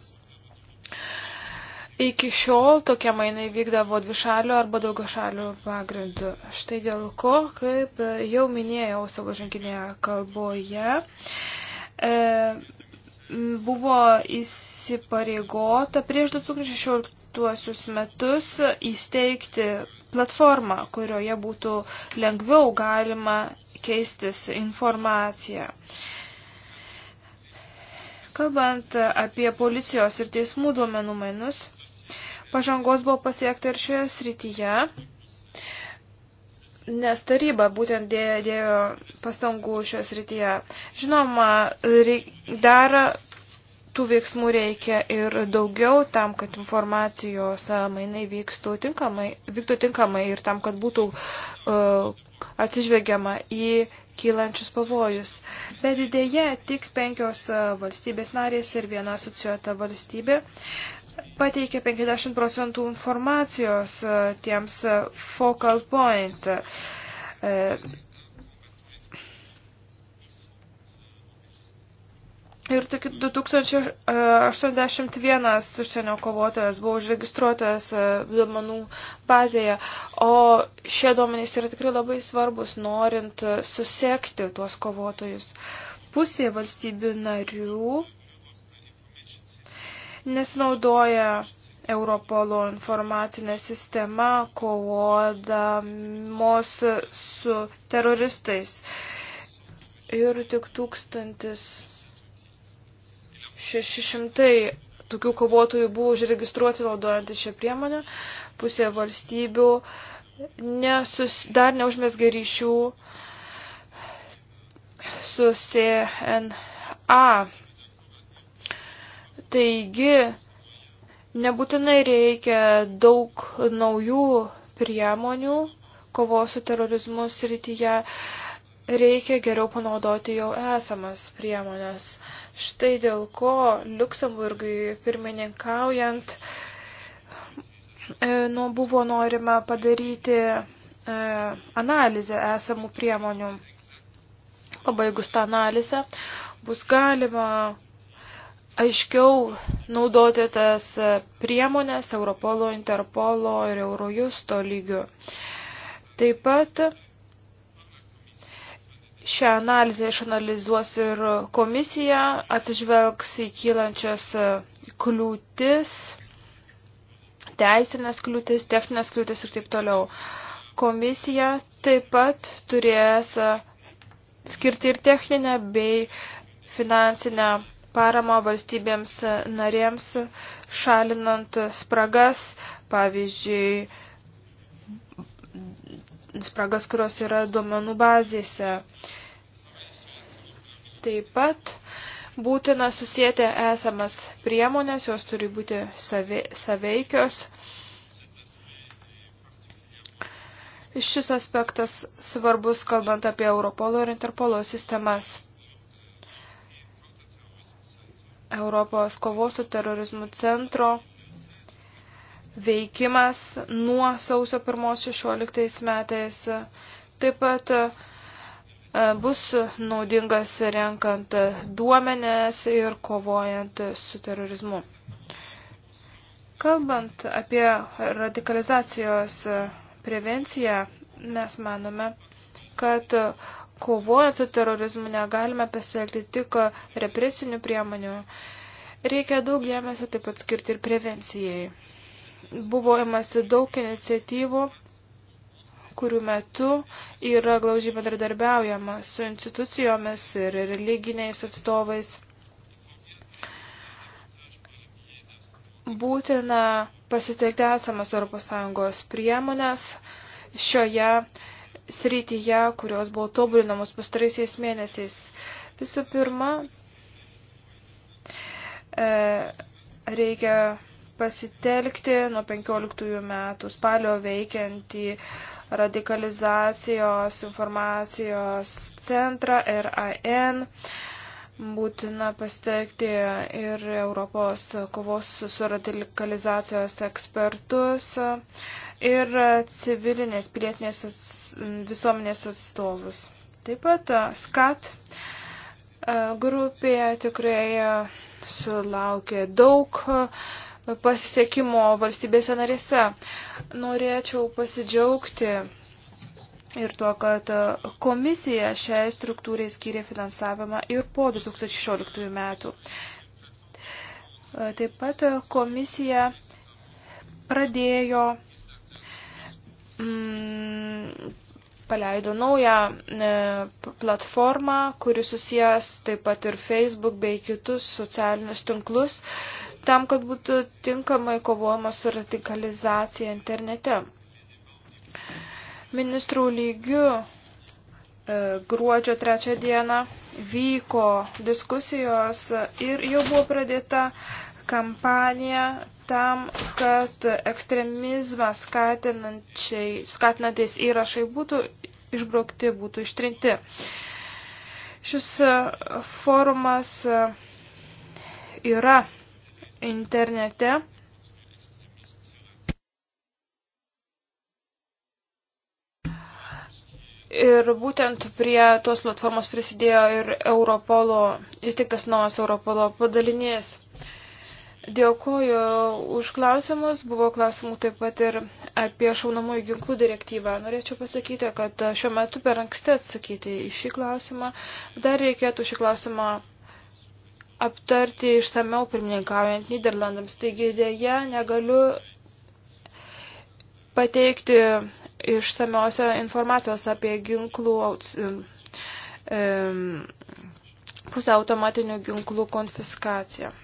Iki šiol tokie mainai vykdavo dvišalių arba daugiašalių pagrindų. Štai dėl ko, kaip jau minėjau savo žanginėje kalboje, e, buvo įsipareigota prieš 2016 metus įsteigti platformą, kurioje būtų lengviau galima keistis informaciją. E, Kalbant apie policijos ir teismų duomenų mainus, pažangos buvo pasiekta ir šioje srityje, nes taryba būtent dėjo, dėjo pastangų šioje srityje. Žinoma, dar tų veiksmų reikia ir daugiau tam, kad informacijos mainai vykstų tinkamai, vyktų tinkamai ir tam, kad būtų uh, atsižvegiama į kylančius pavojus. Bet dėje tik penkios e, valstybės narės ir viena asociuota valstybė pateikė 50 procentų informacijos e, tiems e, focal point Ir tik 2081 užsienio kovotojas buvo užregistruotas e, duomenų bazėje, o šie duomenys yra tikrai labai svarbus, norint susekti tuos kovotojus. Pusė valstybių narių nesinaudoja Europolo informacinė sistema kovodamos su teroristais. Ir tik tūkstantis 600 tokių kovotojų buvo užregistruoti naudojant šią priemonę. Pusė valstybių nesus, dar neužmesgė ryšių su CNA. Taigi, nebūtinai reikia daug naujų priemonių kovos su terorizmu srityje. Uh, reikia geriau panaudoti jau esamas priemonės. Štai dėl ko Luksemburgui pirmininkaujant e, nu, buvo norima padaryti e, analizę esamų priemonių. Pabaigus tą analizę bus galima aiškiau naudoti tas priemonės Europolo, Interpolo ir Eurojusto lygių. Taip pat Šią analizę išanalizuos ir komisija, atsižvelgs į kylančias e, kliūtis, teisinės kliūtis, techninės kliūtis ir taip toliau. Komisija taip pat turės e, skirti ir techninę bei finansinę paramą valstybėms e, narėms, šalinant spragas, pavyzdžiui, spragas, kurios yra duomenų bazėse. Taip pat būtina susijęti esamas priemonės, jos turi būti saveikios. Šis aspektas svarbus, kalbant apie Europolo ir Interpolo sistemas. Europos kovos su terorizmu centro veikimas nuo sausio 1-16 metais. Taip pat e, bus naudingas renkant duomenės ir kovojant su terorizmu. Kalbant apie radikalizacijos prevenciją, mes manome, kad kovojant su terorizmu negalime pasiekti tik represinių priemonių. Reikia daug dėmesio taip pat skirti ir prevencijai buvo imasi daug iniciatyvų, kurių metu yra glaužiai bendradarbiaujama su institucijomis ir religiniais atstovais. Būtina pasitelkti esamas ES priemonės šioje srityje, kurios buvo tobulinamos pastaraisiais mėnesiais. Visų pirma, e, reikia pasitelkti nuo 15 metų spalio veikiantį radikalizacijos informacijos centrą RAN. Būtina pasitelkti ir Europos kovos su radikalizacijos ekspertus ir civilinės pilietinės visuomenės atstovus. Taip pat SCAT grupėje tikrai sulaukė daug pasisekimo valstybėse narėse. Norėčiau pasidžiaugti ir tuo, kad komisija šiai struktūrai skyrė finansavimą ir po 2016 metų. Taip pat komisija pradėjo, mm, paleido naują e, platformą, kuri susijęs taip pat ir Facebook bei kitus socialinius tinklus. E, tam, kad būtų tinkamai kovojama su radikalizacija internete. Ministrų lygių e, gruodžio trečią dieną vyko diskusijos ir jau buvo pradėta kampanija tam, kad ekstremizmą skatinantis įrašai būtų išbraukti, būtų ištrinti. Šis forumas yra internete. Ir būtent prie tos platformos prisidėjo ir Europolo, įsteigtas naujas Europolo padalinys. Dėkuoju už klausimus. Buvo klausimų taip pat ir apie šaunamųjų ginklų direktyvą. Norėčiau pasakyti, kad šiuo metu per anksti atsakyti į šį klausimą. Dar reikėtų šį klausimą aptarti išsameu pirmininkaujant Niderlandams. Taigi dėja negaliu pateikti išsamiosio informacijos apie ginklų pusę automatinių ginklų konfiskaciją.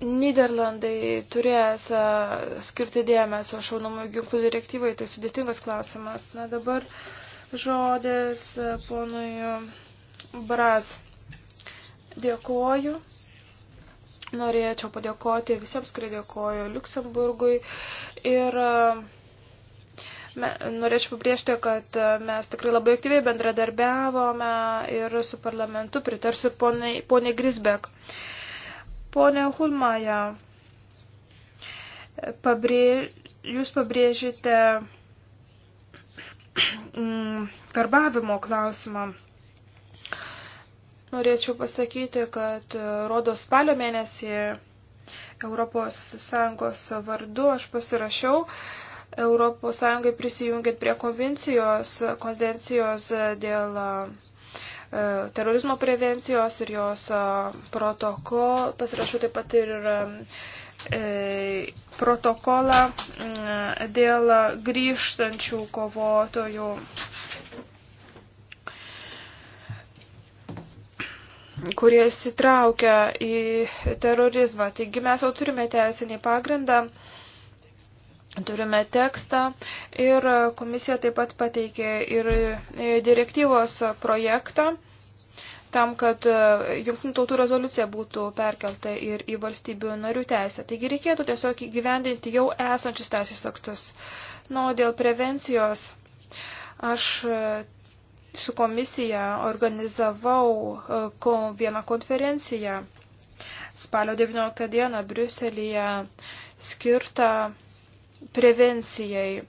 Niderlandai turės skirti dėmesio šaunamų ginklų direktyvai, tai sudėtingas klausimas. Na dabar uh, žodis ponui Braz. Dėkoju. Norėčiau padėkoti visiems, kurie dėkoju Luksemburgui. Ir e, me, norėčiau pabrėžti, kad e, mes tikrai labai aktyviai bendradarbiavome ir su parlamentu pritarsiu poniai, poniai Grisbek. Pone Hulmaja, pabrė, jūs pabrėžite karbavimo mm, klausimą. Norėčiau pasakyti, kad e, rodos spalio mėnesį Europos Sąjungos vardu aš pasirašiau Europos Sąjungai prisijungiant prie konvencijos, konvencijos dėl e, terorizmo prevencijos ir jos e, protoko, pasirašau taip pat ir E, protokolą mm, dėl grįžtančių kovotojų. kurie įsitraukia į terorizmą. Taigi mes jau turime teisinį pagrindą, turime tekstą ir komisija taip pat pateikė ir e, direktyvos projektą tam, kad e, jungtinių tautų rezoliucija būtų perkelta ir į valstybių narių teisę. Taigi reikėtų tiesiog įgyvendinti jau esančius teisės aktus. Na, o dėl prevencijos aš e, su komisija organizavau e, vieną konferenciją spalio 19 dieną Briuselėje skirtą prevencijai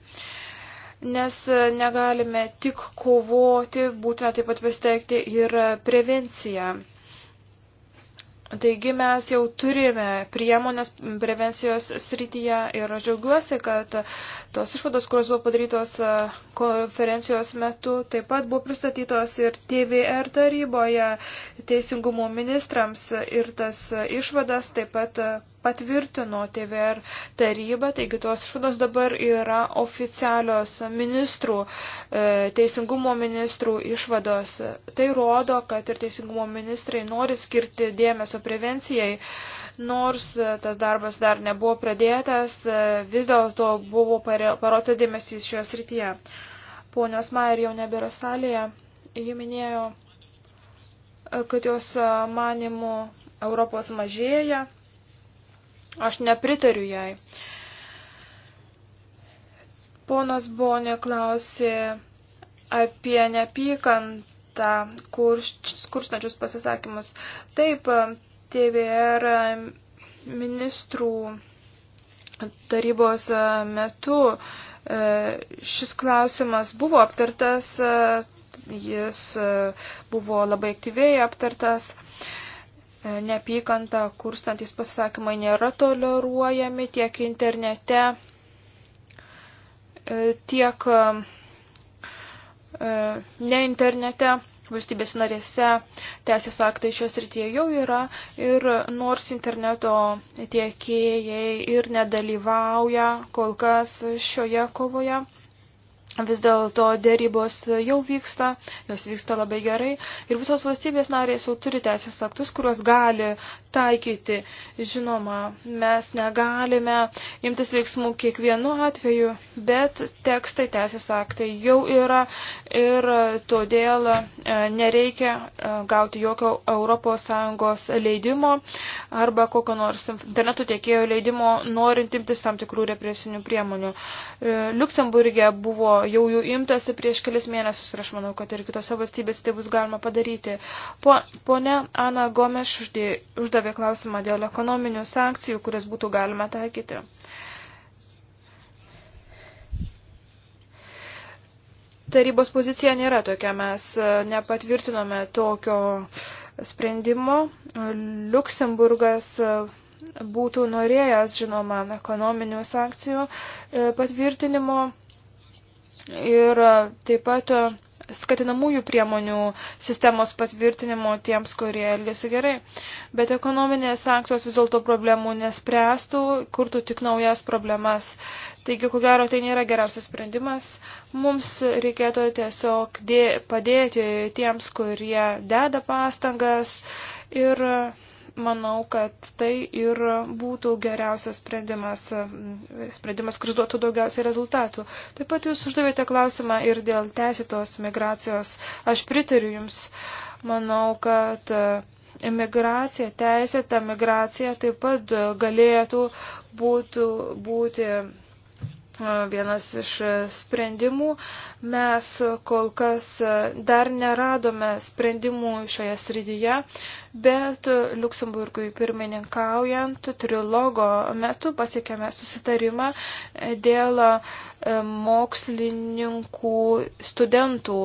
nes e, negalime tik kovoti, būtina taip pat pasitelkti ir prevenciją. Taigi mes jau turime priemonės prevencijos srityje ir aš džiaugiuosi, kad tos išvados, kurios buvo padarytos e, konferencijos metu, taip pat buvo pristatytos ir TVR taryboje teisingumo ministrams ir tas išvadas taip pat patvirtino TVR taryba, taigi tos išvados dabar yra oficialios ministrų, e, teisingumo ministrų išvados. Tai rodo, kad ir teisingumo ministrai nori skirti dėmesio prevencijai, nors tas darbas dar nebuvo pradėtas, e, vis dėlto buvo parota dėmesys šioje srityje. Ponios Maier jau nebėra salėje, ji minėjo, e, kad jos manimų Europos mažėja Aš nepritariu jai. Ponas Bonė klausė apie neapykantą kurstančius pasisakymus. Taip, TVR ministrų tarybos metu e, šis klausimas buvo aptartas, jis e, buvo labai aktyviai aptartas neapykantą kurstantis pasisakymai nėra toleruojami tiek internete, e, tiek e, e, ne internete, valstybės narėse teisės aktai šios rytyje jau yra ir nors interneto tiekėjai ir nedalyvauja kol kas šioje kovoje Vis dėlto dėrybos jau vyksta, jos vyksta labai gerai ir visos valstybės narės jau turi teisės aktus, kuriuos gali taikyti. Žinoma, mes negalime imtis veiksmų kiekvienu atveju, bet tekstai teisės aktai jau yra ir todėl e, nereikia e, gauti jokio ES leidimo arba kokio nors interneto tiekėjo leidimo norint imtis tam tikrų represinių priemonių. E, Liuksemburgė buvo jau jų imtasi prieš kelis mėnesius ir aš manau, kad ir kitose valstybėse tai bus galima padaryti. Po, pone Ana Gomeš uždavė klausimą dėl ekonominių sankcijų, kurias būtų galima taikyti. Tarybos pozicija nėra tokia, mes e, nepatvirtinome tokio sprendimo. Luksemburgas e, būtų norėjęs, žinoma, ekonominių sankcijų e, patvirtinimo, ir e, taip pat e, skatinamųjų priemonių sistemos patvirtinimo tiems, kurie elgesi gerai. Bet ekonominės sankcijos vis dėlto problemų nespręstų, kurtų tik naujas problemas. Taigi, ko gero, tai nėra geriausias sprendimas. Mums reikėtų tiesiog dė, padėti tiems, kurie deda pastangas ir manau, kad tai ir būtų geriausias sprendimas, sprendimas, kuris duotų daugiausiai rezultatų. Taip pat jūs uždavėte klausimą ir dėl teisėtos migracijos. Aš pritariu jums. Manau, kad imigracija, e, teisėta migracija taip pat galėtų būtų, būti vienas iš sprendimų. Mes kol kas dar neradome sprendimų šioje srityje, bet Luksemburgui pirmininkaujant trilogo metu pasiekėme susitarimą dėl e, mokslininkų studentų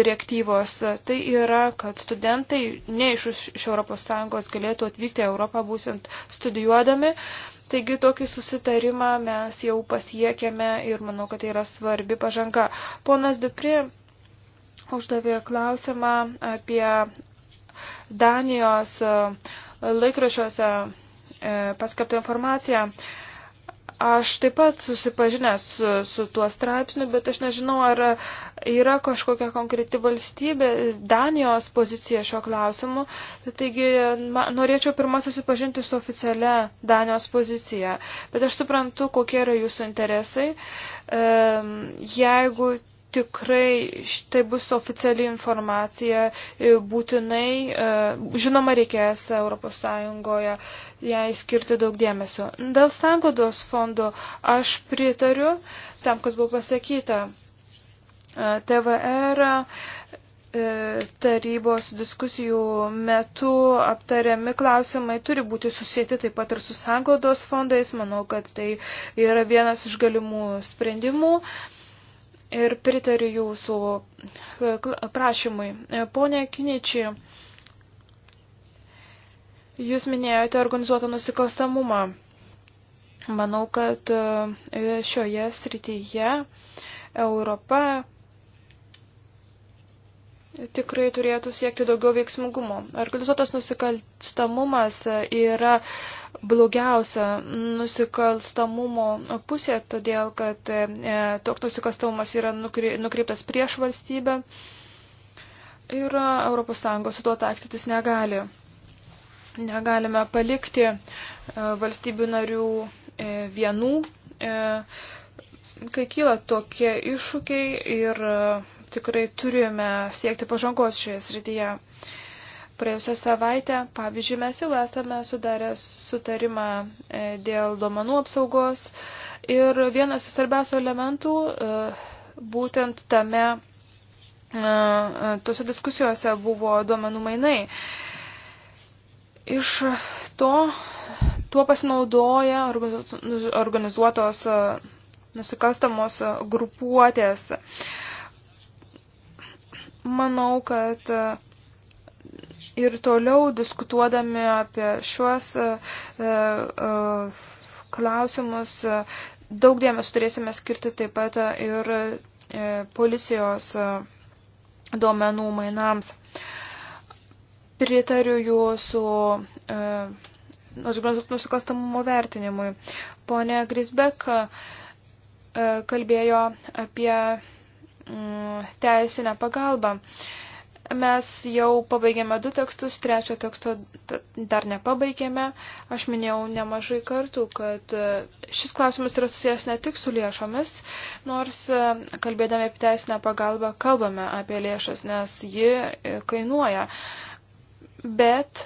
direktyvos. Tai yra, kad studentai ne iš, iš ES galėtų atvykti į Europą būtent studijuodami Taigi tokį susitarimą mes jau pasiekėme ir manau, kad tai yra svarbi pažanga. Ponas Dupri uždavė klausimą apie Danijos laikrašiuose e, paskaptą informaciją. Aš taip pat susipažinęs su, su tuo straipsniu, bet aš nežinau, ar yra kažkokia konkreti valstybė, Danijos pozicija šiuo klausimu. Taigi ma, norėčiau pirmą susipažinti su oficialia Danijos pozicija. Bet aš suprantu, kokie yra jūsų interesai. E, jeigu tikrai tai bus oficiali informacija, e, būtinai, e, žinoma, reikės ES jai skirti daug dėmesio. Dėl sangodos fondo aš pritariu tam, kas buvo pasakyta. E, TVR tarybos diskusijų metu aptariami klausimai turi būti susijęti taip pat ir su sanglaudos fondais. Manau, kad tai yra vienas iš galimų sprendimų. Uh, ir pritariu jūsų prašymui. Pone Kiničiai, jūs minėjote organizuotą nusikalstamumą. Manau, kad e, šioje srityje Europa tikrai turėtų siekti daugiau veiksmingumo. Organizuotas nusikalstamumas yra blogiausia nusikalstamumo pusė, todėl kad e, toks nusikalstamumas yra nukreiptas prieš valstybę ir ES su tuo taikstytis negali. Negalime palikti e, valstybių narių e, vienų kai kyla tokie iššūkiai ir tikrai turime siekti pažangos šioje srityje. Praėjusią savaitę, pavyzdžiui, mes jau esame sudarę sutarimą e, dėl duomenų apsaugos ir vienas svarbiausių elementų e, būtent tame, e, tose diskusijose buvo duomenų mainai. Iš to, tuo pasinaudoja organizuotos nusikalstamos grupuotės. Uh, Manau, kad e, ir toliau diskutuodami apie šiuos e, e, klausimus daug dėmesio turėsime skirti taip pat ir policijos duomenų mainams. Pritariu jūsų nusikastamumo vertinimui. Pone Grisbek kalbėjo apie Mm, teisinę pagalbą. Mes jau pabaigėme du tekstus, trečio teksto dar nepabaigėme. Aš minėjau nemažai kartų, kad e, šis klausimas yra susijęs ne tik su lėšomis, nors e, kalbėdami apie teisinę pagalbą kalbame apie lėšas, nes ji e, kainuoja. Bet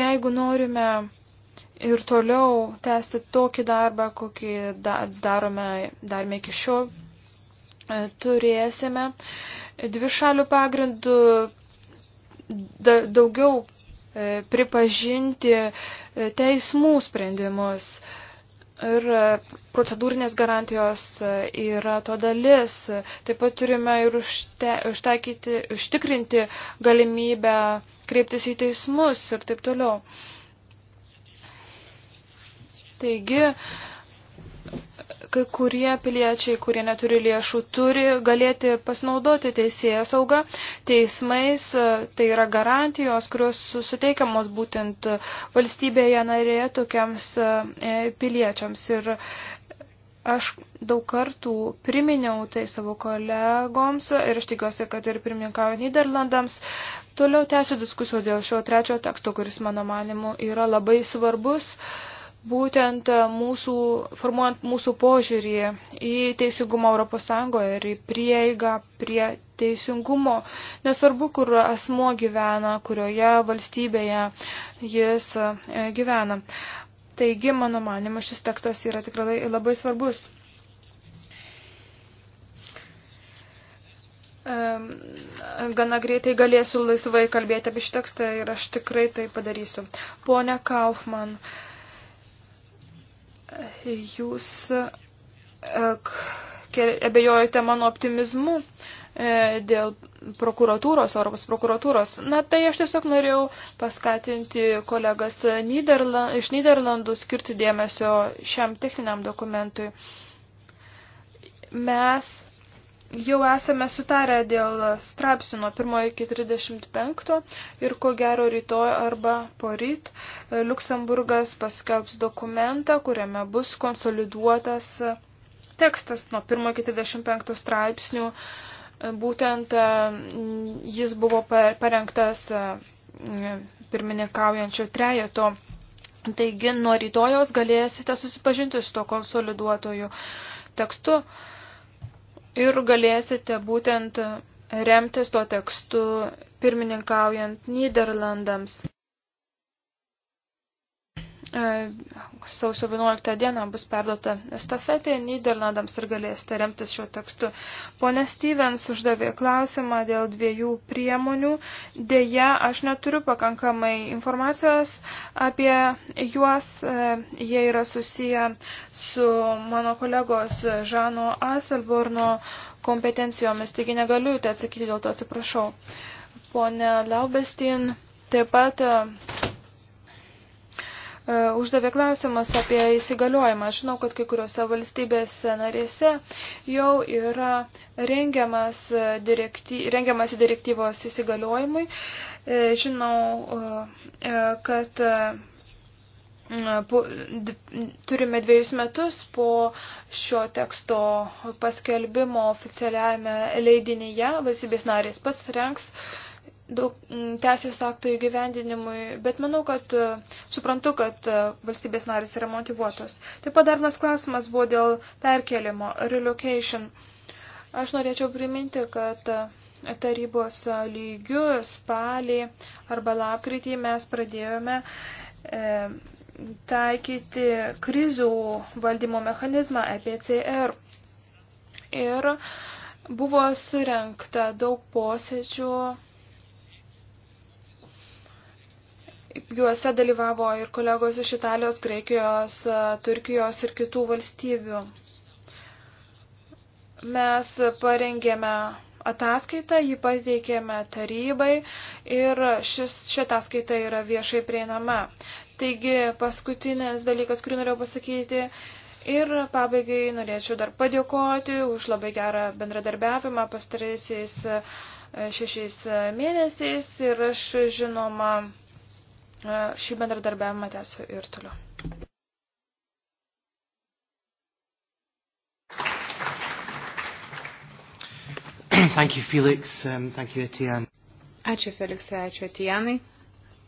jeigu norime ir toliau tęsti tokį darbą, kokį darome, darome iki šiol. E, turėsime dvi šalių pagrindų daugiau e, pripažinti e, teismų sprendimus. Ir procedūrinės garantijos yra to dalis. Taip pat turime ir užte, užtaikyti, užtikrinti galimybę kreiptis į teismus ir taip toliau. Taigi, kai kurie piliečiai, kurie neturi lėšų, turi galėti pasinaudoti teisėją saugą teismais. Tai yra garantijos, kurios suteikiamos būtent valstybėje narėje tokiems e, piliečiams. Ir aš daug kartų priminiau tai savo kolegoms ir aš tikiuosi, kad ir pirmininkauju Niderlandams. Toliau tęsiu diskusiją dėl šio trečio teksto, kuris mano manimu yra labai svarbus. Uh, būtent mūsų, formuojant mūsų požiūrį į teisingumą ES ir į prieigą prie teisingumo. Nesvarbu, kur asmo gyvena, kurioje valstybėje jis e, gyvena. Taigi, mano manimo, šis tekstas yra tikrai labai svarbus. Gana greitai galėsiu laisvai kalbėti apie šį tekstą ir aš tikrai tai padarysiu. Pone Kaufman, uh, Jūs e, abejojate mano optimizmu e, dėl prokuratūros, Europos prokuratūros. Na, tai aš tiesiog norėjau paskatinti kolegas Niderla, iš Niderlandų skirti dėmesio šiam techniniam dokumentui. Mes Jau esame sutarę dėl strapsnių nuo 1 iki 35 ir ko gero rytoj arba poryt e, Luksemburgas paskelbs dokumentą, kuriame bus konsoliduotas e, tekstas nuo 1 iki 35 straipsnių. E, būtent jis buvo parengtas pirmininkaujančio trejeto. Taigi nuo rytojaus galėsite susipažinti su to konsoliduotoju tekstu ir galėsite būtent remtis tuo tekstu pirmininkaujant Niderlandams. E, sausio 11 dieną bus perduota estafetė Niderlandams ir galėsite remtis šiuo tekstu. Pone Stevens uždavė klausimą dėl dviejų priemonių. Deja, aš neturiu pakankamai informacijos apie juos. E, jie yra susiję su mano kolegos Žano Aselborno kompetencijomis, taigi negaliu tai atsakyti, dėl to atsiprašau. Pone Laubestin, taip pat e, E, uždavė klausimus apie įsigaliojimą. Aš žinau, kad kai kuriuose valstybėse narėse jau yra rengiamas e, direkty, rengiamas direktyvos įsigaliojimui. E, žinau, kad turime dviejus metus po šio teksto paskelbimo oficialiajame leidinyje. Valstybės narės pasirenks uh, daug teisės aktų įgyvendinimui, bet manau, kad e, suprantu, kad e, valstybės narės yra motivuotos. Taip pat dar vienas klausimas buvo dėl perkelimo, relocation. Aš norėčiau priminti, kad e, tarybos lygių spalį arba lapkritį mes pradėjome e, taikyti krizių valdymo mechanizmą EPCR. Ir buvo surenkta daug posėdžių Juose dalyvavo ir kolegos iš Italijos, Graikijos, e, Turkijos ir kitų valstybių. Mes parengėme ataskaitą, jį pateikėme tarybai ir šis, ši ataskaita yra viešai prieinama. Taigi paskutinis dalykas, kurį norėjau pasakyti. Ir pabaigai norėčiau dar padėkoti už labai gerą bendradarbiavimą pastaraisiais e, šešiais e, mėnesiais ir aš žinoma E, šį bendradarbiavimą tęsiu ir toliau. Thank you, Felix. Um, thank you, Etienne. Ačiū Feliksai, ačiū Etienai.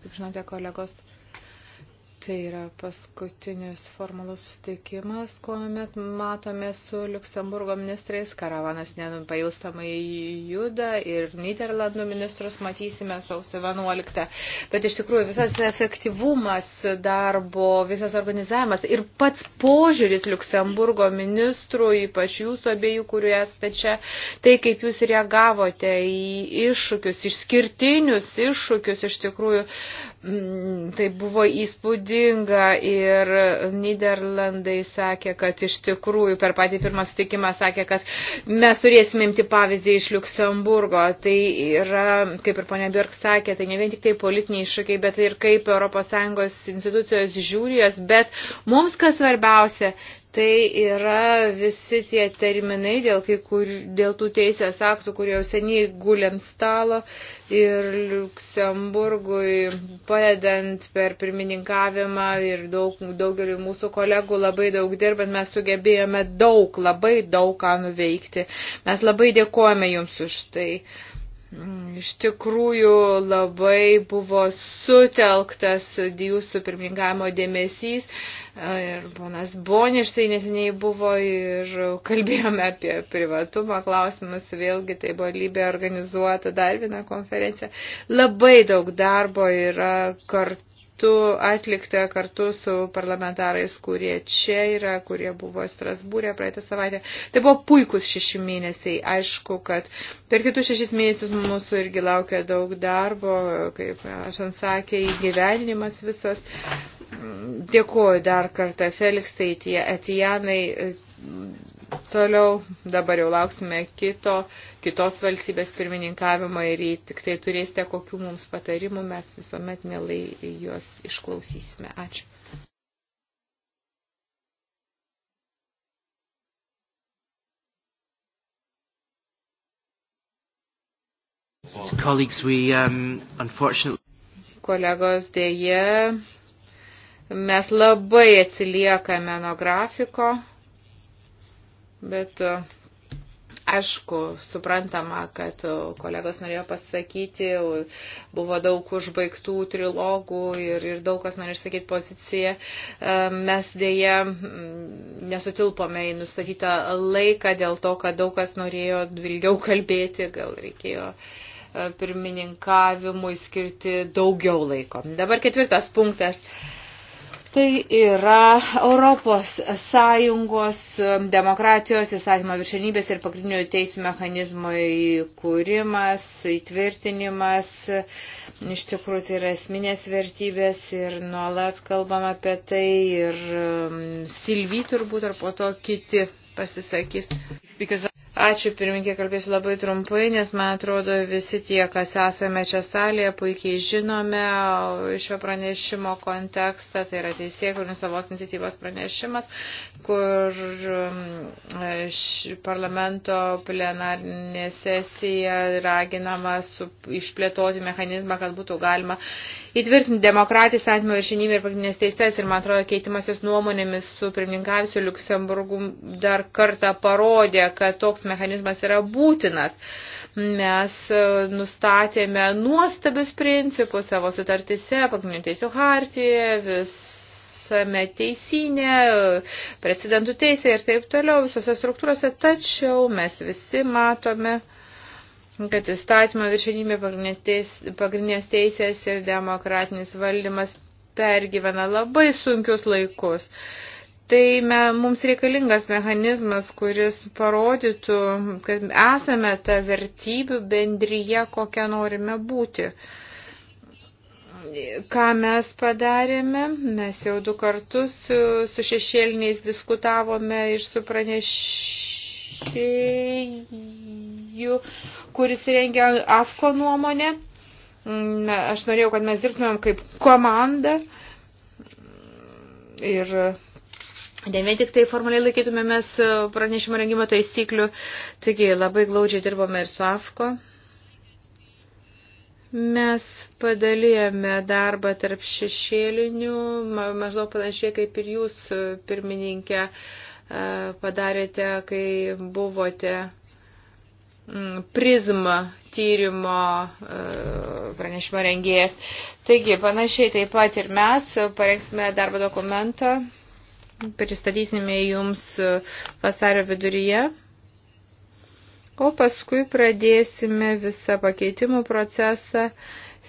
Kaip žinote, kolegos. Tai yra paskutinis formalus sutikimas, kuomet matome su Luksemburgo ministrais. Karavanas nenupailstamai juda ir Niderlandų ministrus matysime sausio 11. Bet iš tikrųjų visas efektyvumas darbo, visas organizavimas ir pats požiūris Luksemburgo ministrų, ypač jūsų abiejų, kuriuo esate čia, tai kaip jūs reagavote į iššūkius, išskirtinius iššūkius iš tikrųjų Mm, tai buvo įspūdinga ir Niderlandai sakė, kad iš tikrųjų per patį pirmą sutikimą sakė, kad mes turėsime imti pavyzdį iš Luksemburgo. Tai yra, kaip ir ponia Birk sakė, tai ne vien tik tai politiniai iššūkiai, bet ir kaip ES institucijos žiūrijos, bet mums kas svarbiausia, tai yra visi tie terminai dėl, kai kur, dėl tų teisės aktų, kurie jau seniai guliam stalo ir Luksemburgui padedant per pirmininkavimą ir daug, daugeliu mūsų kolegų labai daug dirbant, mes sugebėjome daug, labai daug ką nuveikti. Mes labai dėkojame Jums už tai. Uh, Mm, iš tikrųjų labai buvo sutelktas jūsų pirmingavimo dėmesys ir ponas Boništai neseniai buvo ir kalbėjome apie privatumo klausimus, vėlgi tai buvo Libė organizuota dar viena konferencija. Labai daug darbo yra kartu metu atlikta kartu su parlamentarais, kurie čia yra, kurie buvo Strasbūrė praeitą savaitę. Tai buvo puikus šeši mėnesiai. Aišku, kad per kitus šešis mėnesius mūsų irgi laukia daug darbo, kaip aš ant sakė, įgyvenimas visas. Dėkuoju dar kartą Feliksai, tie Etijanai Toliau dabar jau lauksime kito, kitos valstybės pirmininkavimo ir jei tik tai turėsite kokių mums patarimų, mes visuomet mielai juos išklausysime. Ačiū. Um, Kolegos, dėje mes labai atsiliekame nuo grafiko. Bet aišku, suprantama, kad kolegos norėjo pasakyti, buvo daug užbaigtų trilogų ir, ir daug kas norėjo išsakyti poziciją. Mes dėje mm, nesutilpome į nustatytą laiką dėl to, kad daug kas norėjo ilgiau kalbėti, gal reikėjo e, pirmininkavimui skirti daugiau laiko. Dabar ketvirtas punktas. Uh, Tai yra Europos Sąjungos demokratijos įstatymo viršenybės ir pagrindinių teisų mechanizmo įkūrimas, įtvirtinimas. Iš tikrųjų, tai yra esminės vertybės ir nuolat kalbam apie tai ir um, Silvy turbūt ar po to kiti pasisakys. Because Ačiū pirmininkė, kalbėsiu labai trumpai, nes man atrodo visi tie, kas esame čia salėje, puikiai žinome šio pranešimo kontekstą, tai yra teisėkurinis savos iniciatyvos pranešimas, kur um, parlamento plenarinė sesija raginama su, išplėtoti mechanizmą, kad būtų galima įtvirtinti demokratiją, santymių viršinybę ir pagrindinės teises. Ir man atrodo, keitimasis nuomonėmis su pirmininkavusiu Luksemburgu dar kartą parodė, kad toks mechanizmas yra būtinas. Mes e, nustatėme nuostabius principus savo sutartise, pagrindinių teisų hartijoje, vis esame teisinė, precedentų teisė ir taip toliau visose struktūrose, tačiau mes visi matome, kad įstatymo viršenybė pagrindinės teisės ir demokratinis valdymas pergyvena labai sunkius laikus tai me, mums reikalingas mechanizmas, kuris parodytų, kad esame ta vertybių bendryje, kokią norime būti. Ką mes padarėme, mes jau du kartus su, su šešėliniais diskutavome ir su pranešėju, kuris rengia AFKO nuomonę. Aš norėjau, kad mes dirbtumėm kaip komanda. Ir Ne tai vien tik tai formaliai laikytumėmės e, pranešimo rengimo taisyklių, taigi labai glaudžiai dirbome ir su AFKO. Mes padalijame darbą tarp šešėlinių, maždaug panašiai kaip ir jūs, e, pirmininkė, e, padarėte, kai buvote prizmą tyrimo pranešimo rengėjas. Taigi, panašiai taip pat ir mes parengsime darbo dokumentą pristatysime jums vasario viduryje. O paskui pradėsime visą pakeitimų procesą.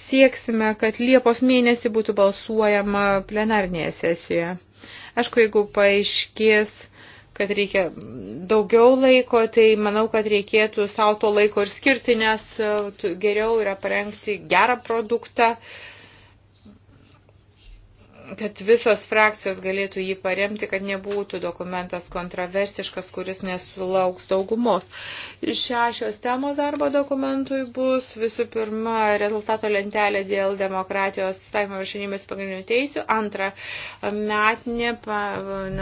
Sieksime, kad Liepos mėnesį būtų balsuojama plenarnėje sesijoje. Aišku, jeigu paaiškės, kad reikia daugiau laiko, tai manau, kad reikėtų savo to laiko ir skirti, nes geriau yra parengti gerą produktą, uh, kad visos frakcijos galėtų jį paremti, kad nebūtų dokumentas kontroversiškas, kuris nesulauks daugumos. Šešios temos darbo dokumentui bus visų pirma rezultato lentelė dėl demokratijos staimo viršinimis pagrindinių teisių, antra metinė pa,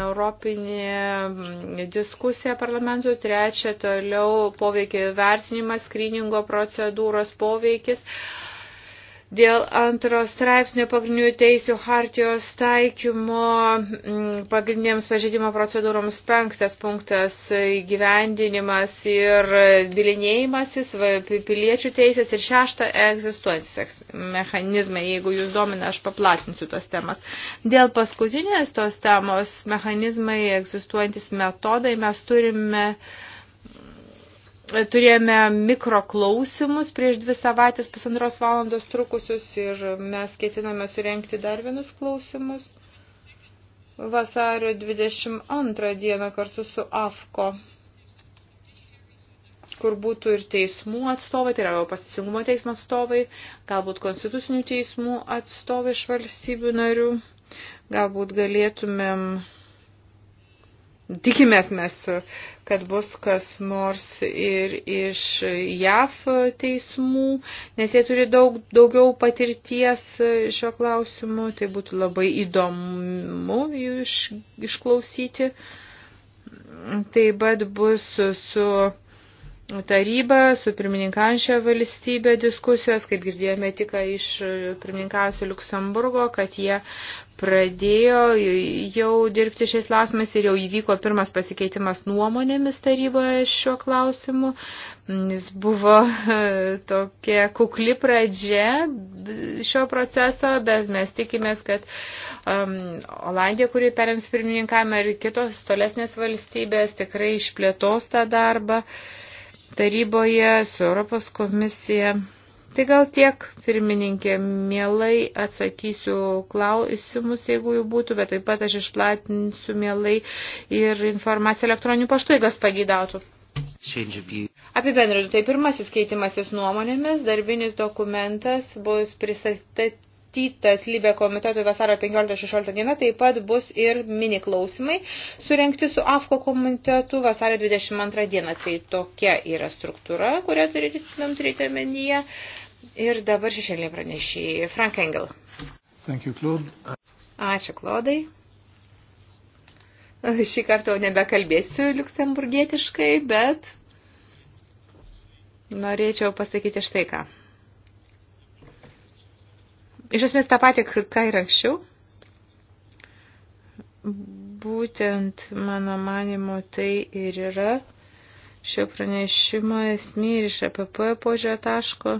europinė mm, diskusija parlamentų, trečia toliau poveikio vertinimas, skriningo procedūros poveikis. Uh, dėl antros straipsnio pagrindinių teisių hartijos taikymo mm, pagrindiniams pažeidimo procedūroms penktas punktas gyvendinimas ir bilinėjimasis, piliečių teisės ir šešta egzistuojantis mechanizmai. Jeigu jūs domina, aš paplatinsiu tos temas. Dėl paskutinės tos temos mechanizmai egzistuojantis metodai mes turime uh, Turėjome mikroklausimus prieš dvi savaitės pusantros valandos trukusius ir mes ketiname surenkti dar vienus klausimus vasario 22 dieną kartu su AFKO kur būtų ir teismų atstovai, tai yra Europos teisingumo teismo atstovai, galbūt konstitucinių teismų atstovai iš valstybių narių. Galbūt galėtumėm, tikimės mes kad bus kas nors ir iš JAF teismų, nes jie turi daug, daugiau patirties šio klausimu, tai būtų labai įdomu jų iš, išklausyti. Taip pat bus su. su taryba, su pirmininkančia valstybė diskusijos, kaip girdėjome tik iš pirmininkausio Luksemburgo, kad jie pradėjo jau dirbti šiais klausimais ir jau įvyko pirmas pasikeitimas nuomonėmis taryboje šiuo klausimu. Jis buvo tokia kukli pradžia šio proceso, bet mes tikimės, kad um, Olandija, kuri perims pirmininkavimą ir kitos tolesnės valstybės tikrai išplėtos tą darbą. Uh, taryboje, su Europos komisija. Tai gal tiek, pirmininkė, mielai atsakysiu klausimus, jeigu jų būtų, bet taip pat aš išplatinsiu mielai ir informaciją elektroniniu paštu, jeigu kas pagydautų. Apibendrinu, tai pirmasis keitimasis nuomonėmis, darbinis dokumentas bus pristatytas numatytas Libė komiteto vasario 15-16 diena, taip pat bus ir mini klausimai surenkti su AFKO komitetu vasario 22 dieną. Tai tokia yra struktūra, kurią turėtumėm turėti omenyje. Ir dabar šešėlė pranešė Frank Engel. Thank you, Claude. Ačiū, Klodai. Šį kartą jau nebekalbėsiu liuksemburgietiškai, bet norėčiau pasakyti štai ką. Iš esmės tą patį, ką ir anksčiau. Būtent, mano manimo, tai ir yra šio pranešimo esmė ir iš APP požiūrio taško.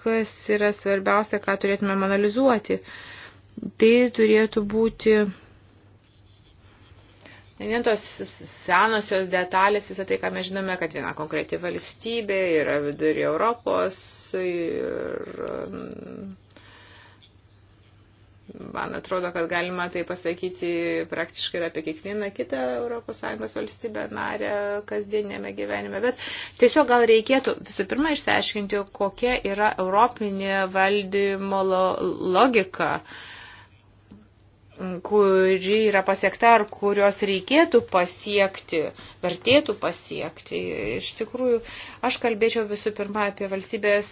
Kas yra svarbiausia, ką turėtume analizuoti. Tai turėtų būti Ne vien tos senosios detalės, visą tai, ką mes žinome, kad viena konkreti valstybė yra vidurį Europos ir mm, man atrodo, kad galima tai pasakyti praktiškai ir apie kiekvieną kitą ES valstybę narę kasdienėme gyvenime. Bet tiesiog gal reikėtų visų pirma išsiaiškinti, kokia yra europinė valdymo logika. Uh, kuri yra pasiekta ar kurios reikėtų pasiekti, vertėtų pasiekti. Iš tikrųjų, aš kalbėčiau visų pirma apie valstybės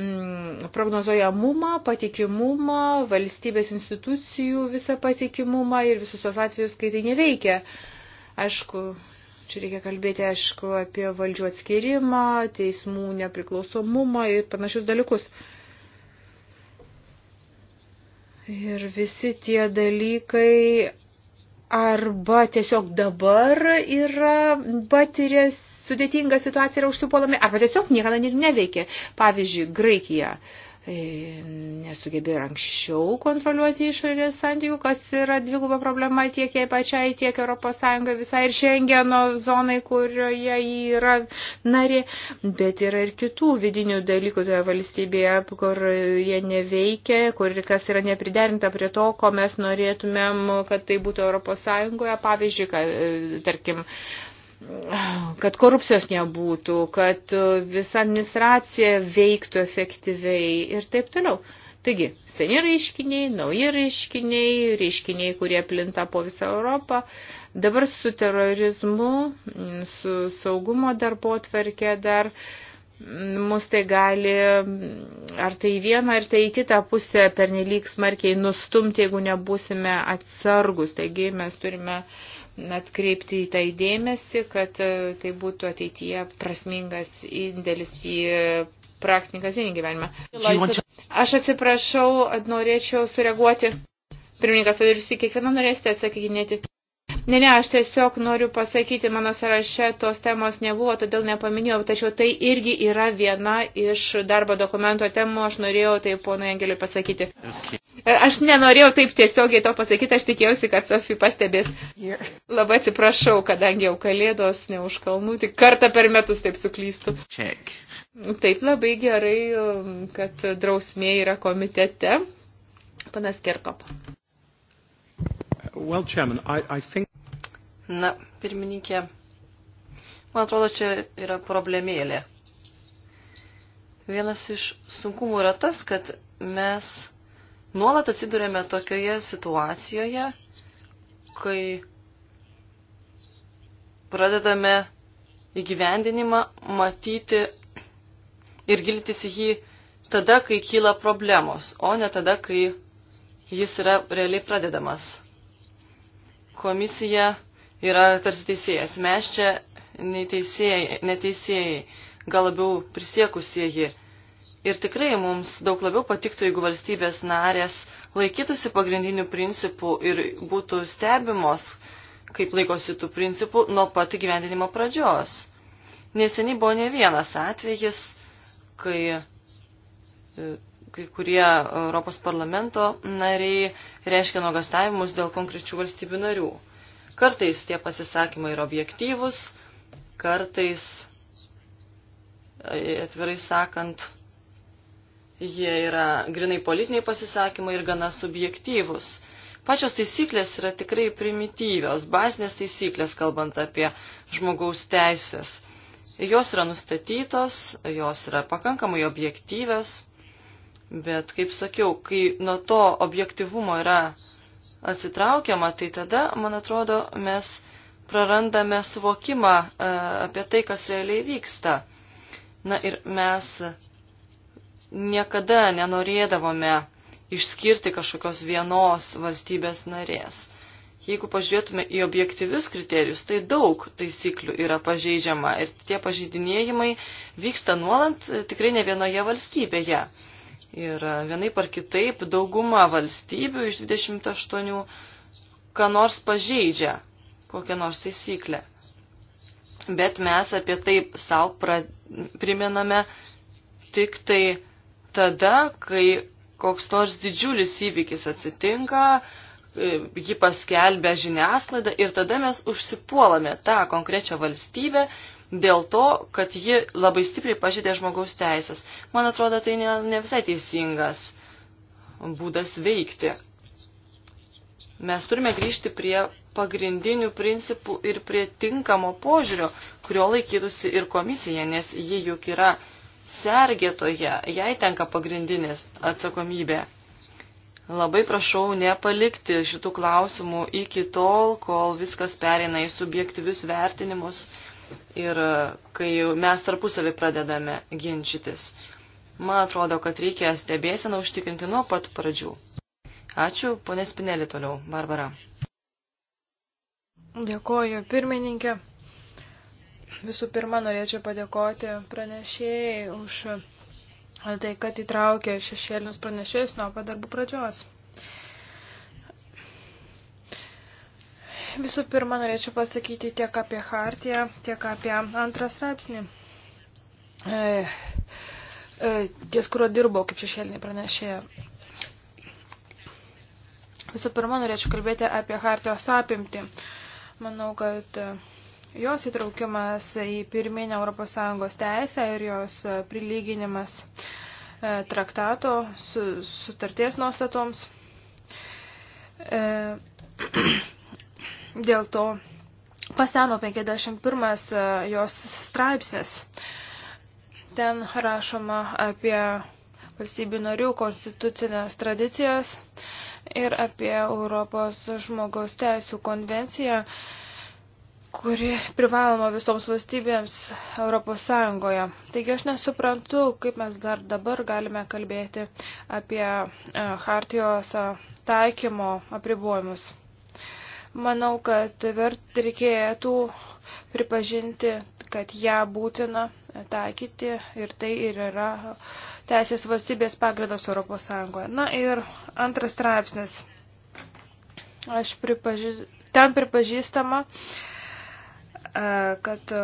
mm, prognozuojamumą, patikimumą, valstybės institucijų visą patikimumą ir visus tos atvejus, kai tai neveikia. Aišku, čia reikia kalbėti, aišku, apie valdžių atskirimą, teismų nepriklausomumą ir panašius dalykus. Ir visi tie dalykai arba tiesiog dabar yra patiręs sudėtinga situacija yra užsipuolami, arba tiesiog niekada neveikia. Pavyzdžiui, Graikija. Uh, E, nesugebėjo ir anksčiau kontroliuoti išorės santykių, kas yra dviguba problema tiek jai pačiai, tiek ES visai ir Šengeno zonai, kurioje jį yra nari, bet yra ir kitų vidinių dalykų toje valstybėje, kur jie neveikia, kur kas yra nepriderinta prie to, ko mes norėtumėm, kad tai būtų ES, pavyzdžiui, kad, e, tarkim, kad korupcijos nebūtų, kad e, visa administracija veiktų efektyviai ir taip toliau. Taigi, seni reiškiniai, nauji reiškiniai, reiškiniai, kurie plinta po visą Europą. Dabar su terorizmu, su saugumo darbo tvarkė dar mus tai gali ar tai į vieną, ar tai į kitą pusę pernelyg smarkiai nustumti, jeigu nebūsime atsargus. Taigi mes turime uh, atkreipti į tai dėmesį, kad e, tai būtų ateityje prasmingas indėlis į praktinį kasdienį gyvenimą. Aš atsiprašau, norėčiau sureaguoti. Pirmininkas, todėl jūs į kiekvieną norėsite atsakinėti. Ne, ne, aš tiesiog noriu pasakyti, mano sąraše tos temos nebuvo, todėl nepaminėjau, tačiau tai irgi yra viena iš darbo dokumento temų, aš norėjau tai ponui Angeliui pasakyti. Okay. Aš nenorėjau taip tiesiogiai to pasakyti, aš tikėjausi, kad Sofija pastebės. Yeah. Labai atsiprašau, kadangi jau kalėdos, ne už kalnų, tik kartą per metus taip suklystu. Check. Taip labai gerai, kad drausmė yra komitete. Panas Kirkop. Well, Chairman, I, I think Na, pirmininkė, man atrodo, čia yra problemėlė. Vienas iš sunkumų yra tas, kad mes nuolat atsidurėme tokioje situacijoje, kai pradedame įgyvendinimą matyti ir gilintis į jį tada, kai kyla problemos, o ne tada, kai jis yra realiai pradedamas. Komisija yra tarsi teisėjas. Mes čia neteisėjai, neteisėjai gal labiau prisiekusieji. Ir tikrai mums daug labiau patiktų, jeigu valstybės narės laikytųsi pagrindinių principų ir būtų stebimos, kaip laikosi tų principų nuo pat gyvendinimo pradžios. Neseniai buvo ne vienas atvejis, kai e, kai kurie Europos parlamento nariai reiškia nuogastavimus dėl konkrečių valstybių narių. Kartais tie pasisakymai yra objektyvus, kartais, e, atvirai sakant, jie yra grinai politiniai pasisakymai ir gana subjektyvus. Pačios taisyklės yra tikrai primityvios, bazinės taisyklės, kalbant apie žmogaus teisės. Jos yra nustatytos, jos yra pakankamai objektyvios, bet, kaip sakiau, kai nuo to objektivumo yra atsitraukiama, tai tada, man atrodo, mes prarandame suvokimą e, apie tai, kas realiai vyksta. Na ir mes niekada nenorėdavome išskirti kažkokios vienos valstybės narės. Jeigu pažiūrėtume į objektyvius kriterijus, tai daug taisyklių yra pažeidžiama ir tie pažeidinėjimai vyksta nuolant e, tikrai ne vienoje valstybėje. Ir vienaip ar kitaip dauguma valstybių iš 28 ką nors pažeidžia, kokią nors taisyklę. Bet mes apie tai savo priminame tik tai tada, kai koks nors didžiulis įvykis atsitinka, e, jį paskelbia žiniasklaida ir tada mes užsipuolame tą konkrečią valstybę dėl to, kad ji labai stipriai pažydė žmogaus teisės. Man atrodo, tai ne, ne visai teisingas būdas veikti. Mes turime grįžti prie pagrindinių principų ir prie tinkamo požiūrio, kurio laikytųsi ir komisija, nes ji juk yra sergėtoje, jai tenka pagrindinės atsakomybė. Labai prašau nepalikti šitų klausimų iki tol, kol viskas pereina į subjektyvius vertinimus, ir e, kai mes tarpusavį pradedame ginčytis. Man atrodo, kad reikia stebėseną užtikrinti nuo pat pradžių. Ačiū, ponė Spinelį toliau, Barbara. Dėkoju, pirmininkė. Visų pirma, norėčiau padėkoti pranešėjai už tai, kad įtraukė šešėlinius pranešėjus nuo pat darbų pradžios. Visų pirma, norėčiau pasakyti tiek apie Hartiją, tiek apie antrą straipsnį. E, e, ties, kurio dirbau, kaip šešėlinė pranešėja. Visų pirma, norėčiau kalbėti apie Hartijos apimtį. Manau, kad jos įtraukimas į pirminę ES teisę ir jos prilyginimas e, traktato su, sutarties nuostatoms. E, dėl to paseno 51 e, jos straipsnis. Ten rašoma apie valstybių narių konstitucinės tradicijas ir apie Europos žmogaus teisų konvenciją, kuri privaloma visoms valstybėms Europos Sąjungoje. Taigi aš nesuprantu, kaip mes dar dabar galime kalbėti apie e, Hartijos taikymo apribojimus. Manau, kad vert reikėtų pripažinti, kad ją būtina taikyti ir tai ir yra teisės valstybės pagrindas Europos Sąjungoje. Na ir antras straipsnis. Aš pripaži... ten pripažįstama, e, kad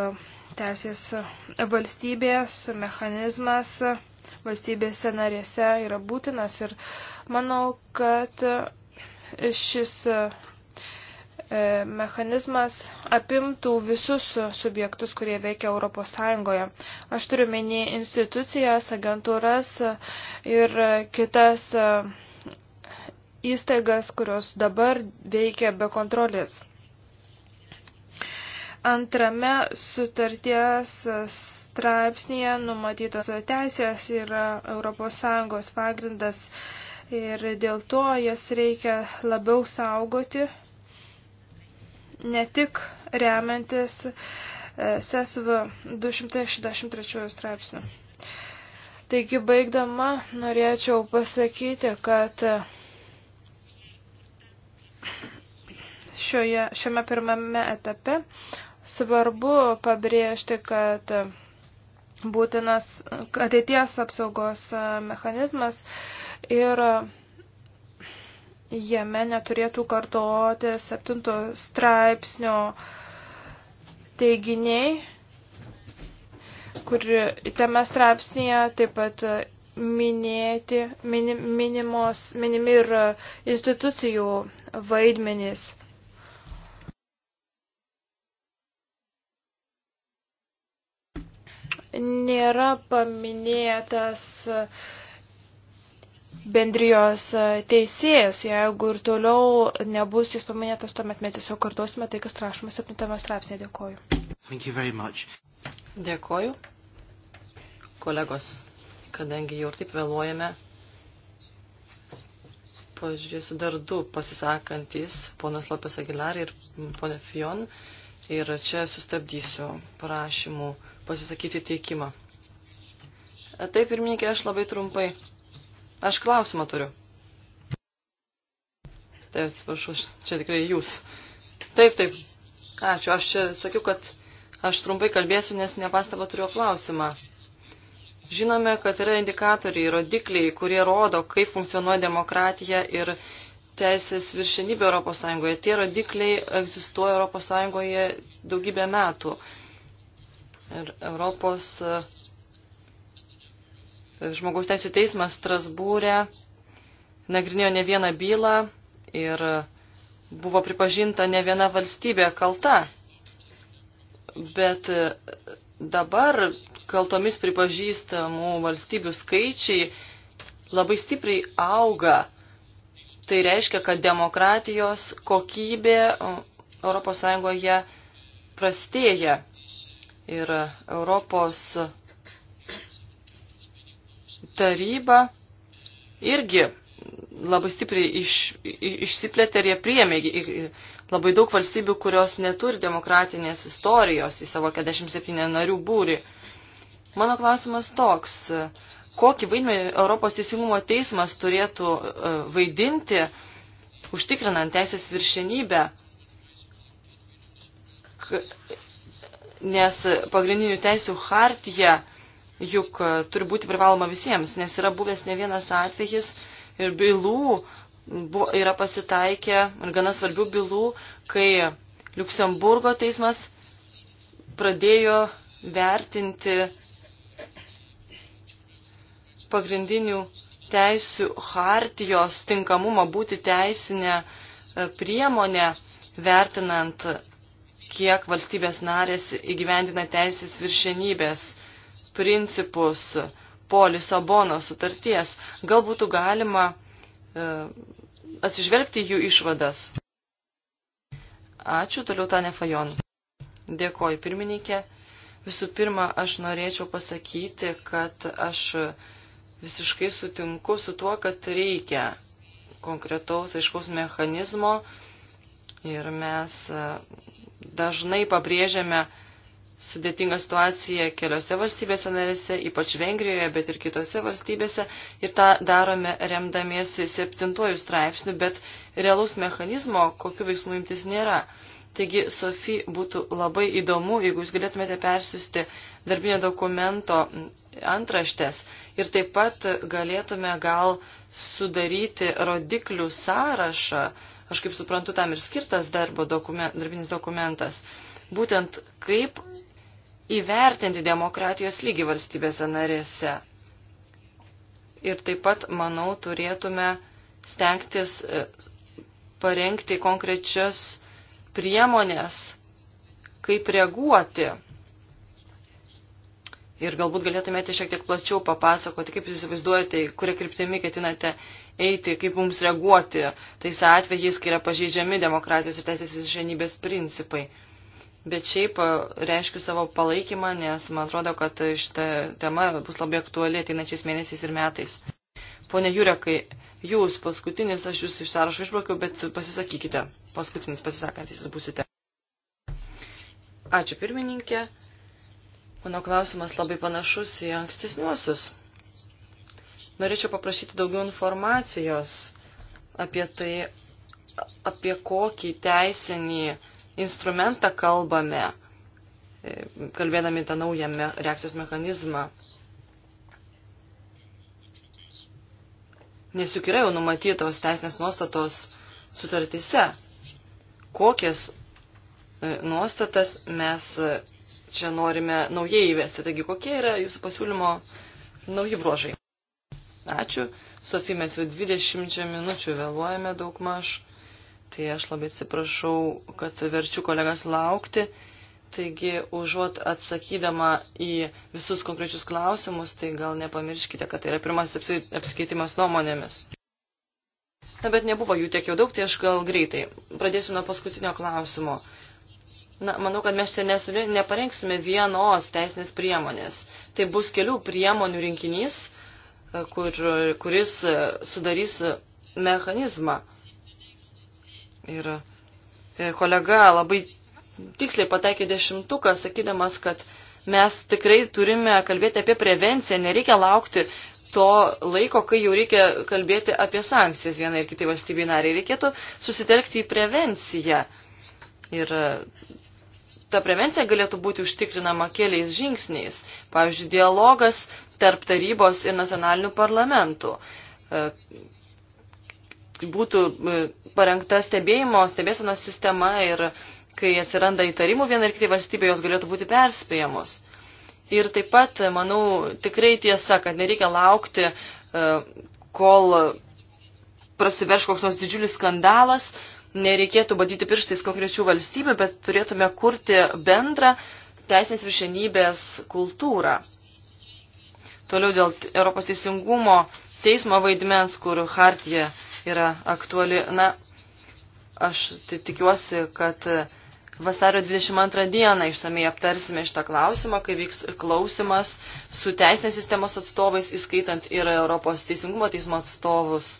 teisės valstybės mechanizmas valstybėse narėse yra būtinas ir manau, kad šis E, mechanizmas apimtų visus subjektus, kurie veikia Europos Sąjungoje. Aš turiu menį institucijas, agentūras ir kitas e, įstaigas, kurios dabar veikia be kontrolės. Antrame sutarties straipsnėje numatytos teisės yra ES pagrindas ir dėl to jas reikia labiau saugoti ne tik remiantis SESV 263 straipsnių. Taigi, baigdama, norėčiau pasakyti, kad šioje, šiame pirmame etape svarbu pabrėžti, kad būtinas ateities apsaugos mechanizmas ir jame neturėtų kartoti septinto straipsnio teiginiai, kur tame straipsnėje taip pat minėti, mini, minimos, minimi ir institucijų vaidmenys. Nėra paminėtas uh, bendrijos e, teisėjas. Jeigu ir toliau nebus jis paminėtas, tuomet mes tiesiog kartosime tai, kas rašoma 7 straipsnė. Dėkoju. Dėkoju. Kolegos, kadangi jau ir taip vėluojame, pažiūrėsiu dar du pasisakantis, ponas Lopes Aguilar ir ponė Fion. Ir čia sustabdysiu prašymų pasisakyti teikimą. E, taip, pirmininkė, aš labai trumpai. Aš klausimą turiu. Taip, atsiprašau, čia tikrai jūs. Taip, taip. Ačiū. Aš čia sakiau, kad aš trumpai kalbėsiu, nes nepastabą turiu klausimą. Žinome, kad yra indikatoriai, rodikliai, kurie rodo, kaip funkcionuoja demokratija ir teisės viršenybė Europos Sąjungoje. Tie rodikliai egzistuoja Europos Sąjungoje daugybę metų. Ir Europos uh, Žmogaus teisų teismas Strasbūrė nagrinėjo ne vieną bylą ir buvo pripažinta ne viena valstybė kalta. Bet dabar kaltomis pripažįstamų valstybių skaičiai labai stipriai auga. Tai reiškia, kad demokratijos kokybė uh, ES prastėja. Ir Europos taryba irgi labai stipriai iš, išsiplėtė ir jie priėmė labai daug valstybių, kurios neturi demokratinės istorijos į savo 47 narių būrį. Mano klausimas toks, kokį vaidmenį Europos teisingumo teismas turėtų e, vaidinti, užtikrinant teisės viršenybę, nes pagrindinių teisų hartija juk e, turi būti privaloma visiems, nes yra buvęs ne vienas atvejis ir bylų buvo, yra pasitaikę ir gana svarbių bylų, kai Luksemburgo teismas pradėjo vertinti pagrindinių teisių hartijos tinkamumą būti teisinę e, priemonę, vertinant, kiek valstybės narės įgyvendina teisės viršenybės principus po Lisabono sutarties, gal būtų galima e, atsižvelgti jų išvadas. Ačiū, toliau Tane Fajon. Dėkoju, pirmininkė. Visų pirma, aš norėčiau pasakyti, kad aš visiškai sutinku su tuo, kad reikia konkretaus aiškaus mechanizmo ir mes e, dažnai pabrėžiame, sudėtinga situacija keliose valstybėse narėse, ypač Vengrijoje, bet ir kitose valstybėse. Ir tą darome remdamiesi septintojų straipsnių, bet realaus mechanizmo, kokiu veiksmu imtis nėra. Taigi, Sofi, būtų labai įdomu, jeigu jūs galėtumėte persiųsti darbinio dokumento antraštės ir taip pat galėtume gal sudaryti rodiklių sąrašą, aš kaip suprantu, tam ir skirtas darbo dokument, darbinis dokumentas, būtent kaip įvertinti demokratijos lygį valstybėse narėse. Ir taip pat, manau, turėtume stengtis e, parengti konkrečias priemonės, kaip reaguoti. Ir galbūt galėtumėte šiek tiek plačiau papasakoti, kaip jūs įsivaizduojate, kuria kryptimi ketinate eiti, kaip mums reaguoti tais atvejais, kai yra pažeidžiami demokratijos ir teisės visišenybės principai. Bet šiaip e, reiškiu savo palaikymą, nes man atrodo, kad šita tema bus labai aktuali ateinačiais mėnesiais ir metais. Pone Jurekai, jūs paskutinis, aš jūs iš sąrašo išbraukiau, bet pasisakykite. Paskutinis pasisakantis jūs būsite. Ačiū pirmininkė. Mano klausimas labai panašus į ankstesniuosius. Norėčiau paprašyti daugiau informacijos apie tai, apie kokį teisinį instrumentą kalbame, e, kalbėdami tą naują me, reakcijos mechanizmą. Nes juk yra jau numatytos teisinės nuostatos sutartise. Kokias e, nuostatas mes e, čia norime naujai įvesti. Taigi, kokie yra jūsų pasiūlymo nauji bruožai? Ačiū. Sofija, mes jau 20 minučių vėluojame daug maž. Tai aš labai atsiprašau, kad verčiu kolegas laukti. Taigi, užuot atsakydama į visus konkrečius klausimus, tai gal nepamirškite, kad tai yra pirmas apsikeitimas nuomonėmis. Na, bet nebuvo jų tiek jau daug, tai aš gal greitai. Pradėsiu nuo paskutinio klausimo. Na, manau, kad mes čia nesuri, neparengsime vienos teisinės priemonės. Tai bus kelių priemonių rinkinys, kur, kuris sudarys mechanizmą Ir e, kolega labai tiksliai pateikė dešimtuką, sakydamas, kad mes tikrai turime kalbėti apie prevenciją, nereikia laukti to laiko, kai jau reikia kalbėti apie sankcijas vienai ir kitai valstybei nariai. Reikėtų susitelkti į prevenciją. Ir e, ta prevencija galėtų būti užtikrinama keliais žingsniais. Pavyzdžiui, dialogas tarp tarybos ir nacionalinių parlamentų e, būtų e, parengta stebėjimo, stebėsenos sistema ir kai atsiranda įtarimų vienai ir kitai valstybė, jos galėtų būti perspėjamos. Ir taip pat, e, manau, tikrai tiesa, kad nereikia laukti, e, kol prasiverš koks nors didžiulis skandalas, nereikėtų badyti pirštais konkrečių valstybių, bet turėtume kurti bendrą teisės viršenybės kultūrą. Toliau dėl Europos teisingumo teismo vaidmens, kur Hartija yra aktuali. Na, aš tai tikiuosi, kad vasario 22 dieną išsamei aptarsime šitą klausimą, kai vyks klausimas su teisinės sistemos atstovais, įskaitant ir Europos teisingumo teismo atstovus.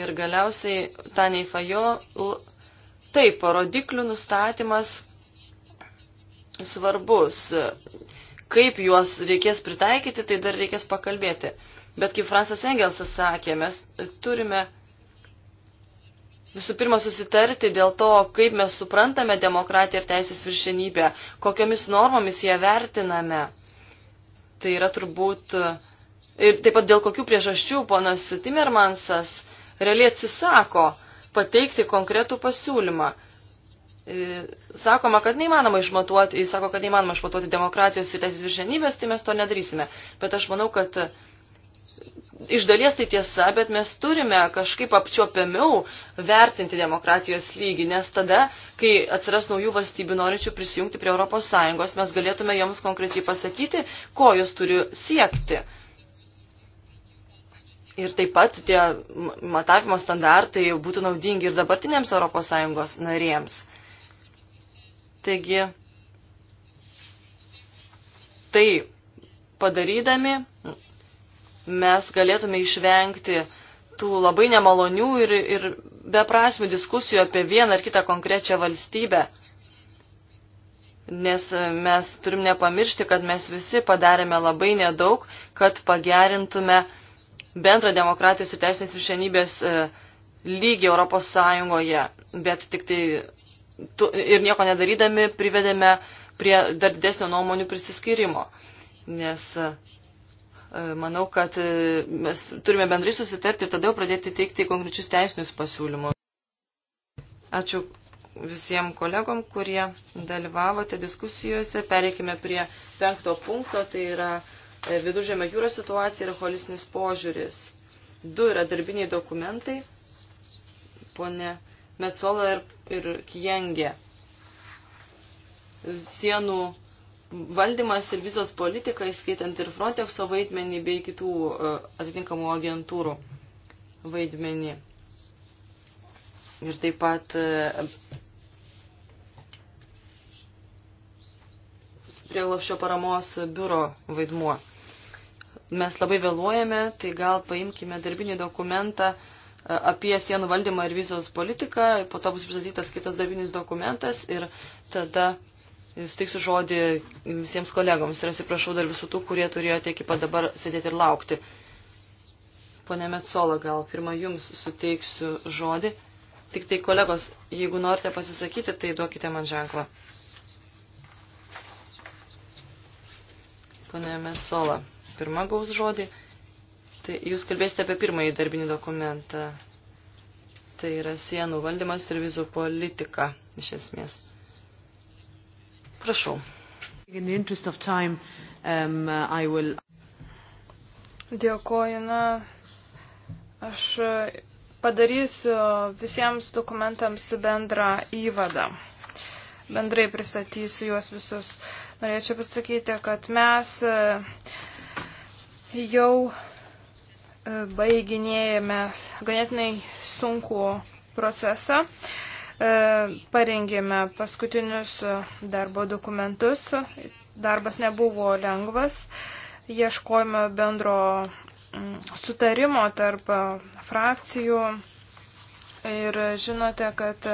Ir galiausiai Taniai Fajo, taip, parodiklių nustatymas svarbus. Kaip juos reikės pritaikyti, tai dar reikės pakalbėti. Bet kaip Fransas Engelsas sakė, mes turime visų pirma susitarti dėl to, kaip mes suprantame demokratiją ir teisės viršenybę, kokiamis normomis ją vertiname. Tai yra turbūt ir taip pat dėl kokių priežasčių ponas Timermansas realiai atsisako pateikti konkretų pasiūlymą. E, sakoma, kad neįmanoma išmatuoti, jis sako, kad neįmanoma išmatuoti demokratijos ir teisės viršenybės, tai mes to nedarysime. Bet aš manau, kad iš dalies tai tiesa, bet mes turime kažkaip apčiopiamiau vertinti demokratijos lygį, nes tada, kai atsiras naujų valstybių norinčių prisijungti prie ES, mes galėtume joms konkrečiai pasakyti, ko jos turi siekti. Ir taip pat tie matavimo standartai būtų naudingi ir dabartinėms ES narėms. Taigi, tai padarydami, mes galėtume išvengti tų labai nemalonių ir, ir beprasmių diskusijų apie vieną ar kitą konkrečią valstybę. Nes mes turim nepamiršti, kad mes visi padarėme labai nedaug, kad pagerintume bendrą demokratijos ir teisinės viršenybės e, lygį Europos Sąjungoje. Bet tik tai tu, ir nieko nedarydami privedėme prie dar didesnio nuomonių prisiskirimo. Nes uh, E, manau, kad e, mes turime bendrai susitarti ir tada pradėti teikti konkrečius teisinius pasiūlymus. Ačiū visiems kolegom, kurie dalyvavote diskusijose. Pereikime prie penkto punkto, tai yra e, viduržėmio jūros situacija ir holistinis požiūris. Du yra darbiniai dokumentai, ponė Metsola ir, ir Kijengė. Sienų valdymas ir visos politika, įskaitant ir Frontexo vaidmenį bei kitų e, atitinkamų agentūrų vaidmenį. Ir taip pat e, prieglapščio paramos biuro vaidmuo. Mes labai vėluojame, tai gal paimkime darbinį dokumentą e, apie sienų valdymą ir vizos politiką, po to bus pristatytas kitas darbinis dokumentas ir tada Suteiksiu žodį visiems kolegoms ir atsiprašau dar visų tų, kurie turėjote iki pat dabar sėdėti ir laukti. Pone Metsola, gal pirmą jums suteiksiu žodį. Tik tai kolegos, jeigu norite pasisakyti, tai duokite man ženklą. Pone Metsola, pirmą gaus žodį. Tai jūs kalbėsite apie pirmąjį darbinį dokumentą. Tai yra sienų valdymas ir vizų politika, iš esmės. Prašau. Time, um, uh, will... Dėkoju. Na, aš uh, padarysiu visiems dokumentams bendrą įvadą. Bendrai pristatysiu juos visus. Norėčiau pasakyti, kad mes uh, jau baiginėjame ganėtinai sunku procesą. Uh, E, parengėme paskutinius e, darbo dokumentus. Darbas nebuvo lengvas. Ieškojame bendro mm, sutarimo tarp e, frakcijų ir žinote, kad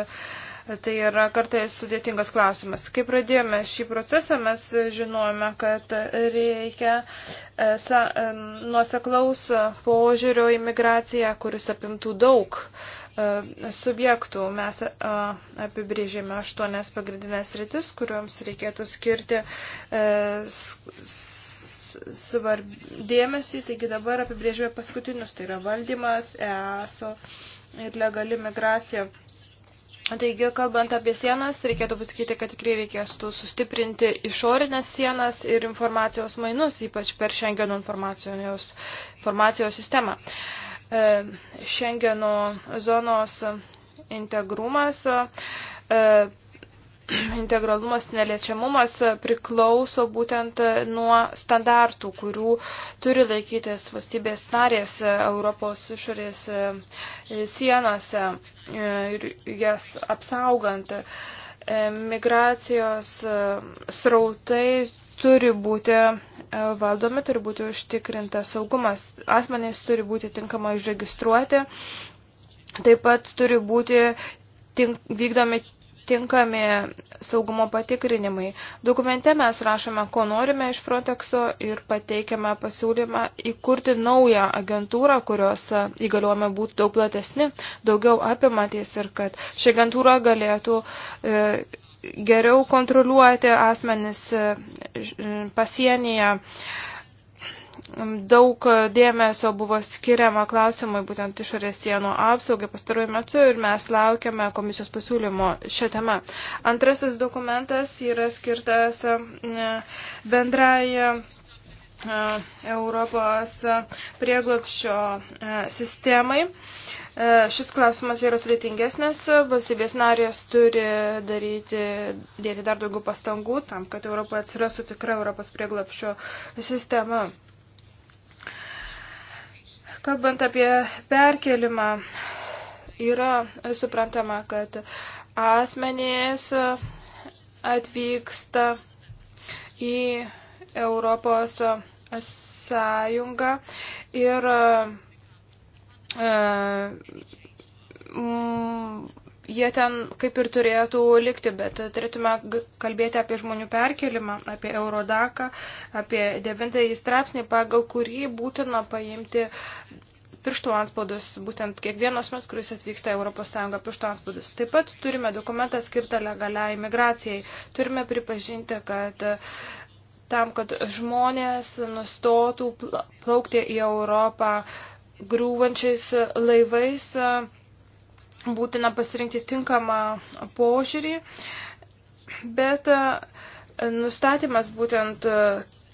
tai yra kartais sudėtingas klausimas. Kai pradėjome šį procesą, mes žinojame, kad reikia nuoseklaus požiūrio į migraciją, kuris apimtų daug E, subjektų. Mes e, apibrėžėme aštuonias pagrindinės rytis, kuriuoms reikėtų skirti e, svarb... dėmesį. Taigi dabar apibrėžėme paskutinius, tai yra valdymas, EASO ir legali migracija. Taigi, kalbant apie sienas, reikėtų pasakyti, kad tikrai reikės sustiprinti išorinės sienas ir informacijos mainus, ypač per Schengeno informacijos, informacijos sistemą. Uh, E, Šengeno zonos integrumas, e, integralumas, neliečiamumas priklauso būtent nuo standartų, kurių turi laikytis valstybės narės Europos išorės e, sienose ir jas apsaugant. Migracijos srautai turi būti e, valdomi, turi būti užtikrintas saugumas. Asmenys turi būti tinkamai užregistruoti, taip pat turi būti tink, vykdomi tinkami saugumo patikrinimai. Dokumente mes rašome, ko norime iš Frontexo ir pateikiame pasiūlymą įkurti naują agentūrą, kurios įgaliuome būtų daug platesni, daugiau apimatys ir kad ši agentūra galėtų e, geriau kontroliuoti asmenis e, e, pasienyje. Daug dėmesio buvo skiriama klausimai būtent išorės sienų apsaugai pastaruoju metu ir mes laukiame komisijos pasiūlymo šią temą. Antrasis dokumentas yra skirtas e, bendrai Europos prieglopščio sistemai. E, šis klausimas yra sudėtingesnės, valstybės narės turi daryti, dėti dar daugiau pastangų tam, kad Europoje atsirastų tikra Europos prieglapščio sistema. Kalbant apie perkelimą, yra suprantama, kad asmenys atvyksta į Europos sąjungą ir E, jie ten kaip ir turėtų likti, bet turėtume kalbėti apie žmonių perkelimą, apie Eurodaką, apie devintąjį straipsnį, pagal kurį būtina paimti pirštų anspaudus, būtent kiekvienas mes, kuris atvyksta Europos Sąjungą, pirštų anspaudus. Taip pat turime dokumentą skirtą legaliai migracijai. Turime pripažinti, kad tam, kad žmonės nustotų plaukti į Europą, grūvančiais laivais būtina pasirinkti tinkamą požiūrį, bet nustatymas būtent,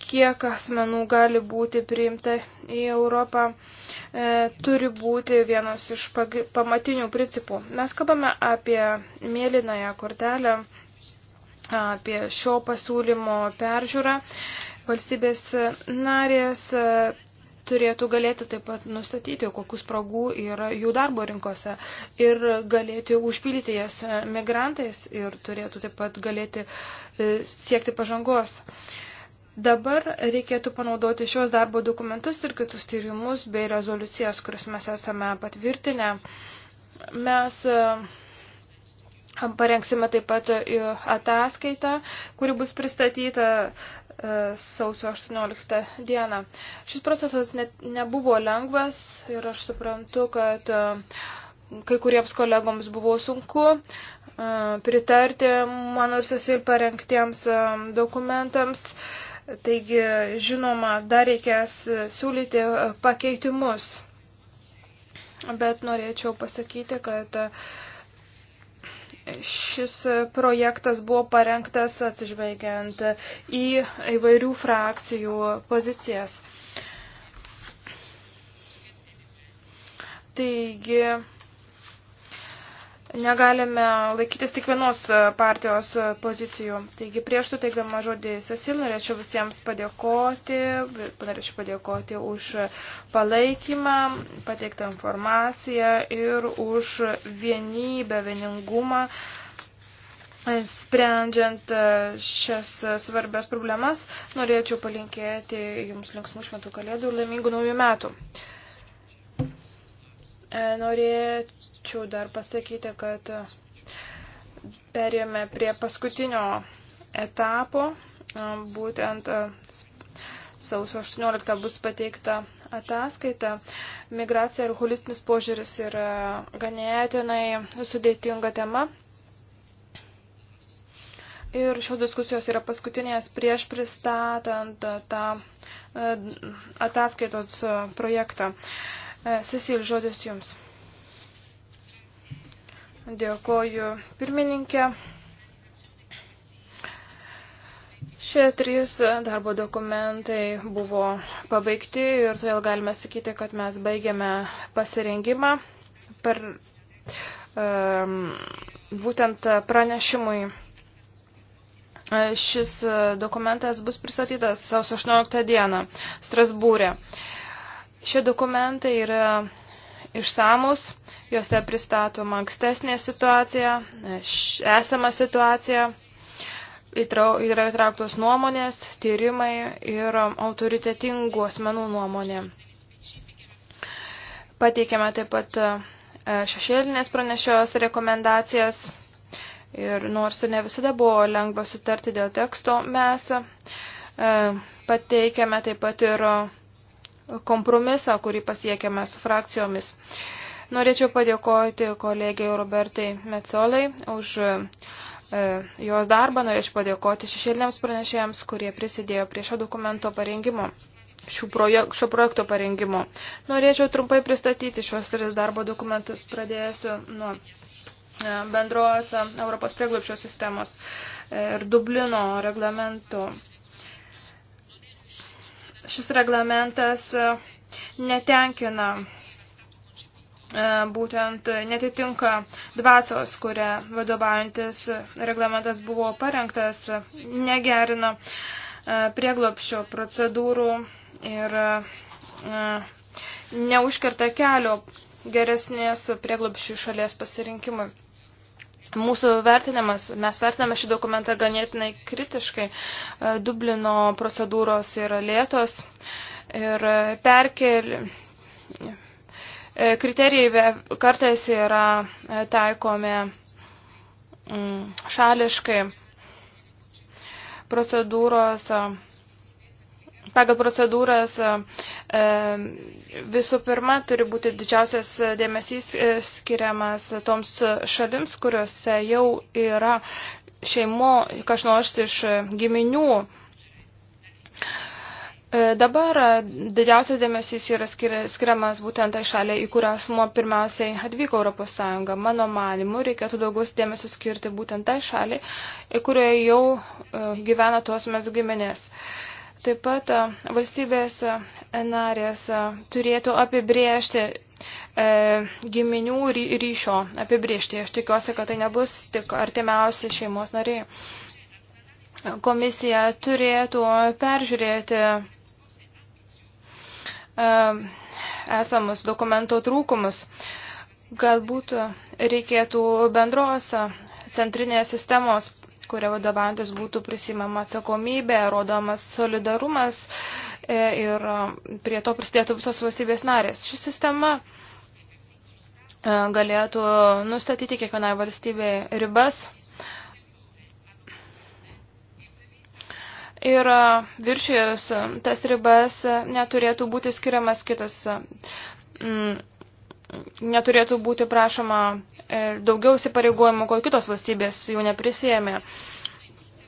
kiek asmenų gali būti priimta į Europą, e, turi būti vienas iš pamatinių principų. Mes kalbame apie mėlynąją kortelę, apie šio pasiūlymo peržiūrą valstybės narės turėtų galėti taip pat nustatyti, kokius spragų yra jų darbo rinkose ir galėti užpildyti jas migrantais ir turėtų taip pat galėti e, siekti pažangos. Dabar reikėtų panaudoti šios darbo dokumentus ir kitus tyrimus bei rezoliucijas, kuris mes esame patvirtinę. Mes e, parengsime taip pat e, ataskaitą, kuri bus pristatyta sausio 18 dieną. Šis procesas net nebuvo lengvas ir aš suprantu, kad e, kai kuriems kolegoms buvo sunku e, pritarti mano ir Cecil parengtiems e, dokumentams. Taigi, žinoma, dar reikės siūlyti pakeitimus. Bet norėčiau pasakyti, kad uh, Šis projektas buvo parengtas atsižvelgiant į įvairių frakcijų pozicijas. Taigi, negalime laikytis tik vienos e, partijos e, pozicijų. Taigi prieš suteikdama žodį Sesil, norėčiau visiems padėkoti, norėčiau padėkoti už palaikymą, pateiktą informaciją ir už vienybę, vieningumą e, sprendžiant šias svarbias problemas. Norėčiau palinkėti Jums linksmų šventų kalėdų ir laimingų naujų metų. Norėčiau norėčiau dar pasakyti, kad perėjome prie paskutinio etapo. Būtent sausio 18 bus pateikta ataskaita. Migracija ir holistinis požiūris yra ganėtinai sudėtinga tema. Ir šios diskusijos yra paskutinės prieš pristatant tą e, ataskaitos projektą. Cecil, žodis jums. Dėkoju pirmininkė. Šie trys darbo dokumentai buvo pabaigti ir todėl galime sakyti, kad mes baigėme pasirengimą per um, būtent pranešimui. Šis dokumentas bus pristatytas sausio 18 dieną Strasbūrė. Šie dokumentai yra išsamus, juose pristatoma ankstesnė situacija, esama situacija, yra įtrauktos nuomonės, tyrimai ir autoritetingų asmenų nuomonė. Pateikėme taip pat e, šešėlinės pranešios rekomendacijas ir nors ir ne visada buvo lengva sutarti dėl teksto, mes e, pateikėme taip pat ir kompromisą, kurį pasiekėme su frakcijomis. Norėčiau padėkoti kolegijai Robertai Metsolai už e, jos darbą, norėčiau padėkoti šešėliniams pranešėjams, kurie prisidėjo prie šio dokumento parengimo. Projek šio projekto parengimo. Norėčiau trumpai pristatyti šios tris darbo dokumentus. Pradėsiu nuo e, bendros e, Europos prieglapščio sistemos ir Dublino reglamento šis reglamentas e, netenkina e, būtent netitinka dvasios, kuria vadovaujantis reglamentas buvo parengtas, negerina e, prieglopščio procedūrų ir neužkerta kelio geresnės prieglopščių šalies pasirinkimui mūsų vertinimas, mes vertiname šį dokumentą ganėtinai kritiškai. E, Dublino procedūros yra lėtos ir perkel. E, kriterijai kartais yra e, taikomi mm, šališkai. Procedūros, pagal procedūras Visų pirma, turi būti didžiausias dėmesys e, skiriamas toms šalims, kuriuose jau yra šeimo kas nors iš giminių. E, dabar didžiausias dėmesys yra skiriamas būtent tai šaliai, į kurią asmuo pirmiausiai atvyko Europos Sąjunga. Mano manimu, reikėtų daugus dėmesio skirti būtent tai šaliai, kurioje jau e, gyvena tuos mes giminės. Uh, Taip pat valstybės narės turėtų apibriežti e, giminių ryšio apibriežti. Aš tikiuosi, kad tai nebus tik artimiausi šeimos nariai. Komisija turėtų peržiūrėti e, esamus dokumento trūkumus. Galbūt reikėtų bendros centrinės sistemos kuria vadovantis būtų prisimama atsakomybė, rodomas solidarumas e, ir prie to prisidėtų visos valstybės narės. Ši sistema e, galėtų nustatyti kiekvienai valstybei ribas ir viršijus tas ribas neturėtų būti skiriamas kitas, neturėtų būti prašoma E, daugiau įsipareigojimų, kol kitos valstybės jų neprisėmė.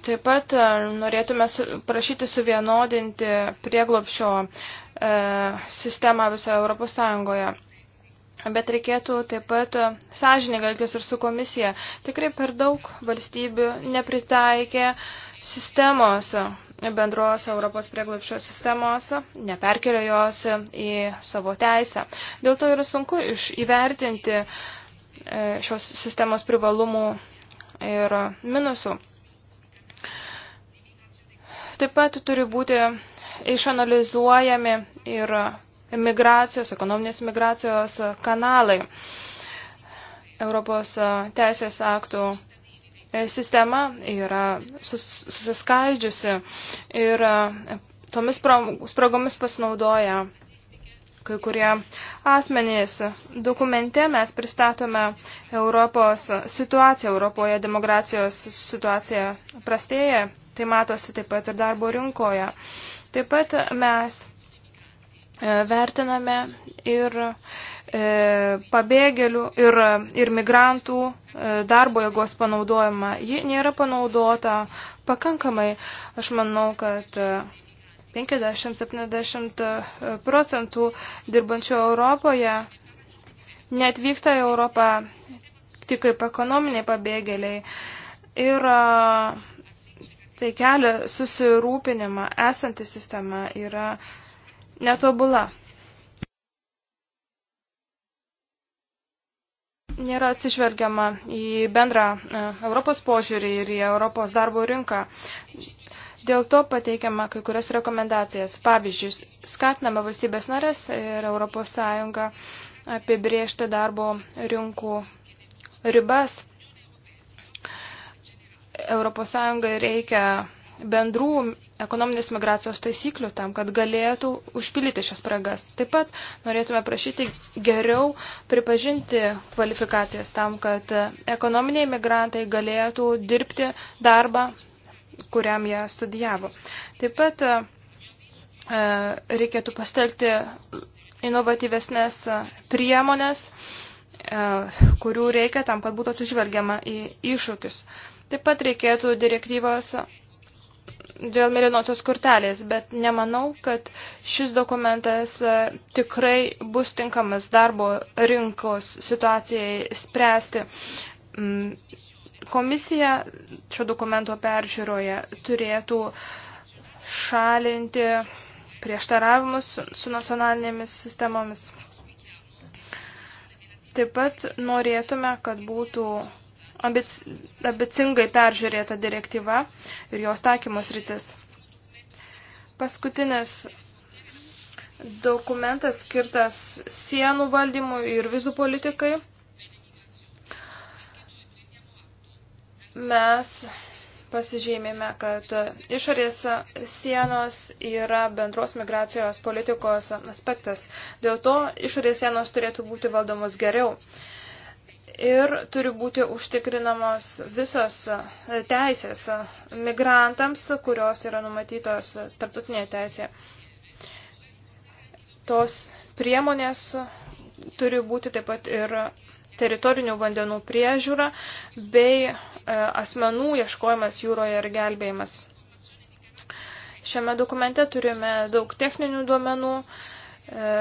Taip pat e, norėtume su, prašyti suvienodinti prieglopšio e, sistemą visoje Europos Sąjungoje. Bet reikėtų taip pat e, sąžininkai elgtis ir su komisija. Tikrai per daug valstybių nepritaikė sistemos, bendros Europos prieglapščio sistemos, neperkelė jos į savo teisę. Dėl to yra sunku iš įvertinti E, šios sistemos privalumų ir minusų. Taip pat turi būti išanalizuojami ir migracijos, ekonominės migracijos kanalai. Europos teisės aktų sistema yra sus, susiskaldžiusi ir tomis spragomis pasinaudoja kai kurie asmenys. Dokumente mes pristatome Europos situaciją, Europoje demokracijos situacija prastėja, tai matosi taip pat ir darbo rinkoje. Taip pat mes e, vertiname ir e, pabėgėlių ir, ir migrantų e, darbo jėgos panaudojimą. Ji nėra panaudota pakankamai. Aš manau, kad 50-70 procentų dirbančių Europoje neatvyksta į Europą tik kaip ekonominiai pabėgėliai. Ir e, tai kelia susirūpinimą, esanti sistema yra netobula. nėra atsižvelgiama į bendrą e, Europos požiūrį ir į Europos darbo rinką. Dėl to pateikiama kai kurias rekomendacijas. Pavyzdžiui, skatinama valstybės narės ir ES apibriežti darbo rinkų ribas. ES reikia bendrų ekonominės migracijos taisyklių tam, kad galėtų užpildyti šias spragas. Taip pat norėtume prašyti geriau pripažinti kvalifikacijas tam, kad ekonominiai migrantai galėtų dirbti darbą kuriam ją studijavo. Taip pat e, e, reikėtų pastelti inovatyvesnės e, priemonės, kurių reikia tam, kad būtų atsižvelgiama į iššūkius. Taip pat reikėtų direktyvos dėl mėlynosios kortelės, bet nemanau, kad šis dokumentas tikrai bus tinkamas darbo rinkos situacijai spręsti mm, Komisija šio dokumento peržiūroje turėtų šalinti prieštaravimus su nacionalinėmis sistemomis. Taip pat norėtume, kad būtų ambicingai peržiūrėta direktyva ir jos taikymos rytis. Paskutinis dokumentas skirtas sienų valdymui ir vizų politikai. mes pasižymime, kad išorės sienos yra bendros migracijos politikos aspektas. Dėl to išorės sienos turėtų būti valdomos geriau. Ir turi būti užtikrinamos visos teisės migrantams, kurios yra numatytos tarptautinėje teisėje. Tos priemonės turi būti taip pat ir teritorinių vandenų priežiūra bei e, asmenų ieškojimas jūroje ir gelbėjimas. Šiame dokumente turime daug techninių duomenų, e,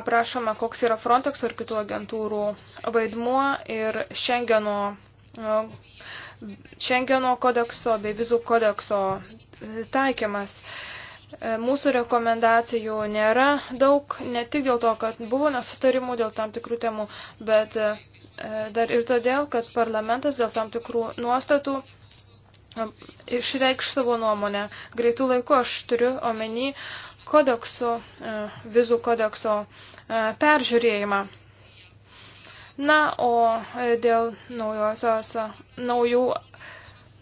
aprašoma, koks yra Frontex ir kitų agentūrų vaidmuo ir Schengeno, Schengeno e, kodekso bei vizų kodekso taikymas. E, mūsų rekomendacijų nėra daug, ne tik dėl to, kad buvo nesutarimų dėl tam tikrų temų, bet e, dar ir todėl, kad parlamentas dėl tam tikrų nuostatų e, išreikš savo nuomonę. Greitų laikų aš turiu omeny kodekso, vizų kodekso peržiūrėjimą. Na, o dėl naujosios, naujų,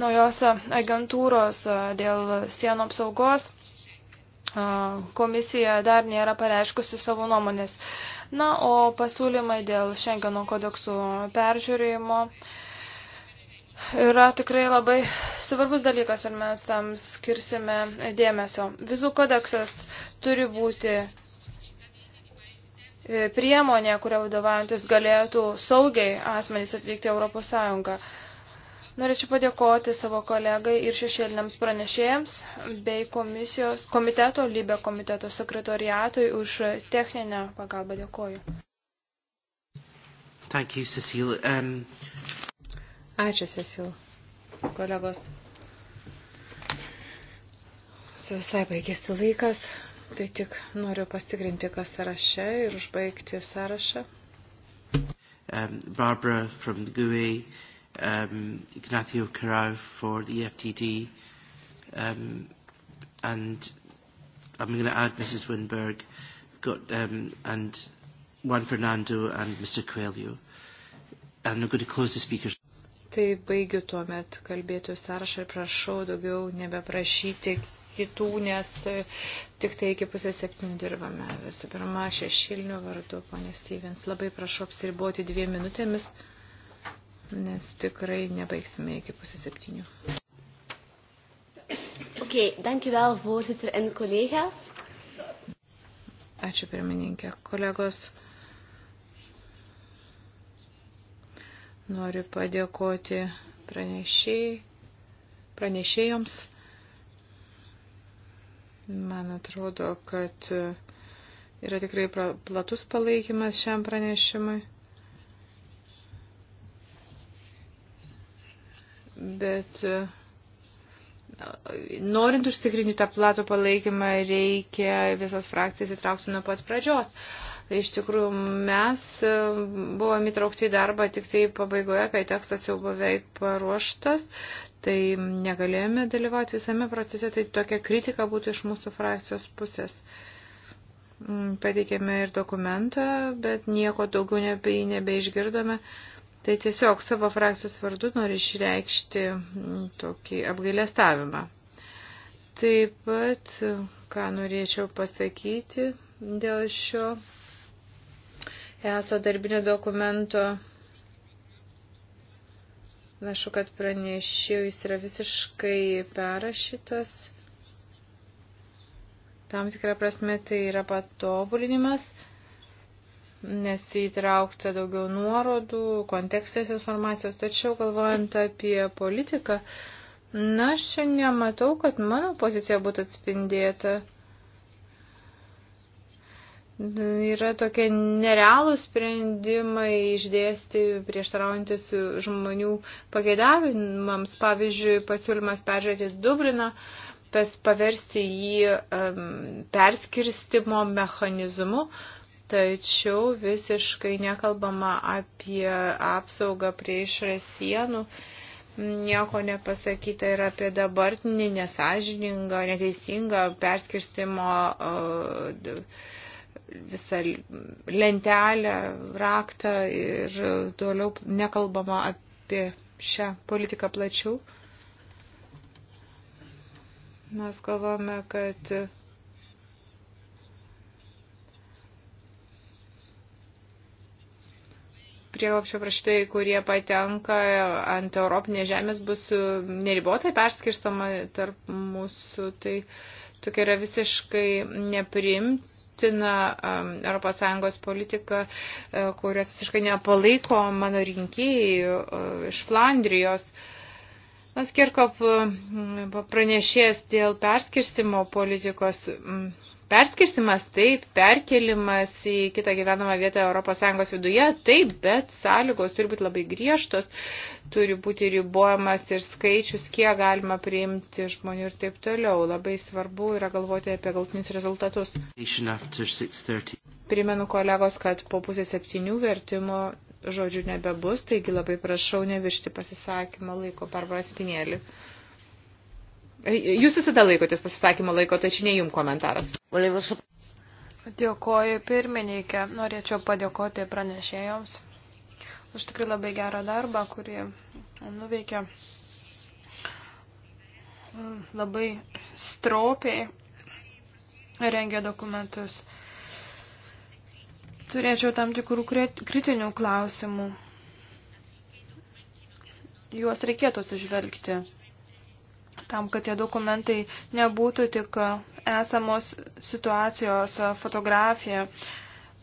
naujos agentūros, dėl sienų apsaugos komisija dar nėra pareiškusi savo nuomonės. Na, o pasiūlymai dėl Šengeno kodeksų peržiūrėjimo yra tikrai labai svarbus dalykas ir mes tam skirsime dėmesio. Vizų kodeksas turi būti priemonė, kuria vadovaujantis galėtų saugiai asmenys atvykti Europos Sąjungą. Norėčiau padėkoti savo kolegai ir šešėliniams pranešėjams bei komisijos komiteto, lybė komiteto sekretoriatui už techninę pagalbą. Dėkoju. Thank you, Cecil. Um... Ačiū, Cecil. Kolegos. Su visai baigėsi laikas, tai tik noriu pastikrinti, kas sąraše ir užbaigti sąrašą. Um, Barbara from the GUI. E, um, Ignacio Carao for the EFTD, um, and I'm going to add Mrs. Winberg, got, um, and Juan Fernando and Mr. Coelho. And I'm going to close the speakers. Tai baigiu tuo met kalbėtojų sąrašą ir prašau daugiau nebeprašyti kitų, nes e, tik tai iki pusės septynių dirbame. Visų pirma, šešilnių vardu, ponė Stevens, labai prašau apsiriboti dviem minutėmis nes tikrai nebaigsime iki pusės septynių. Oké, okay, dankjewel voorzitter en collega's. Ačiū pirmininkė, kolegos. Noriu padėkoti pranešėjai, pranešėjoms. Man atrodo, kad yra tikrai platus palaikymas šiam pranešimui. Bet e, norint užtikrinti tą platų palaikymą, reikia visas frakcijas įtraukti nuo pat pradžios. Iš tikrųjų, mes e, buvome įtraukti į darbą tik tai pabaigoje, kai tekstas jau beveik paruoštas, tai negalėjome dalyvauti visame procese, tai tokia kritika būtų iš mūsų frakcijos pusės. Mm, pateikėme ir dokumentą, bet nieko daugiau nebe, nebeišgirdome. Nebe Tai tiesiog savo frakcijos vardu noriu išreikšti mm, tokį apgailestavimą. Taip pat, ką norėčiau pasakyti dėl šio ESO darbinio dokumento, našu, kad pranešėjau, jis yra visiškai perrašytas. Tam tikrą prasme tai yra patobulinimas nes įtraukta daugiau nuorodų, kontekstės informacijos, tačiau galvojant apie politiką, na, aš čia nematau, kad mano pozicija būtų atspindėta. Yra tokie nerealūs sprendimai išdėsti prieštaraujantis žmonių pageidavimams. Pavyzdžiui, pasiūlymas peržiūrėti Dubliną, tas paversti jį um, perskirstimo mechanizmu. Uh, tačiau visiškai nekalbama apie apsaugą prie išorės sienų, nieko nepasakyta ir apie dabartinį nesažiningą, neteisingą perskirstimo uh, visą lentelę, raktą ir toliau nekalbama apie šią politiką plačiau. Mes galvome, kad prieglopšio prašytojai, kurie patenka ant Europinės žemės, bus e, neribotai perskirstama tarp mūsų. Tai tokia yra visiškai neprimtina ES politika, e, kurios visiškai nepalaiko mano rinkėjai e, iš Flandrijos. Maskirkop pranešės dėl perskirstimo politikos. M, Perskirstimas taip, perkelimas į kitą gyvenamą vietą ES viduje taip, bet sąlygos turi būti labai griežtos, turi būti ribojamas ir skaičius, kiek galima priimti žmonių ir taip toliau. Labai svarbu yra galvoti apie galtinius rezultatus. Primenu kolegos, kad po pusės septynių vertimo žodžių nebebus, taigi labai prašau neviršti pasisakymo laiko per praspinėlį. Jūs visada laikotės pasisakymo laiko, tai čia ne jums komentaras. Dėkoju pirmininkė. Norėčiau padėkoti pranešėjoms už tikrai labai gerą darbą, kurį nuveikė labai stropiai rengia dokumentus. Turėčiau tam tikrų kritinių klausimų. Juos reikėtų sužvelgti tam, kad tie dokumentai nebūtų tik esamos situacijos fotografija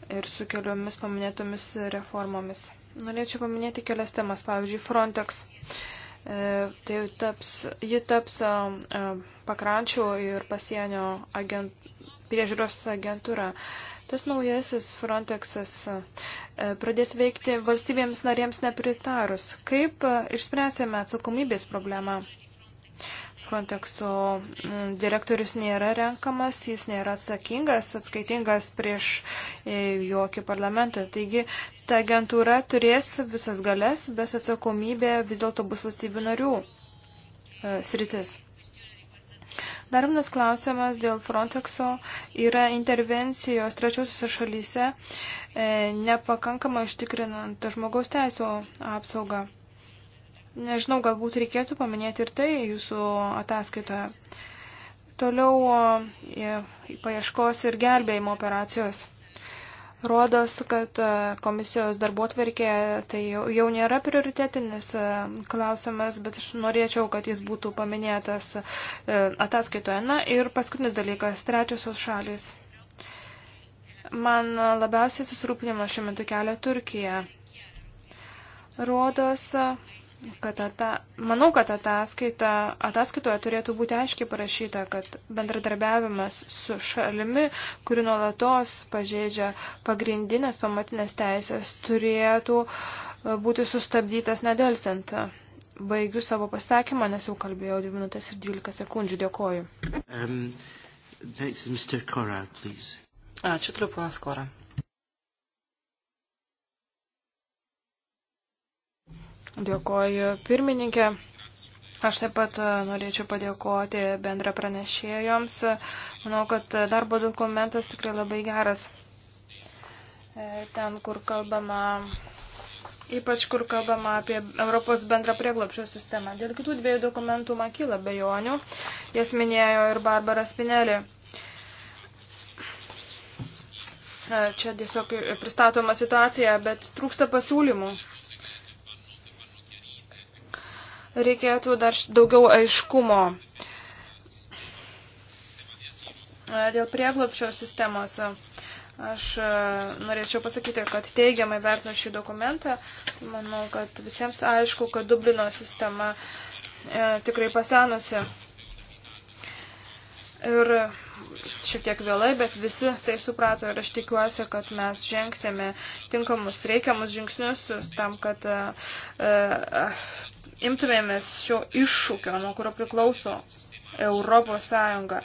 ir su keliomis paminėtomis reformomis. Norėčiau paminėti kelias temas, pavyzdžiui, Frontex. E, tai taps, ji taps e, pakrančių ir pasienio agent, priežiūros agentūra. Tas naujasis Frontexas e, pradės veikti valstybėms narėms nepritarus. Kaip išspręsime atsakomybės problemą? Frontexo mm, direktorius nėra renkamas, jis nėra atsakingas, atskaitingas prieš e, jokį parlamentą. Taigi ta agentūra turės visas galės, bet atsakomybė vis dėlto bus valstybių narių e, sritis. Dar vienas klausimas dėl Frontexo yra intervencijos trečiosiuose šalyse, e, nepakankamai ištikrinant žmogaus teisų apsaugą. Nežinau, galbūt reikėtų paminėti ir tai jūsų ataskaitoje. Toliau e, paieškos ir gelbėjimo operacijos. Rodos, kad e, komisijos darbuotvarkė tai jau nėra prioritetinis e, klausimas, bet aš norėčiau, kad jis būtų paminėtas ataskaitoje. Na ir paskutinis dalykas - trečiosios šalis. Man labiausiai susirūpinimą šiuo metu kelia Turkija. Rodos, kad ata, manau, kad ataskaita, ataskaitoje turėtų būti aiškiai parašyta, kad bendradarbiavimas su šalimi, kuri nuolatos pažeidžia pagrindinės pamatinės teisės, turėtų e, būti sustabdytas nedelsiant. Baigiu savo pasakymą, nes jau kalbėjau 2 minutės ir 12 sekundžių. Dėkoju. Um, next, Mr. Cora, please. Ačiū, turiu ponas Kora. Dėkoju pirmininkė. Aš taip pat e, norėčiau padėkoti bendra pranešėjoms. Manau, kad darbo dokumentas tikrai labai geras. E, ten, kur kalbama, ypač kur kalbama apie Europos bendrą prieglapšio sistemą. Dėl kitų dviejų dokumentų man kyla bejonių. Jas minėjo ir Barbara Spinelė. E, čia tiesiog pristatoma situacija, bet trūksta pasiūlymų reikėtų dar daugiau aiškumo dėl prieglopčio sistemos. Aš norėčiau pasakyti, kad teigiamai vertinu šį dokumentą. Tai manau, kad visiems aišku, kad Dublino sistema e, tikrai pasenusi. Ir šiek tiek vėlai, bet visi tai suprato ir aš tikiuosi, kad mes žengsime tinkamus reikiamus žingsnius tam, kad e, e imtumėmės šio iššūkio, nuo kurio priklauso Europos Sąjunga.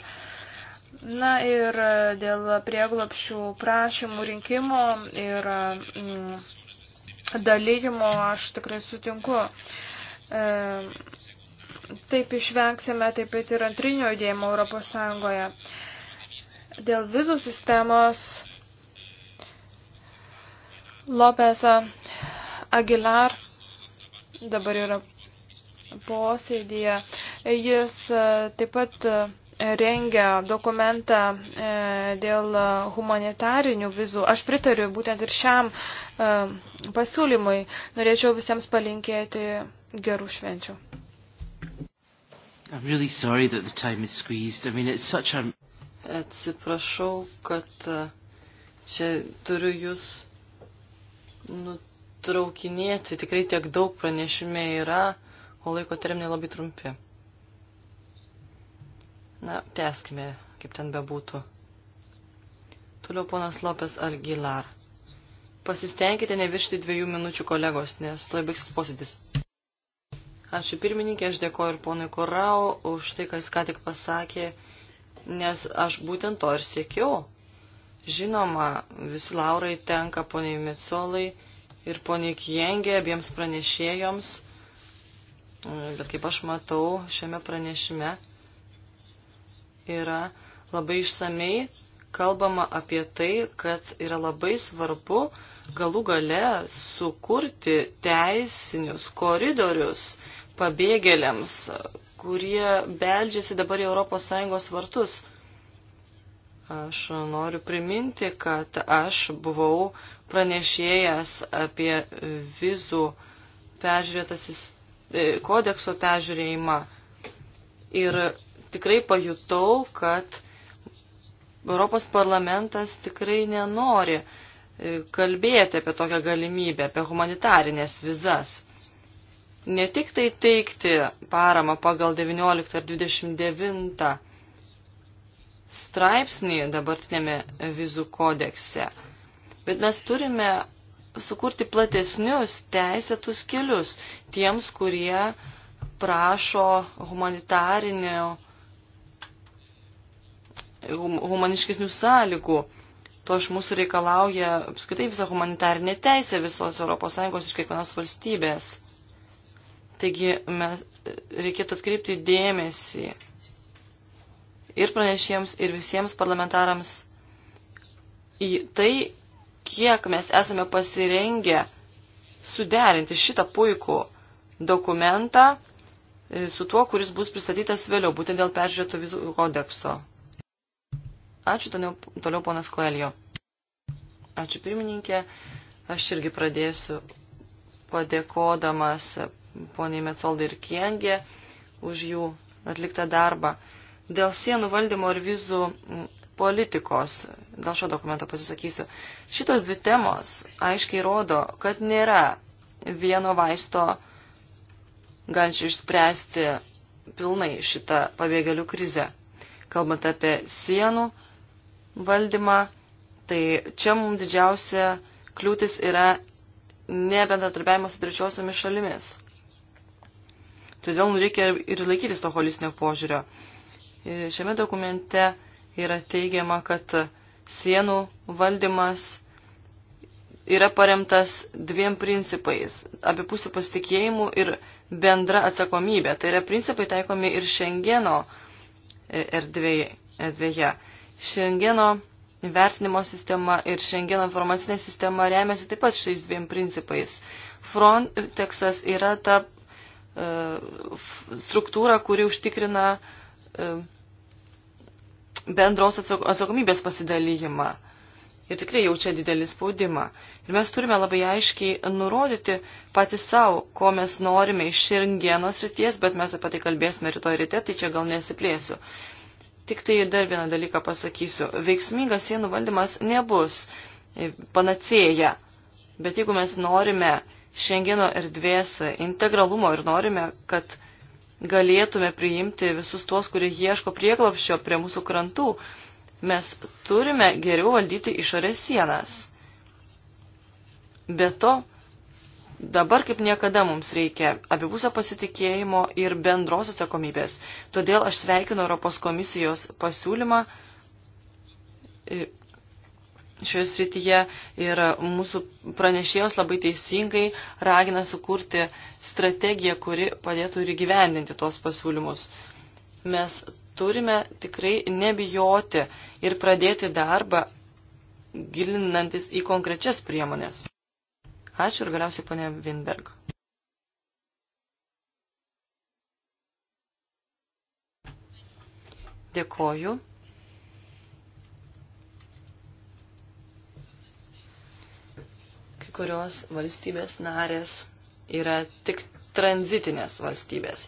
Na ir e, dėl prieglopšių prašymų rinkimo ir mm, dalyjimo aš tikrai sutinku. E, taip išvengsime taip pat ir antrinio judėjimo Europos Sąjungoje. Dėl vizų sistemos Lopesa Aguilar dabar yra posėdėje. Jis e, taip pat e, rengia dokumentą e, dėl humanitarinių vizų. Aš pritariu būtent ir šiam pasiūlymui. Norėčiau visiems palinkėti gerų švenčių. I'm really sorry that the time is squeezed. I mean, it's such a... Atsiprašau, kad čia turiu jūs nutraukinėti. Tikrai tiek daug pranešime yra o laiko terminai labai trumpi. Na, teskime, kaip ten bebūtų. Toliau ponas Lopes Algilar. Pasistengkite neviršti dviejų minučių kolegos, nes tuoj baigsis posėdis. Ačiū pirmininkė, aš dėkoju ir ponui Korau už tai, ką jis ką tik pasakė, nes aš būtent to ir siekiau. Žinoma, visi laurai tenka poniai Mitsolai ir poniai Kiengė, abiems pranešėjoms bet kaip aš matau, šiame pranešime yra labai išsamei kalbama apie tai, kad yra labai svarbu galų gale sukurti teisinius koridorius pabėgėliams, kurie beldžiasi dabar į ES vartus. Aš noriu priminti, kad aš buvau pranešėjęs apie vizų peržiūrėtą sistemą E, kodekso peržiūrėjimą ir tikrai pajutau, kad Europos parlamentas tikrai nenori e, kalbėti apie tokią galimybę, apie humanitarinės vizas. Ne tik tai teikti paramą pagal 19 ar 29 straipsnį dabartinėme vizų kodekse, bet mes turime sukurti platesnius teisėtus kelius tiems, kurie prašo humanitarinių, humaniškesnių sąlygų. To iš mūsų reikalauja apskritai visa humanitarinė teisė visos ES iš kiekvienos valstybės. Taigi mes reikėtų atkreipti dėmesį ir pranešėjams, ir visiems parlamentarams į tai, kiek mes esame pasirengę suderinti šitą puikų dokumentą e, su tuo, kuris bus pristatytas vėliau, būtent dėl peržiūrėto vizų kodekso. Ačiū toliau, toliau ponas Koelio. Ačiū pirmininkė. Aš irgi pradėsiu padėkodamas poniai Metsoldai ir Kiengė už jų atliktą darbą. Dėl sienų valdymo ir vizų politikos. Dėl šio dokumento pasisakysiu. Šitos dvi temos aiškiai rodo, kad nėra vieno vaisto galinčio išspręsti pilnai šitą pabėgėlių krizę. Kalbant apie sienų valdymą, tai čia mums didžiausia kliūtis yra nebendratarbiavimas su trečiosiomis šalimis. Todėl reikia ir laikytis to holistinio požiūrio. Ir šiame dokumente yra teigiama, kad sienų valdymas yra paremtas dviem principais - abipusių pasitikėjimų ir bendra atsakomybė. Tai yra principai taikomi ir Šengeno e, erdvėje. Šengeno vertinimo sistema ir Šengeno informacinė sistema remiasi taip pat šiais dviem principais. Frontexas yra ta e, struktūra, kuri užtikrina e, bendros atsakomybės pasidalyjimą. Ir tikrai jaučia didelį spaudimą. Ir mes turime labai aiškiai nurodyti patys savo, ko mes norime iš šiandienos ryties, bet mes apie tai kalbėsime rytoj ryte, tai čia gal nesiplėsiu. Tik tai dar vieną dalyką pasakysiu. Veiksmingas sienų valdymas nebus e, panacėja. Bet jeigu mes norime šiandieno erdvės integralumo ir norime, kad galėtume priimti visus tuos, kurie ieško prieglapščio prie mūsų krantų. Mes turime geriau valdyti išorės sienas. Be to, dabar kaip niekada mums reikia abipusio pasitikėjimo ir bendros atsakomybės. Todėl aš sveikinu Europos komisijos pasiūlymą e, šioje srityje ir mūsų pranešėjos labai teisingai ragina sukurti strategiją, kuri padėtų ir gyvendinti tuos pasiūlymus. Mes turime tikrai nebijoti ir pradėti darbą gilinantis į konkrečias priemonės. Ačiū ir galiausiai ponė Winberg. Dėkoju. kurios valstybės narės yra tik tranzitinės valstybės.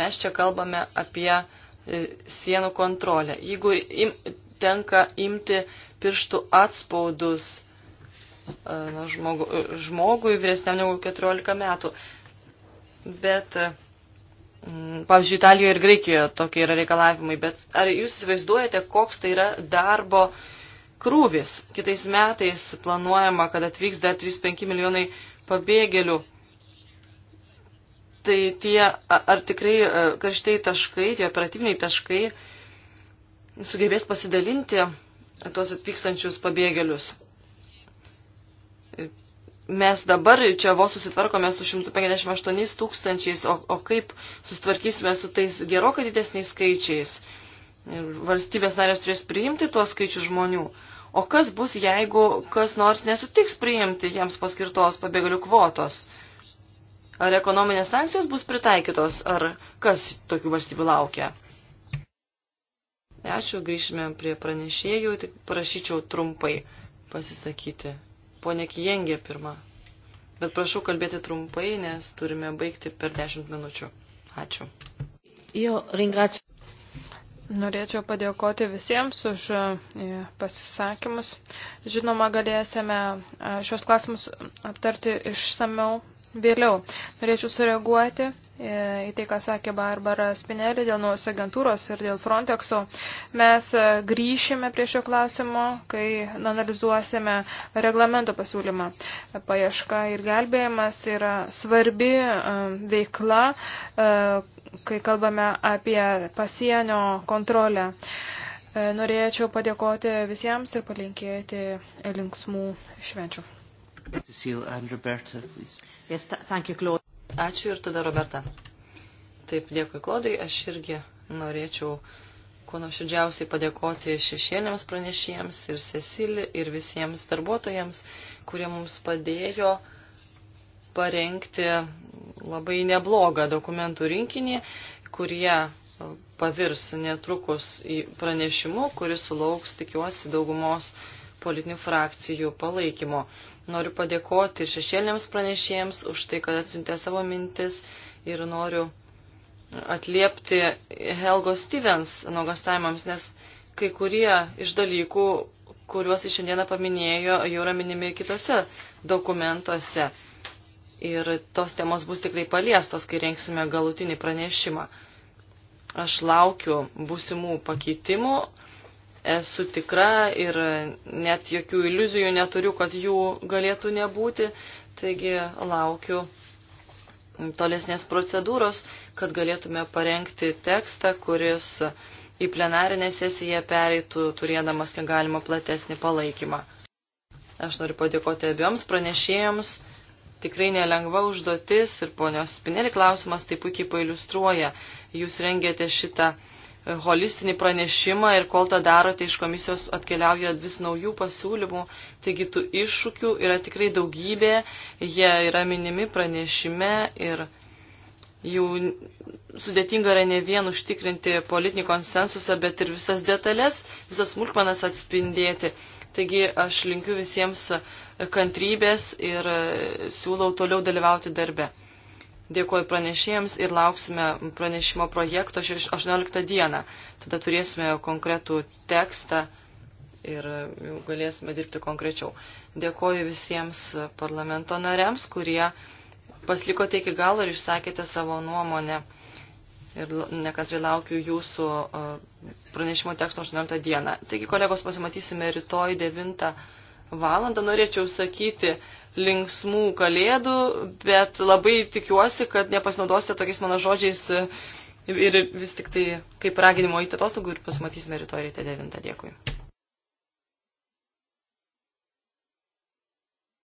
Mes čia kalbame apie e, sienų kontrolę. Jeigu im, tenka imti pirštų atspaudus e, na, žmogu, e, žmogui vyresniam negu 14 metų, bet Pavyzdžiui, Italijoje ir Graikijoje tokie yra reikalavimai, bet ar jūs įsivaizduojate, koks tai yra darbo uh, krūvis. Kitais metais planuojama, kad atvyks dar 3-5 milijonai pabėgėlių. Tai tie, ar tikrai karštai taškai, tie operatyviniai taškai sugebės pasidalinti tuos atvykstančius pabėgėlius. Mes dabar čia vos susitvarkome su 158 tūkstančiais, o, o kaip susitvarkysime su tais gerokai didesniais skaičiais? Valstybės narės turės priimti tuos skaičius žmonių. O kas bus, jeigu kas nors nesutiks priimti jiems paskirtos pabėgalių kvotos? Ar ekonominės sankcijos bus pritaikytos, ar kas tokių valstybių laukia? Ačiū, grįžime prie pranešėjų, tik prašyčiau trumpai pasisakyti. Pone Kijengė pirmą. Bet prašau kalbėti trumpai, nes turime baigti per 10 minučių. Ačiū. Jo, ringačiu. Norėčiau padėkoti visiems už e, pasisakymus. Žinoma, galėsime e, šios klausimus aptarti išsameu vėliau. Norėčiau sureaguoti e, į tai, ką sakė Barbara Spinelli dėl nuos agentūros ir dėl Frontexo. Mes e, grįšime prie šio klausimo, kai analizuosime reglamento pasiūlymą. Paieška ir gelbėjimas yra svarbi e, veikla, kai kalbame apie pasienio kontrolę. Norėčiau padėkoti visiems ir palinkėti linksmų švenčių. Cecile and Roberta, please. Yes, thank you, Claude. Ačiū ir tada Roberta. Taip, dėkui, Klodai. Aš irgi norėčiau kuo nuoširdžiausiai padėkoti šešėliams pranešėjams ir Cecilį ir visiems darbuotojams, kurie mums padėjo parengti labai neblogą dokumentų rinkinį, kurie pavirs netrukus į pranešimu, kuris sulauks, tikiuosi, daugumos politinių frakcijų palaikymo. Noriu padėkoti ir šešėliniams pranešėjams už tai, kad atsiuntė savo mintis ir noriu atliepti Helgos Stevens nuogastavimams, nes kai kurie iš dalykų, kuriuos jis šiandieną paminėjo, jau yra minimi kitose dokumentuose. Ir tos temos bus tikrai paliestos, kai rengsime galutinį pranešimą. Aš laukiu būsimų pakeitimų esu tikra ir net jokių iliuzijų neturiu, kad jų galėtų nebūti. Taigi laukiu tolesnės procedūros, kad galėtume parengti tekstą, kuris į plenarinę sesiją pereitų, turėdamas kiek galima platesnį palaikymą. Aš noriu padėkoti abiems pranešėjams. Tikrai nelengva užduotis ir ponios Spinelį klausimas tai puikiai pailustruoja. Jūs rengėte šitą holistinį pranešimą ir kol tą darote iš komisijos atkeliauja vis naujų pasiūlymų, taigi tų iššūkių yra tikrai daugybė, jie yra minimi pranešime ir jau sudėtinga yra ne vien užtikrinti politinį konsensusą, bet ir visas detalės, visas smulkmenas atspindėti. Taigi aš linkiu visiems kantrybės ir siūlau toliau dalyvauti darbe. Dėkuoju pranešėjams ir lauksime pranešimo projekto 18 dieną. Tada turėsime konkretų tekstą ir galėsime dirbti konkrečiau. Dėkuoju visiems parlamento nariams, kurie paslikote iki galo ir išsakėte savo nuomonę. Ir nekantrai laukiu jūsų pranešimo teksto 18 dieną. Taigi, kolegos, pasimatysime rytoj 9 valandą. Norėčiau sakyti, linksmų kalėdų, bet labai tikiuosi, kad nepasinaudosite tokiais mano žodžiais ir vis tik tai kaip raginimo į atostogų ir pasimatysime rytoj ryte 9. Dėkui.